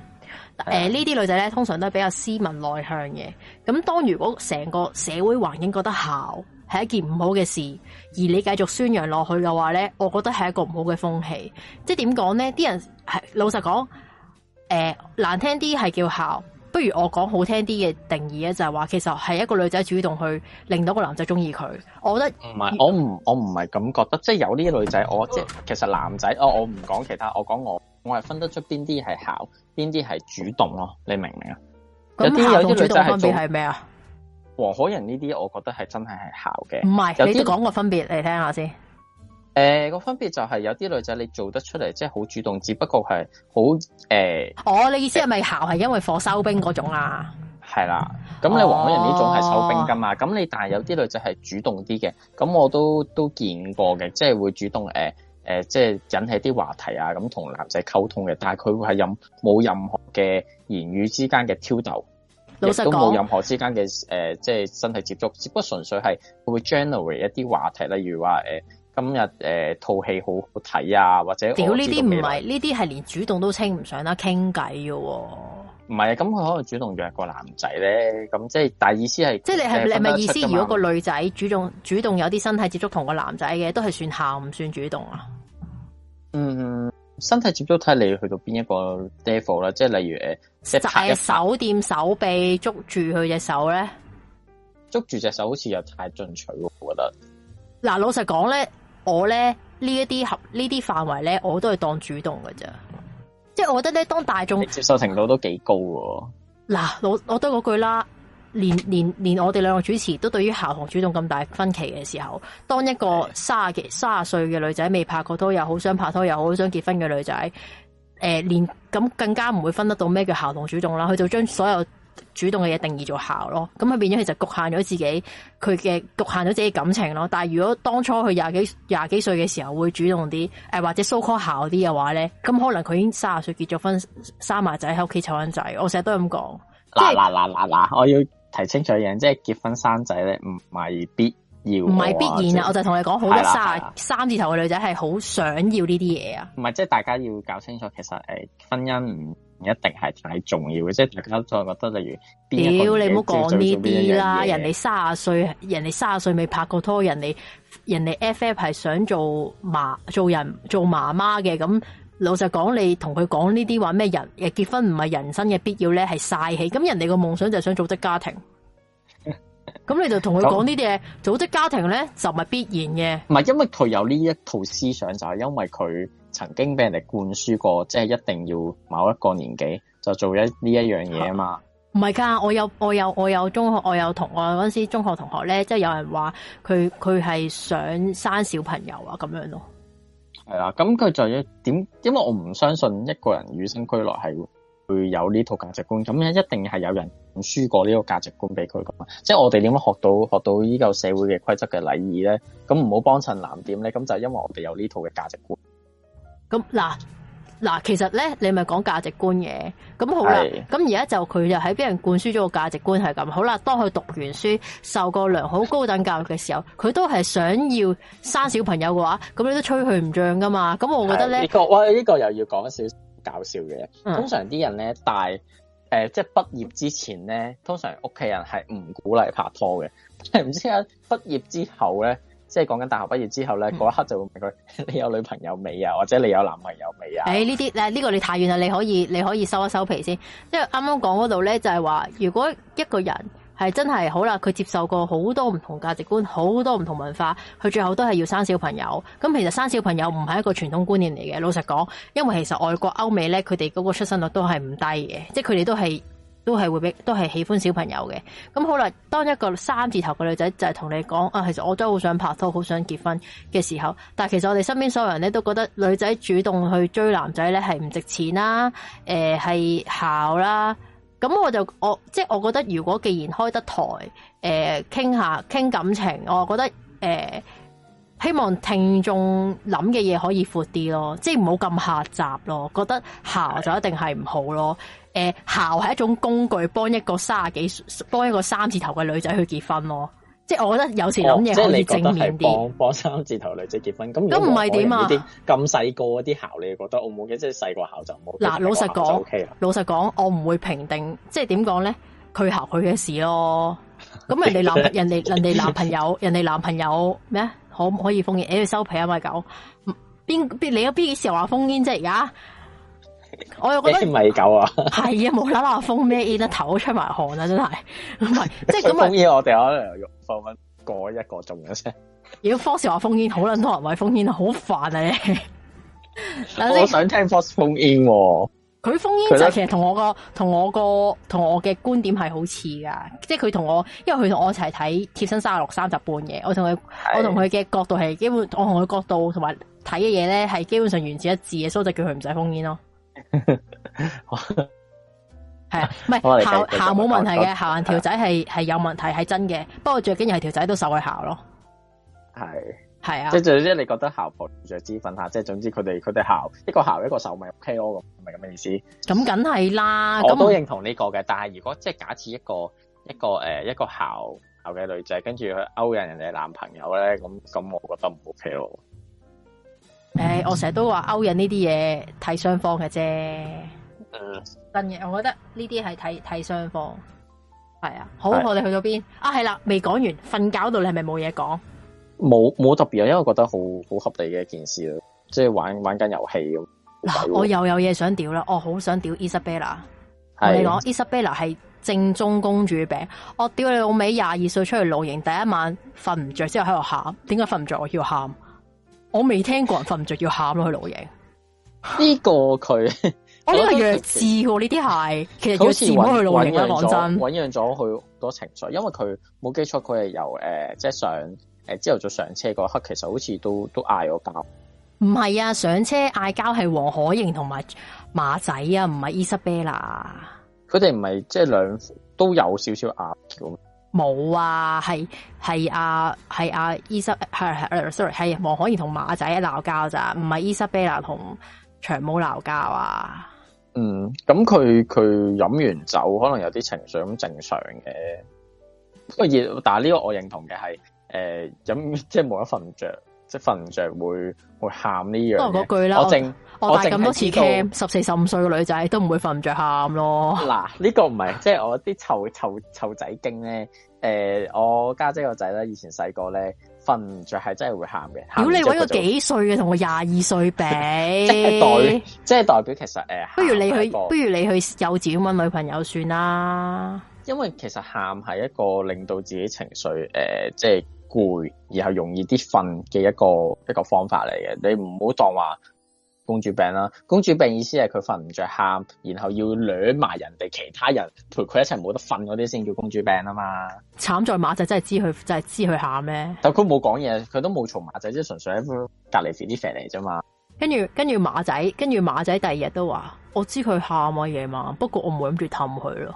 嗯，呃、呢啲女仔咧通常都係比較斯文內向嘅。咁當如果成個社會環境覺得姣係一件唔好嘅事，而你繼續宣揚落去嘅話咧，我覺得係一個唔好嘅風氣。即係點講咧？啲人係老實講，誒、呃，難聽啲係叫姣。不如我講好聽啲嘅定義咧，就係話其實係一個女仔主動去令到個男仔中意佢，我覺得唔係，我唔我唔係咁覺得，即係有呢啲女仔，我即係其實男仔，哦，我唔講其他，我講我，我係分得出邊啲係考，邊啲係主動咯，你明唔明啊？有啲有啲主動分別係咩啊？黃可人呢啲，我覺得係真係係考嘅。唔係是，些你講個分別嚟聽下先。誒，呃那個分別就係有啲女仔你做得出嚟，即係好主動，只不過係好誒。呃、哦，你意思係咪姣係因為火收兵嗰種啊？係啦、嗯，咁你黃人呢種係收兵噶嘛？咁、哦、你但係有啲女仔係主動啲嘅，咁我都都見過嘅，即係會主動誒誒、呃呃，即係引起啲話題啊，咁同男仔溝通嘅。但係佢會係任冇任何嘅言語之間嘅挑逗，亦都冇任何之間嘅誒，即係身體接觸，只不過純粹係會 generate 一啲話題，例如話誒。呃今日誒、呃、套戲好好睇啊，或者屌呢啲唔係，呢啲係連主動都稱唔上啦，傾偈嘅喎。唔係啊，咁佢可能主動約個男仔咧，咁即係但意思係。即係你係你係咪得意思，如果個女仔主動主動有啲身體接觸同個男仔嘅，都係算喊唔算主動啊？嗯，身體接觸睇你去到邊一個 level 啦，即係例如誒，就手掂手臂捉住佢隻手咧，捉住隻手好似又太進取，我覺得。嗱，老實講咧。我咧呢一啲合呢啲範圍咧，我都係當主動噶啫。即、就、係、是、我覺得咧，當大眾接受程度都幾高嗱、啊。我我都嗰句啦，連連連我哋兩個主持都對於校堂主動咁大分歧嘅時候，當一個三十幾三十歲嘅女仔未拍過拖，又好想拍拖，又好想結婚嘅女仔，誒、呃，連咁更加唔會分得到咩叫校堂主動啦。佢就將所有。主動嘅嘢定義做孝咯，咁咪變咗其實局限咗自己佢嘅局限咗自己感情咯。但係如果當初佢廿幾廿幾歲嘅時候會主動啲，誒、呃、或者 so called 孝啲嘅話咧，咁可能佢已經卅歲結咗婚，生埋仔喺屋企湊緊仔。我成日都咁講，嗱嗱嗱嗱嗱，我要提清楚嘢，即係結婚生仔咧唔係必要，唔係必然啊！就是、我就同你講好多卅三字頭嘅女仔係好想要呢啲嘢啊！唔係，即係大家要搞清楚，其實誒婚姻。一定係太重要嘅，即係大家再覺得，例如屌 (music) 時你唔好講呢啲啦，人哋卅歲，人哋卅歲未拍過拖，人哋人哋 FF 係想做媽，做人做媽媽嘅。咁老實講，你同佢講呢啲話咩人誒結婚唔係人生嘅必要咧，係嘥氣。咁人哋個夢想就係想組織家庭。咁 (laughs) 你就同佢講呢啲嘢， (laughs) 組織家庭咧就唔係必然嘅。唔係因為佢有呢一套思想，就係因為佢。曾經俾人哋灌輸過，即係一定要某一個年紀就做一呢一樣嘢啊嘛。唔係噶，我有我有我有中學我有同學我嗰陣時中學同學咧，即係有人話佢佢係想生小朋友啊咁樣咯。係啦，咁佢就要點？因為我唔相信一個人與生俱來係會有呢套價值觀，咁一一定係有人輸過呢個價值觀俾佢噶。即係我哋點樣學到學到依個社會嘅規則嘅禮儀咧？咁唔好幫襯藍點咧？咁就係因為我哋有呢套嘅價值觀。咁嗱嗱，其實咧你咪講價值觀嘅，咁好啦。咁而家就佢就喺俾人灌輸咗個價值觀係咁，好啦。當佢讀完書，受過良好高等教育嘅時候，佢都係想要生小朋友嘅話，咁你都吹佢唔脹噶嘛。咁我覺得咧，呢、這個呢、這個又要講少少搞笑嘅、嗯呃就是。通常啲人咧大誒，即係畢業之前咧，通常屋企人係唔鼓勵拍拖嘅，唔知啊，畢業之後咧。即係講緊大學畢業之後咧，嗰一、嗯、刻就會問佢：你有女朋友未啊？或者你有男朋友未啊？誒呢啲呢個你太遠啦，你可以你可以收一收皮先。即係啱啱講嗰度咧，就係、是、話，如果一個人係真係好啦，佢接受過好多唔同價值觀，好多唔同文化，佢最後都係要生小朋友。咁其實生小朋友唔係一個傳統觀念嚟嘅，老實講，因為其實外國歐美咧，佢哋嗰個出生率都係唔低嘅，即係佢哋都係。都係會俾，都係喜歡小朋友嘅。咁好啦，當一個三字頭嘅女仔就係同你講，啊，其實我都好想拍拖，好想結婚嘅時候，但係其實我哋身邊所有人咧都覺得女仔主動去追男仔咧係唔值錢啦，誒、呃、係姣啦。咁我就我即係我覺得，如果既然開得台，誒、呃，傾下傾感情，我覺得誒。呃希望聽眾諗嘅嘢可以闊啲咯，即係唔好咁狹窄咯。覺得姣就一定係唔好咯？誒、欸，姣係一種工具，幫一個卅幾，幫一個三字頭嘅女仔去結婚咯。即係我覺得有時諗嘢可以正面啲。幫、哦、三字頭女仔結婚，咁咁唔係點啊？咁細個啲姣，你又覺得我冇嘅？即係細個姣就唔好，嗱，老實講，老實講，我唔會評定，即係點講咧？佢姣佢嘅事咯。咁人哋男， (laughs) 人哋人哋男朋友，人哋男朋友咩？可唔可以封煙？誒、哎，收皮啊嘛，狗邊邊你嗰邊幾時話封煙啫？而家我又覺得唔係狗啊，係啊，冇啦啦！封咩煙啊？頭都出埋汗啊，真係唔係即係封煙，我掉翻嚟用放翻嗰一個鐘嘅啫。妖 Foss 時話封煙好撚多人，咪封煙好煩啊！我想聽 Foss 封煙。佢封煙就其實同我個同也我個同我嘅觀點係好似噶，即係佢同我，因為佢同我一齊睇《貼身三十六》三十半嘢。我同佢，的我同佢嘅角度係基本，我同佢角度同埋睇嘅嘢咧係基本上完全一致嘅，所以就叫佢唔使封煙咯。係啊， (laughs) 唔係校冇 (laughs) 問題嘅，下 (laughs) 人條仔係係有問題，係真嘅。不過最緊要係條仔都受佢校咯。係。係啊，即係總之，你覺得姣婆着脂粉下，即係總之，佢哋佢哋姣一個姣一個一個手咪 O k 咁，咪咁嘅意思。咁梗係啦，我都認同呢個嘅。嗯、但係如果即係假設一個一個誒、呃、一個姣姣嘅女仔，跟住佢勾引人哋男朋友咧，咁咁，那我覺得唔 O K 咯。誒、欸，我成日都話勾引呢啲嘢，睇雙方嘅啫，真嘅、嗯。我覺得呢啲係睇睇雙方。係啊，好，是我哋去到邊啊？係啦，未講完，瞓覺度，你係咪冇嘢講？冇冇特別啊，因為我覺得好好合理嘅一件事，即係玩玩緊遊戲咁。嗱、啊，我又有嘢想屌啦，我好想屌 Isabella，我是你講 Isabella 係正宗公主餅，我屌你老味，廿二歲出去露營，第一晚瞓唔着之後喺度喊，點解瞓唔着？我要喊？我未聽過人瞓唔着要喊咯去露營。呢 (laughs) 個佢，我覺得弱智喎，呢啲係其實弱智去露營咯講真。醞釀咗佢個情緒，因為佢冇基礎，佢係 (laughs) 由誒、呃、即係想。誒，朝頭早上車嗰刻，其實好似都都嗌咗交。唔係啊，上車嗌交係黃可盈同埋馬仔啊，唔係伊莎貝拉。佢哋唔係即係兩都有少少嗌交。冇啊，係係阿係阿伊莎係 sorry 係黃可盈同馬仔鬧交咋，唔係伊莎貝拉同長毛鬧交啊。嗯，咁佢佢飲完酒可能有啲情緒，咁正常嘅。不過但係呢個我認同嘅係。誒，咁即係冇得瞓唔着，即係瞓唔着會會喊呢樣。都係嗰句啦正，我淨我咁多次 c 十四十五歲嘅女仔都唔會瞓唔着喊咯。嗱，呢、這個唔係，即係我啲湊湊湊仔經咧。誒、呃，我家姐個仔咧，以前細個咧瞓唔着係真係會喊嘅。如果哭你搵個幾歲嘅同我廿二歲比， (laughs) 即係代，即係代表其實誒。呃、不如你去，不如你去幼稚園搵女朋友算啦。因為其實喊係一個令到自己情緒誒，即係攰，然後容易啲瞓嘅一個一個方法嚟嘅。你唔好當話公主病啦。公主病意思係佢瞓唔着喊，然後要掠埋人哋其他人陪佢一齊冇得瞓嗰啲先叫公主病啊嘛。慘在馬仔真係知佢真係知佢喊咩，但佢冇講嘢，佢都冇嘈馬仔，即係純粹喺度隔離 fit 啲肥嚟啫嘛。跟住跟住馬仔，跟住馬仔第二日都話：我知佢喊啊夜晚，不過我冇諗住氹佢咯。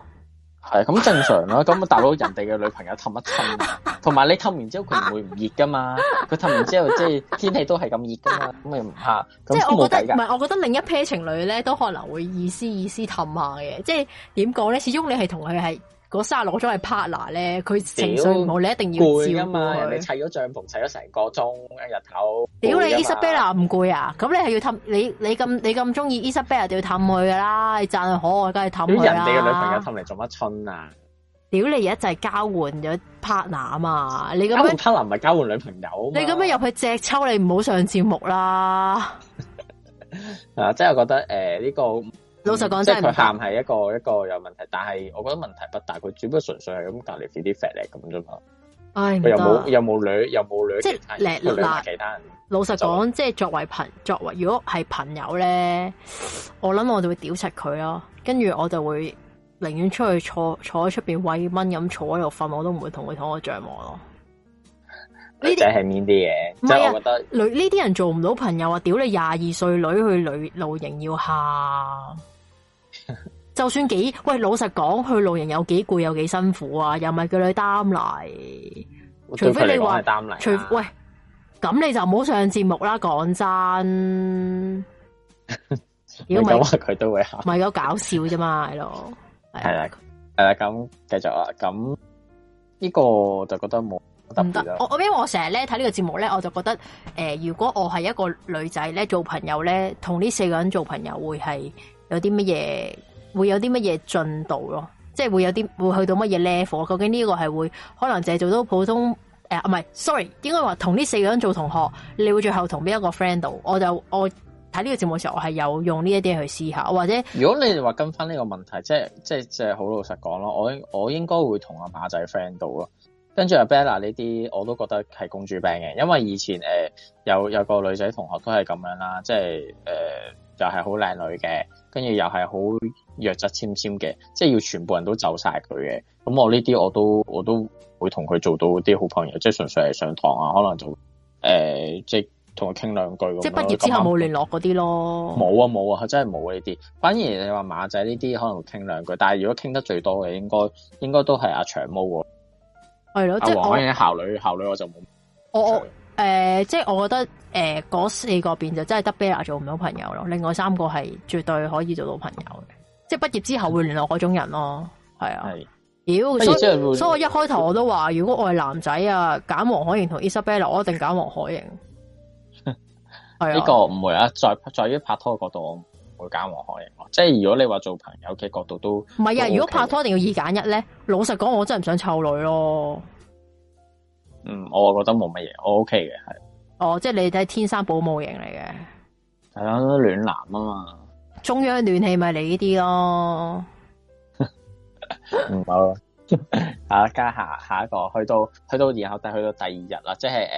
係咁正常啦，咁大佬人哋嘅女朋友氹一氹，同埋你氹完之後佢唔會唔熱噶嘛，佢氹完之後即係天氣都係咁熱噶嘛，咁你唔怕？即係咁都冇計㗎。我覺得唔係，我覺得另一批情侶咧都可能會意思意思氹下嘅，即係點講咧，始終你係同佢係。嗰三十六個鐘係 partner 咧，佢情緒唔好，你一定要知噶嘛，人哋砌咗帳篷砌咗成個鐘一日頭。屌你 Isabella 唔攰啊？咁你係要氹你你咁你咁中意 Isabella，就要氹佢噶啦，你讚佢可愛，梗係氹佢啦。咁人哋嘅女朋友氹嚟做乜春啊？屌你，而家就係交換咗 partner 啊嘛！你咁樣 partner 唔係交換女朋友你，你咁樣入去隻抽你唔好上節目啦。 (laughs) 啊，即係我覺得誒呢、呃這個。老實講，即係佢喊係一個一個有問題，但係我覺得問題不大。佢只不過純粹係咁隔籬，肥啲肥力咁啫嘛。唉，佢又冇又冇女，又冇女，即係叻啦。其他人，老實講，即係作為朋作為，如果係朋友咧，我諗我就會屌柒佢咯。跟住我就會寧願出去坐坐喺出邊喂蚊，咁坐喺度瞓，我都唔會同佢同我着磨咯。呢啲係咩啲嘢？唔係，我覺得女呢啲人做唔到朋友啊！屌你廿二歲女去旅露營要喊。 (laughs) 就算幾喂，老實講，去露營有幾攰，有幾辛苦啊！又唔係叫你擔嚟。除非你話，擔嚟除喂，咁你就唔好上節目啦。講真， (laughs) 如果唔係佢都會吓，咪夠搞笑啫嘛，係咯，係啊，係啊，咁繼、嗯、續啊，咁呢、呢個就覺得冇唔得，我我因為我成日咧睇呢個節目咧，我就覺得誒、呃，如果我係一個女仔咧，做朋友咧，同呢四個人做朋友會係。有啲乜嘢會有啲乜嘢進度咯？即係會有啲會去到乜嘢 level？究竟呢個係會可能淨係做到普通誒？唔、呃、係，sorry，應該話同呢四個人做同學，你會最後同邊一個 friend 到。我就我睇呢個節目嘅時候，我係有用呢一啲去思考，或者如果你話跟返呢個問題，即係即係即係好老實講咯，我我應該會同阿馬仔 friend 到咯。跟住阿 Bella 呢啲，我都覺得係公主病嘅，因為以前誒、呃、有有個女仔同學都係咁樣啦，即係誒。呃又係好靚女嘅，跟住又係好弱質纖纖嘅，即係要全部人都走晒佢嘅。咁我呢啲我都我都會同佢做到啲好朋友，即係純粹係上堂啊，可能就誒、欸、即係同佢傾兩句。即係畢業之後冇聯絡嗰啲咯。冇 (laughs) 啊冇啊，啊，佢真係冇呢啲。反而你話馬仔呢啲可能會傾兩句，但係如果傾得最多嘅應該應該都係阿長毛、啊。係咯的，即係講緊校女我校女我就冇。誒、呃，即係我覺得誒，嗰、呃、四個邊就真係得 Bella 做唔到朋友咯，另外三個係絕對可以做到朋友嘅，即係畢業之後會聯絡嗰種人咯，係啊，係，妖，所以會所以我一開頭我都話，如果我係男仔啊，揀王海瑩同 Isabella，我一定揀王海瑩。係呢 (laughs) 的個唔會啊，在在於拍拖嘅角度，我揀王海瑩咯。即係如果你話做朋友嘅角度都唔係啊，OK、啊如果拍拖一定要二揀一咧，老實講，我真係唔想湊女咯。嗯，我覺得冇乜嘢，我 OK 嘅係哦，即係你睇天生保姆型嚟嘅係啦，暖男啊嘛，中央暖氣咪嚟呢啲咯，唔好啊， (laughs) (laughs) 家下下一個去到去到，然後第去到第二日啦，即係誒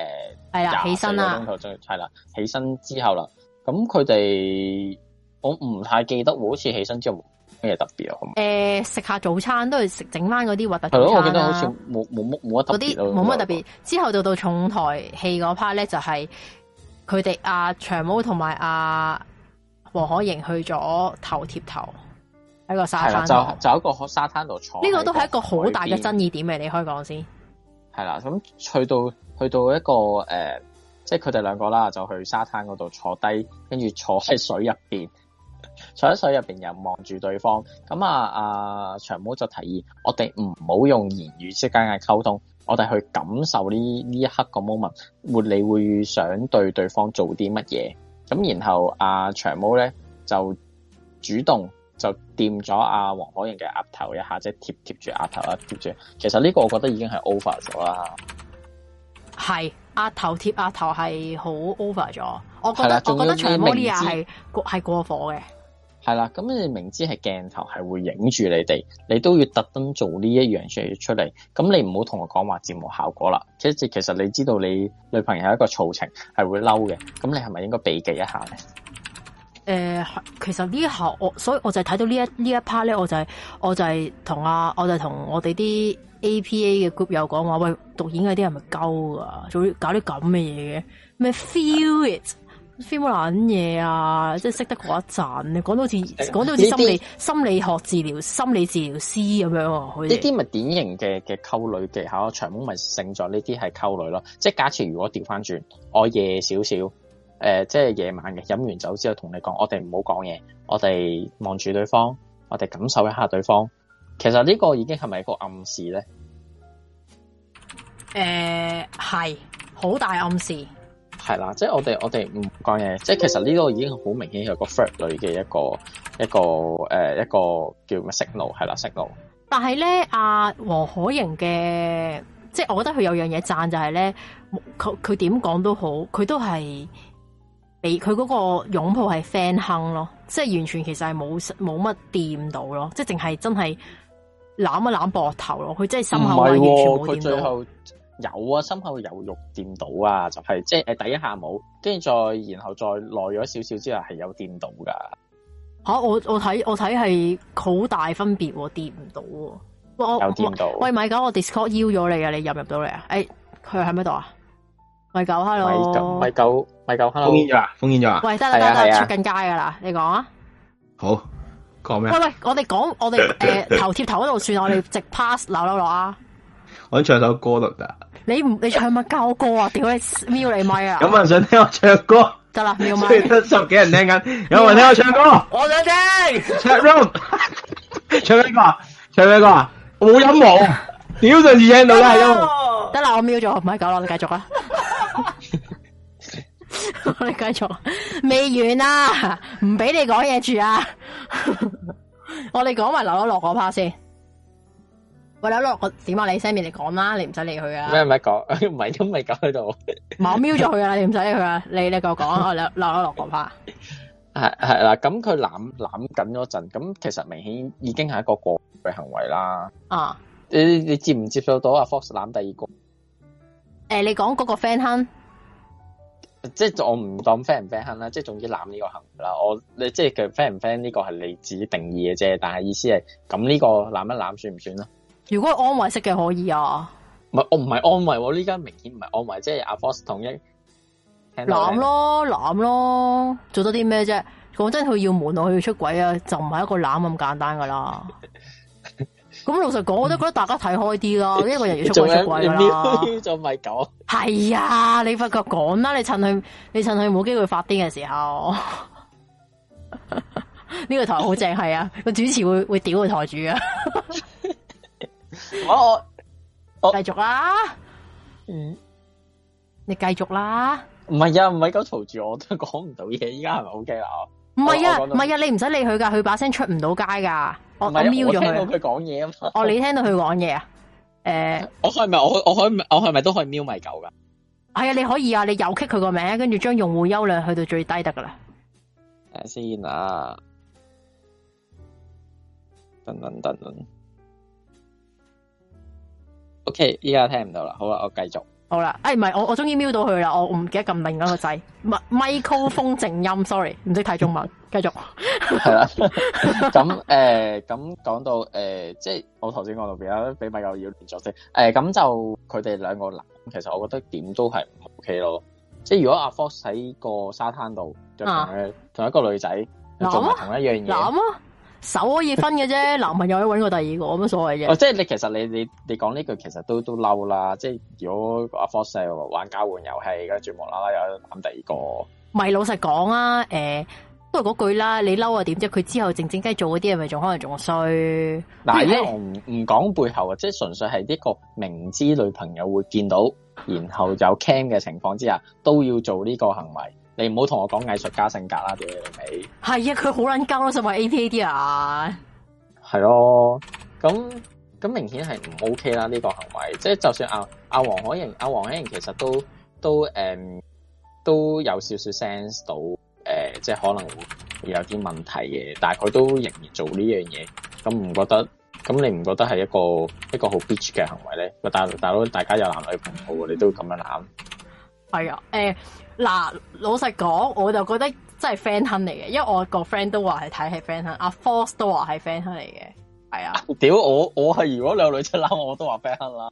係啦，起身啦，係啦，起身之後啦，咁佢哋我唔太記得喎，好似起身之後。咩特別啊？誒，食、呃、下早餐都係食整翻嗰啲核突，我記得好似冇冇乜冇乜特別，啲冇乜特別。之後到到重台戲嗰 part 咧，就係佢哋阿長毛同埋阿黃可瑩去咗頭貼頭喺個沙灘，就就一個沙灘度坐。呢個都係一個好大嘅爭議點嘅、啊，你可以講先。係啦，咁去到去到一個誒，即係佢哋兩個啦，就去沙灘嗰度坐低，跟住坐喺水入邊。坐喺水入邊又望住對方，咁啊，阿長毛就提議，我哋唔好用言語之間嘅溝通，我哋去感受呢呢一刻個 moment，會你會想對對方做啲乜嘢？咁然後阿、啊、長毛咧就主動就掂咗阿黃可盈嘅額頭一下，即係貼貼住額頭啊，貼住。其實呢個我覺得已經係 over 咗啦。係額頭貼額頭係好 over 咗，我覺得我覺得長毛呢係係過火嘅。係啦，咁你明知係鏡頭係會影住你哋，你都要特登做呢一樣嘢出嚟，咁你唔好同我講話節目效果啦。其實其實你知道你女朋友有一個嘈情係會嬲嘅，咁你係咪應該避忌一下咧？誒、呃，其實呢下我，所以我就係睇到一一呢一呢一 part 咧，我就係、是、我就係同阿我就同我哋啲 APA 嘅 group 友講話，喂，讀演嗰啲係咪鳩噶，做搞啲咁嘅嘢嘅，咩 feel it？feel 乜卵嘢啊！即係識得嗰一陣，講到好似講到好似心理些心理學治療、心理治療師咁樣、啊，喎們。呢啲咪典型嘅嘅溝女技巧、啊，長毛咪勝在呢啲係溝女咯。即係假設如果調翻轉，我夜少少，誒、呃，即係夜晚嘅，飲完酒之後同你講，我哋唔好講嘢，我哋望住對方，我哋感受一下對方，其實呢個已經係咪一個暗示咧？誒、呃，係好大暗示。係啦，即係我哋我哋唔講嘢，即係其實呢個已經好明顯有個 third 類嘅一個一個誒一、呃、一個叫咩色怒係啦色怒。但係咧阿黃可盈嘅，即係我覺得佢有樣嘢讚就係、是、咧，佢佢點講都好，佢都係俾佢嗰個擁抱係 fan 坑咯，即係完全其實係冇冇乜掂到咯，即係淨係真係攬一攬膊頭咯，佢真係心口話、啊哦、完全冇有啊，心口有肉掂到啊，就係即係第一下冇，跟住再然後再耐咗少少之後係有掂到噶。吓我我睇我睇係好大分別，掂唔到。我有掂到。喂咪狗，我 Discord 邀咗你啊，你入唔入到嚟啊？誒佢喺咪度啊？咪狗 hello，咪狗咪狗 hello。封煙咗啦，封煙咗啦。喂得啦得啦，出緊街噶啦，你講啊。好講咩？喂喂，我哋講我哋誒頭貼頭嗰度算，我哋直 pass 扭扭落啊。我哋唱首歌得唔得？你唔你唱乜鳩歌啊？屌你，喵你咪啊！有冇人想聽我唱歌？得啦，喵咪。得十幾人聽緊，有冇人聽我唱歌？我想聽，唱 r o 唱咩歌啊？唱咩歌啊？冇音樂，屌，上次聽到咧係音樂。得啦，我瞄咗，唔係九啦，你哋繼續啦。我哋繼續，未完啊！唔俾你講嘢住啊！我哋講埋劉一諾嗰 part 先。喂，劉樂，點 (music) 啊？你 Sammi 嚟講啦，你唔使理佢啊。咩咩講？唔係都未搞喺度，我瞄咗佢啊！你唔使理佢啊！你你夠講，我劉劉我劉樂怕係係啦。咁佢攬攬緊嗰陣，咁其實明顯已經係一個過嘅行為啦。啊，你你接唔接受到啊？Fox 攬第二個，誒、欸，你講嗰個 fan h 即係我唔當 fan 唔 fan h 啦。即係總之攬呢個行為啦。我你即係佢 fan 唔 fan 呢個係你自己定義嘅啫，但係意思係咁呢個攬一攬算唔算啦？如果係安慰式嘅可以啊，唔係我唔係安慰，呢間明顯唔係安慰，即係阿 Force 同一攬咯攬咯，做到啲咩啫？講真的，佢要瞞我，佢要出軌啊，就唔係一個攬咁簡單噶啦。咁 (laughs) 老實講，我都覺得大家睇開啲咯，嗯、一個人要出軌出軌就再咪講係啊？你發覺講啦，你趁佢你趁佢冇機會發癲嘅時候，呢 (laughs) (laughs) 個台好正係啊！個主持會會屌個台主啊！ (laughs) 我我繼續啦，嗯，你繼續啦，唔係啊，唔係狗嘈住我，我都講唔到嘢，依家係咪 OK 啦，唔係啊，唔係啊，你唔使理佢噶，佢把聲出唔到街噶，我、啊、我瞄咗佢，聽到佢講嘢啊，哦，你聽到佢講嘢啊，誒 (laughs) ，我係咪我可以我可以我係咪都可以瞄埋狗噶，係啊，你可以啊，你又 k 佢個名，跟住將用戶優量去到最低得噶啦，先啊，等等等等。O K，依家聽唔到啦，好啦，我繼續。好啦，誒，唔係，我我終於瞄到佢啦，我唔記得咁明嗰個掣。麥克風靜音，sorry，唔識睇中文，繼續。係啦，咁誒，咁講到誒，即係我頭先講到邊啊？俾米狗要連咗先。誒，咁就佢哋兩個男，其實我覺得點都係唔 O K 咯。即係如果阿 Fox 喺個沙灘度，就同誒同一個女仔做同一樣嘢。手可以分嘅啫，男朋友可以揾過第二個，有乜所謂嘅？哦，即係你其實你你你講呢句其實都都嬲啦，即係如果阿 f o r s u n 玩交換遊戲，跟住無啦啦又攬第二個，咪老實講啊？誒、欸，都係嗰句啦，你嬲又點？即係佢之後靜靜雞做嗰啲嘢，咪仲可能仲衰？嗱，因為我唔唔講背後啊，即係純粹係一個明知女朋友會見到，然後有 cam 嘅情況之下，都要做呢個行為。你唔好同我講藝術家性格啦，屌你老味！係啊，佢好撚交咯，就話 A P A D 啊！係咯、OK，咁咁明顯係唔 O K 啦。呢個行為，即、就、係、是、就算阿阿黃海瑩、阿黃海瑩其實都都誒、嗯、都有少少 sense 到誒、呃，即係可能會有啲問題嘅。但係佢都仍然做呢樣嘢，咁唔覺得？咁你唔覺得係一個一個好 bitch 嘅行為咧？大大佬，大家有男女朋友，你都咁樣諗？係啊、哎，誒、呃。嗱，老實講，我就覺得真係 friend 坑嚟嘅，因為我個 friend 都話係睇係 friend 坑，阿 Force 都話係 friend 坑嚟嘅，係啊。屌、啊，我我係如果你有女仔攬，我都話 friend 坑啦。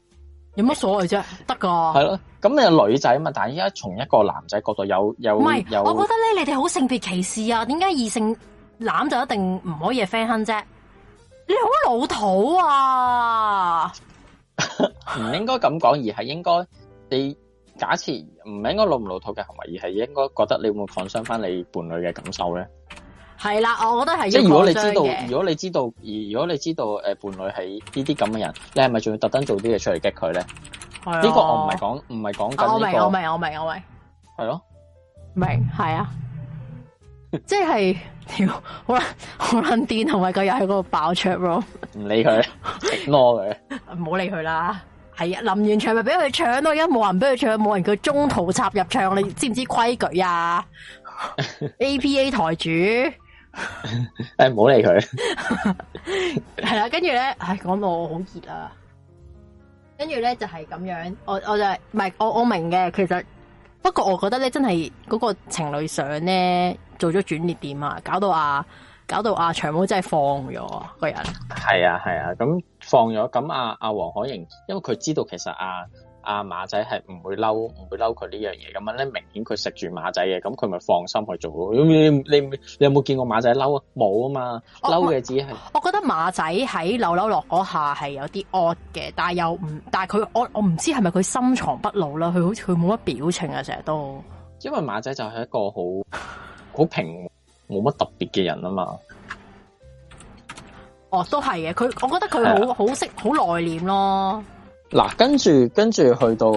有乜所謂啫？得噶。 (laughs) 係咯、啊，咁你係女仔嘛？但係依家從一個男仔角度有有，唔係是，有我覺得咧，你哋好性別歧視啊！點解異性攬就一定唔可以係 friend 坑啫？你好老土啊！唔 (laughs) 應該咁講，而係應該你。假設唔係應該老唔老土嘅行為，而係應該覺得你會唔會 concern 翻你伴侶嘅感受咧？係啦，我覺得係。即係如果你知道，如果你知道，而如果你知道，誒伴侶係呢啲咁嘅人，你係咪仲要特登做啲嘢出嚟激佢咧？呢的個我唔係講，唔係講緊呢個。我明，我明，我明，我明。係咯，的明係啊，即係，屌、 (laughs) 就是，好難，好撚癲，同埋佢又喺嗰度爆出，唔 (laughs) 理佢，攞佢，唔好 (laughs) 理佢啦。係啊，林完場咪俾佢唱咯，而家冇人俾佢唱，冇人叫中途插入唱，你知唔知規矩啊？A P A 台主，誒，唔好理佢。係啦，跟住咧，唉，講到我好熱啊，跟住咧就係、是、咁樣，我我就唔、是、係，我我明嘅，其實不過我覺得咧，真係嗰個情侶相咧做咗轉捩點啊，搞到啊，搞到啊，長毛真係放咗個人。係啊，係啊，咁。放咗，咁阿阿黃海瑩，因為佢知道其實阿、啊、阿、啊、馬仔係唔會嬲，唔會嬲佢呢樣嘢，咁樣咧明顯佢食住馬仔嘅，咁佢咪放心去做咯。你你你，你有冇見過馬仔嬲啊？冇啊嘛，嬲嘅只係。我覺得馬仔喺扭扭落嗰下係有啲惡嘅，但係又唔，但係佢我我唔知係咪佢深藏不露啦。佢好似佢冇乜表情啊，成日都。因為馬仔就係一個好好平，冇乜特別嘅人啊嘛。哦，都係嘅，佢，我覺得佢的好好識好內斂咯。嗱，跟住跟住去到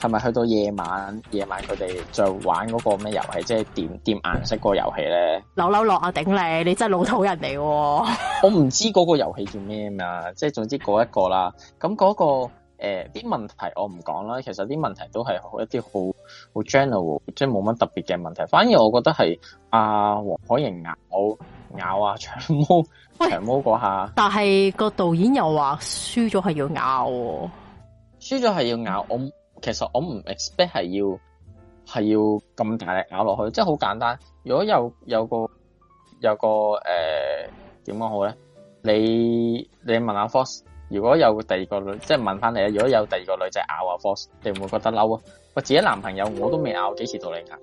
係咪去到夜晚？夜晚佢哋就玩嗰個咩遊戲？即係掂掂顏色嗰個遊戲咧？扭扭樂啊，頂你！你真係老土人嚟、啊。 (laughs) 我唔知嗰個遊戲叫咩啊，即係總之嗰一個啦。咁嗰、那個誒啲、呃、問題我唔講啦。其實啲問題都係好一啲好好 general，即係冇乜特別嘅問題。反而我覺得係阿黃海瑩啊，我。咬啊！長毛長毛嗰下，但係個導演又話輸咗係要咬，啊，輸咗係要咬。我其實我唔 expect 係要係要咁大力咬落去，即係好簡單。如果有有個有個誒，點講好咧？你你問下 Force，如果有第二個女，即係問翻你啊！如果有第二個女仔，就是，咬啊 Force，你唔會覺得嬲啊？我自己男朋友我都未咬，幾時到你咬。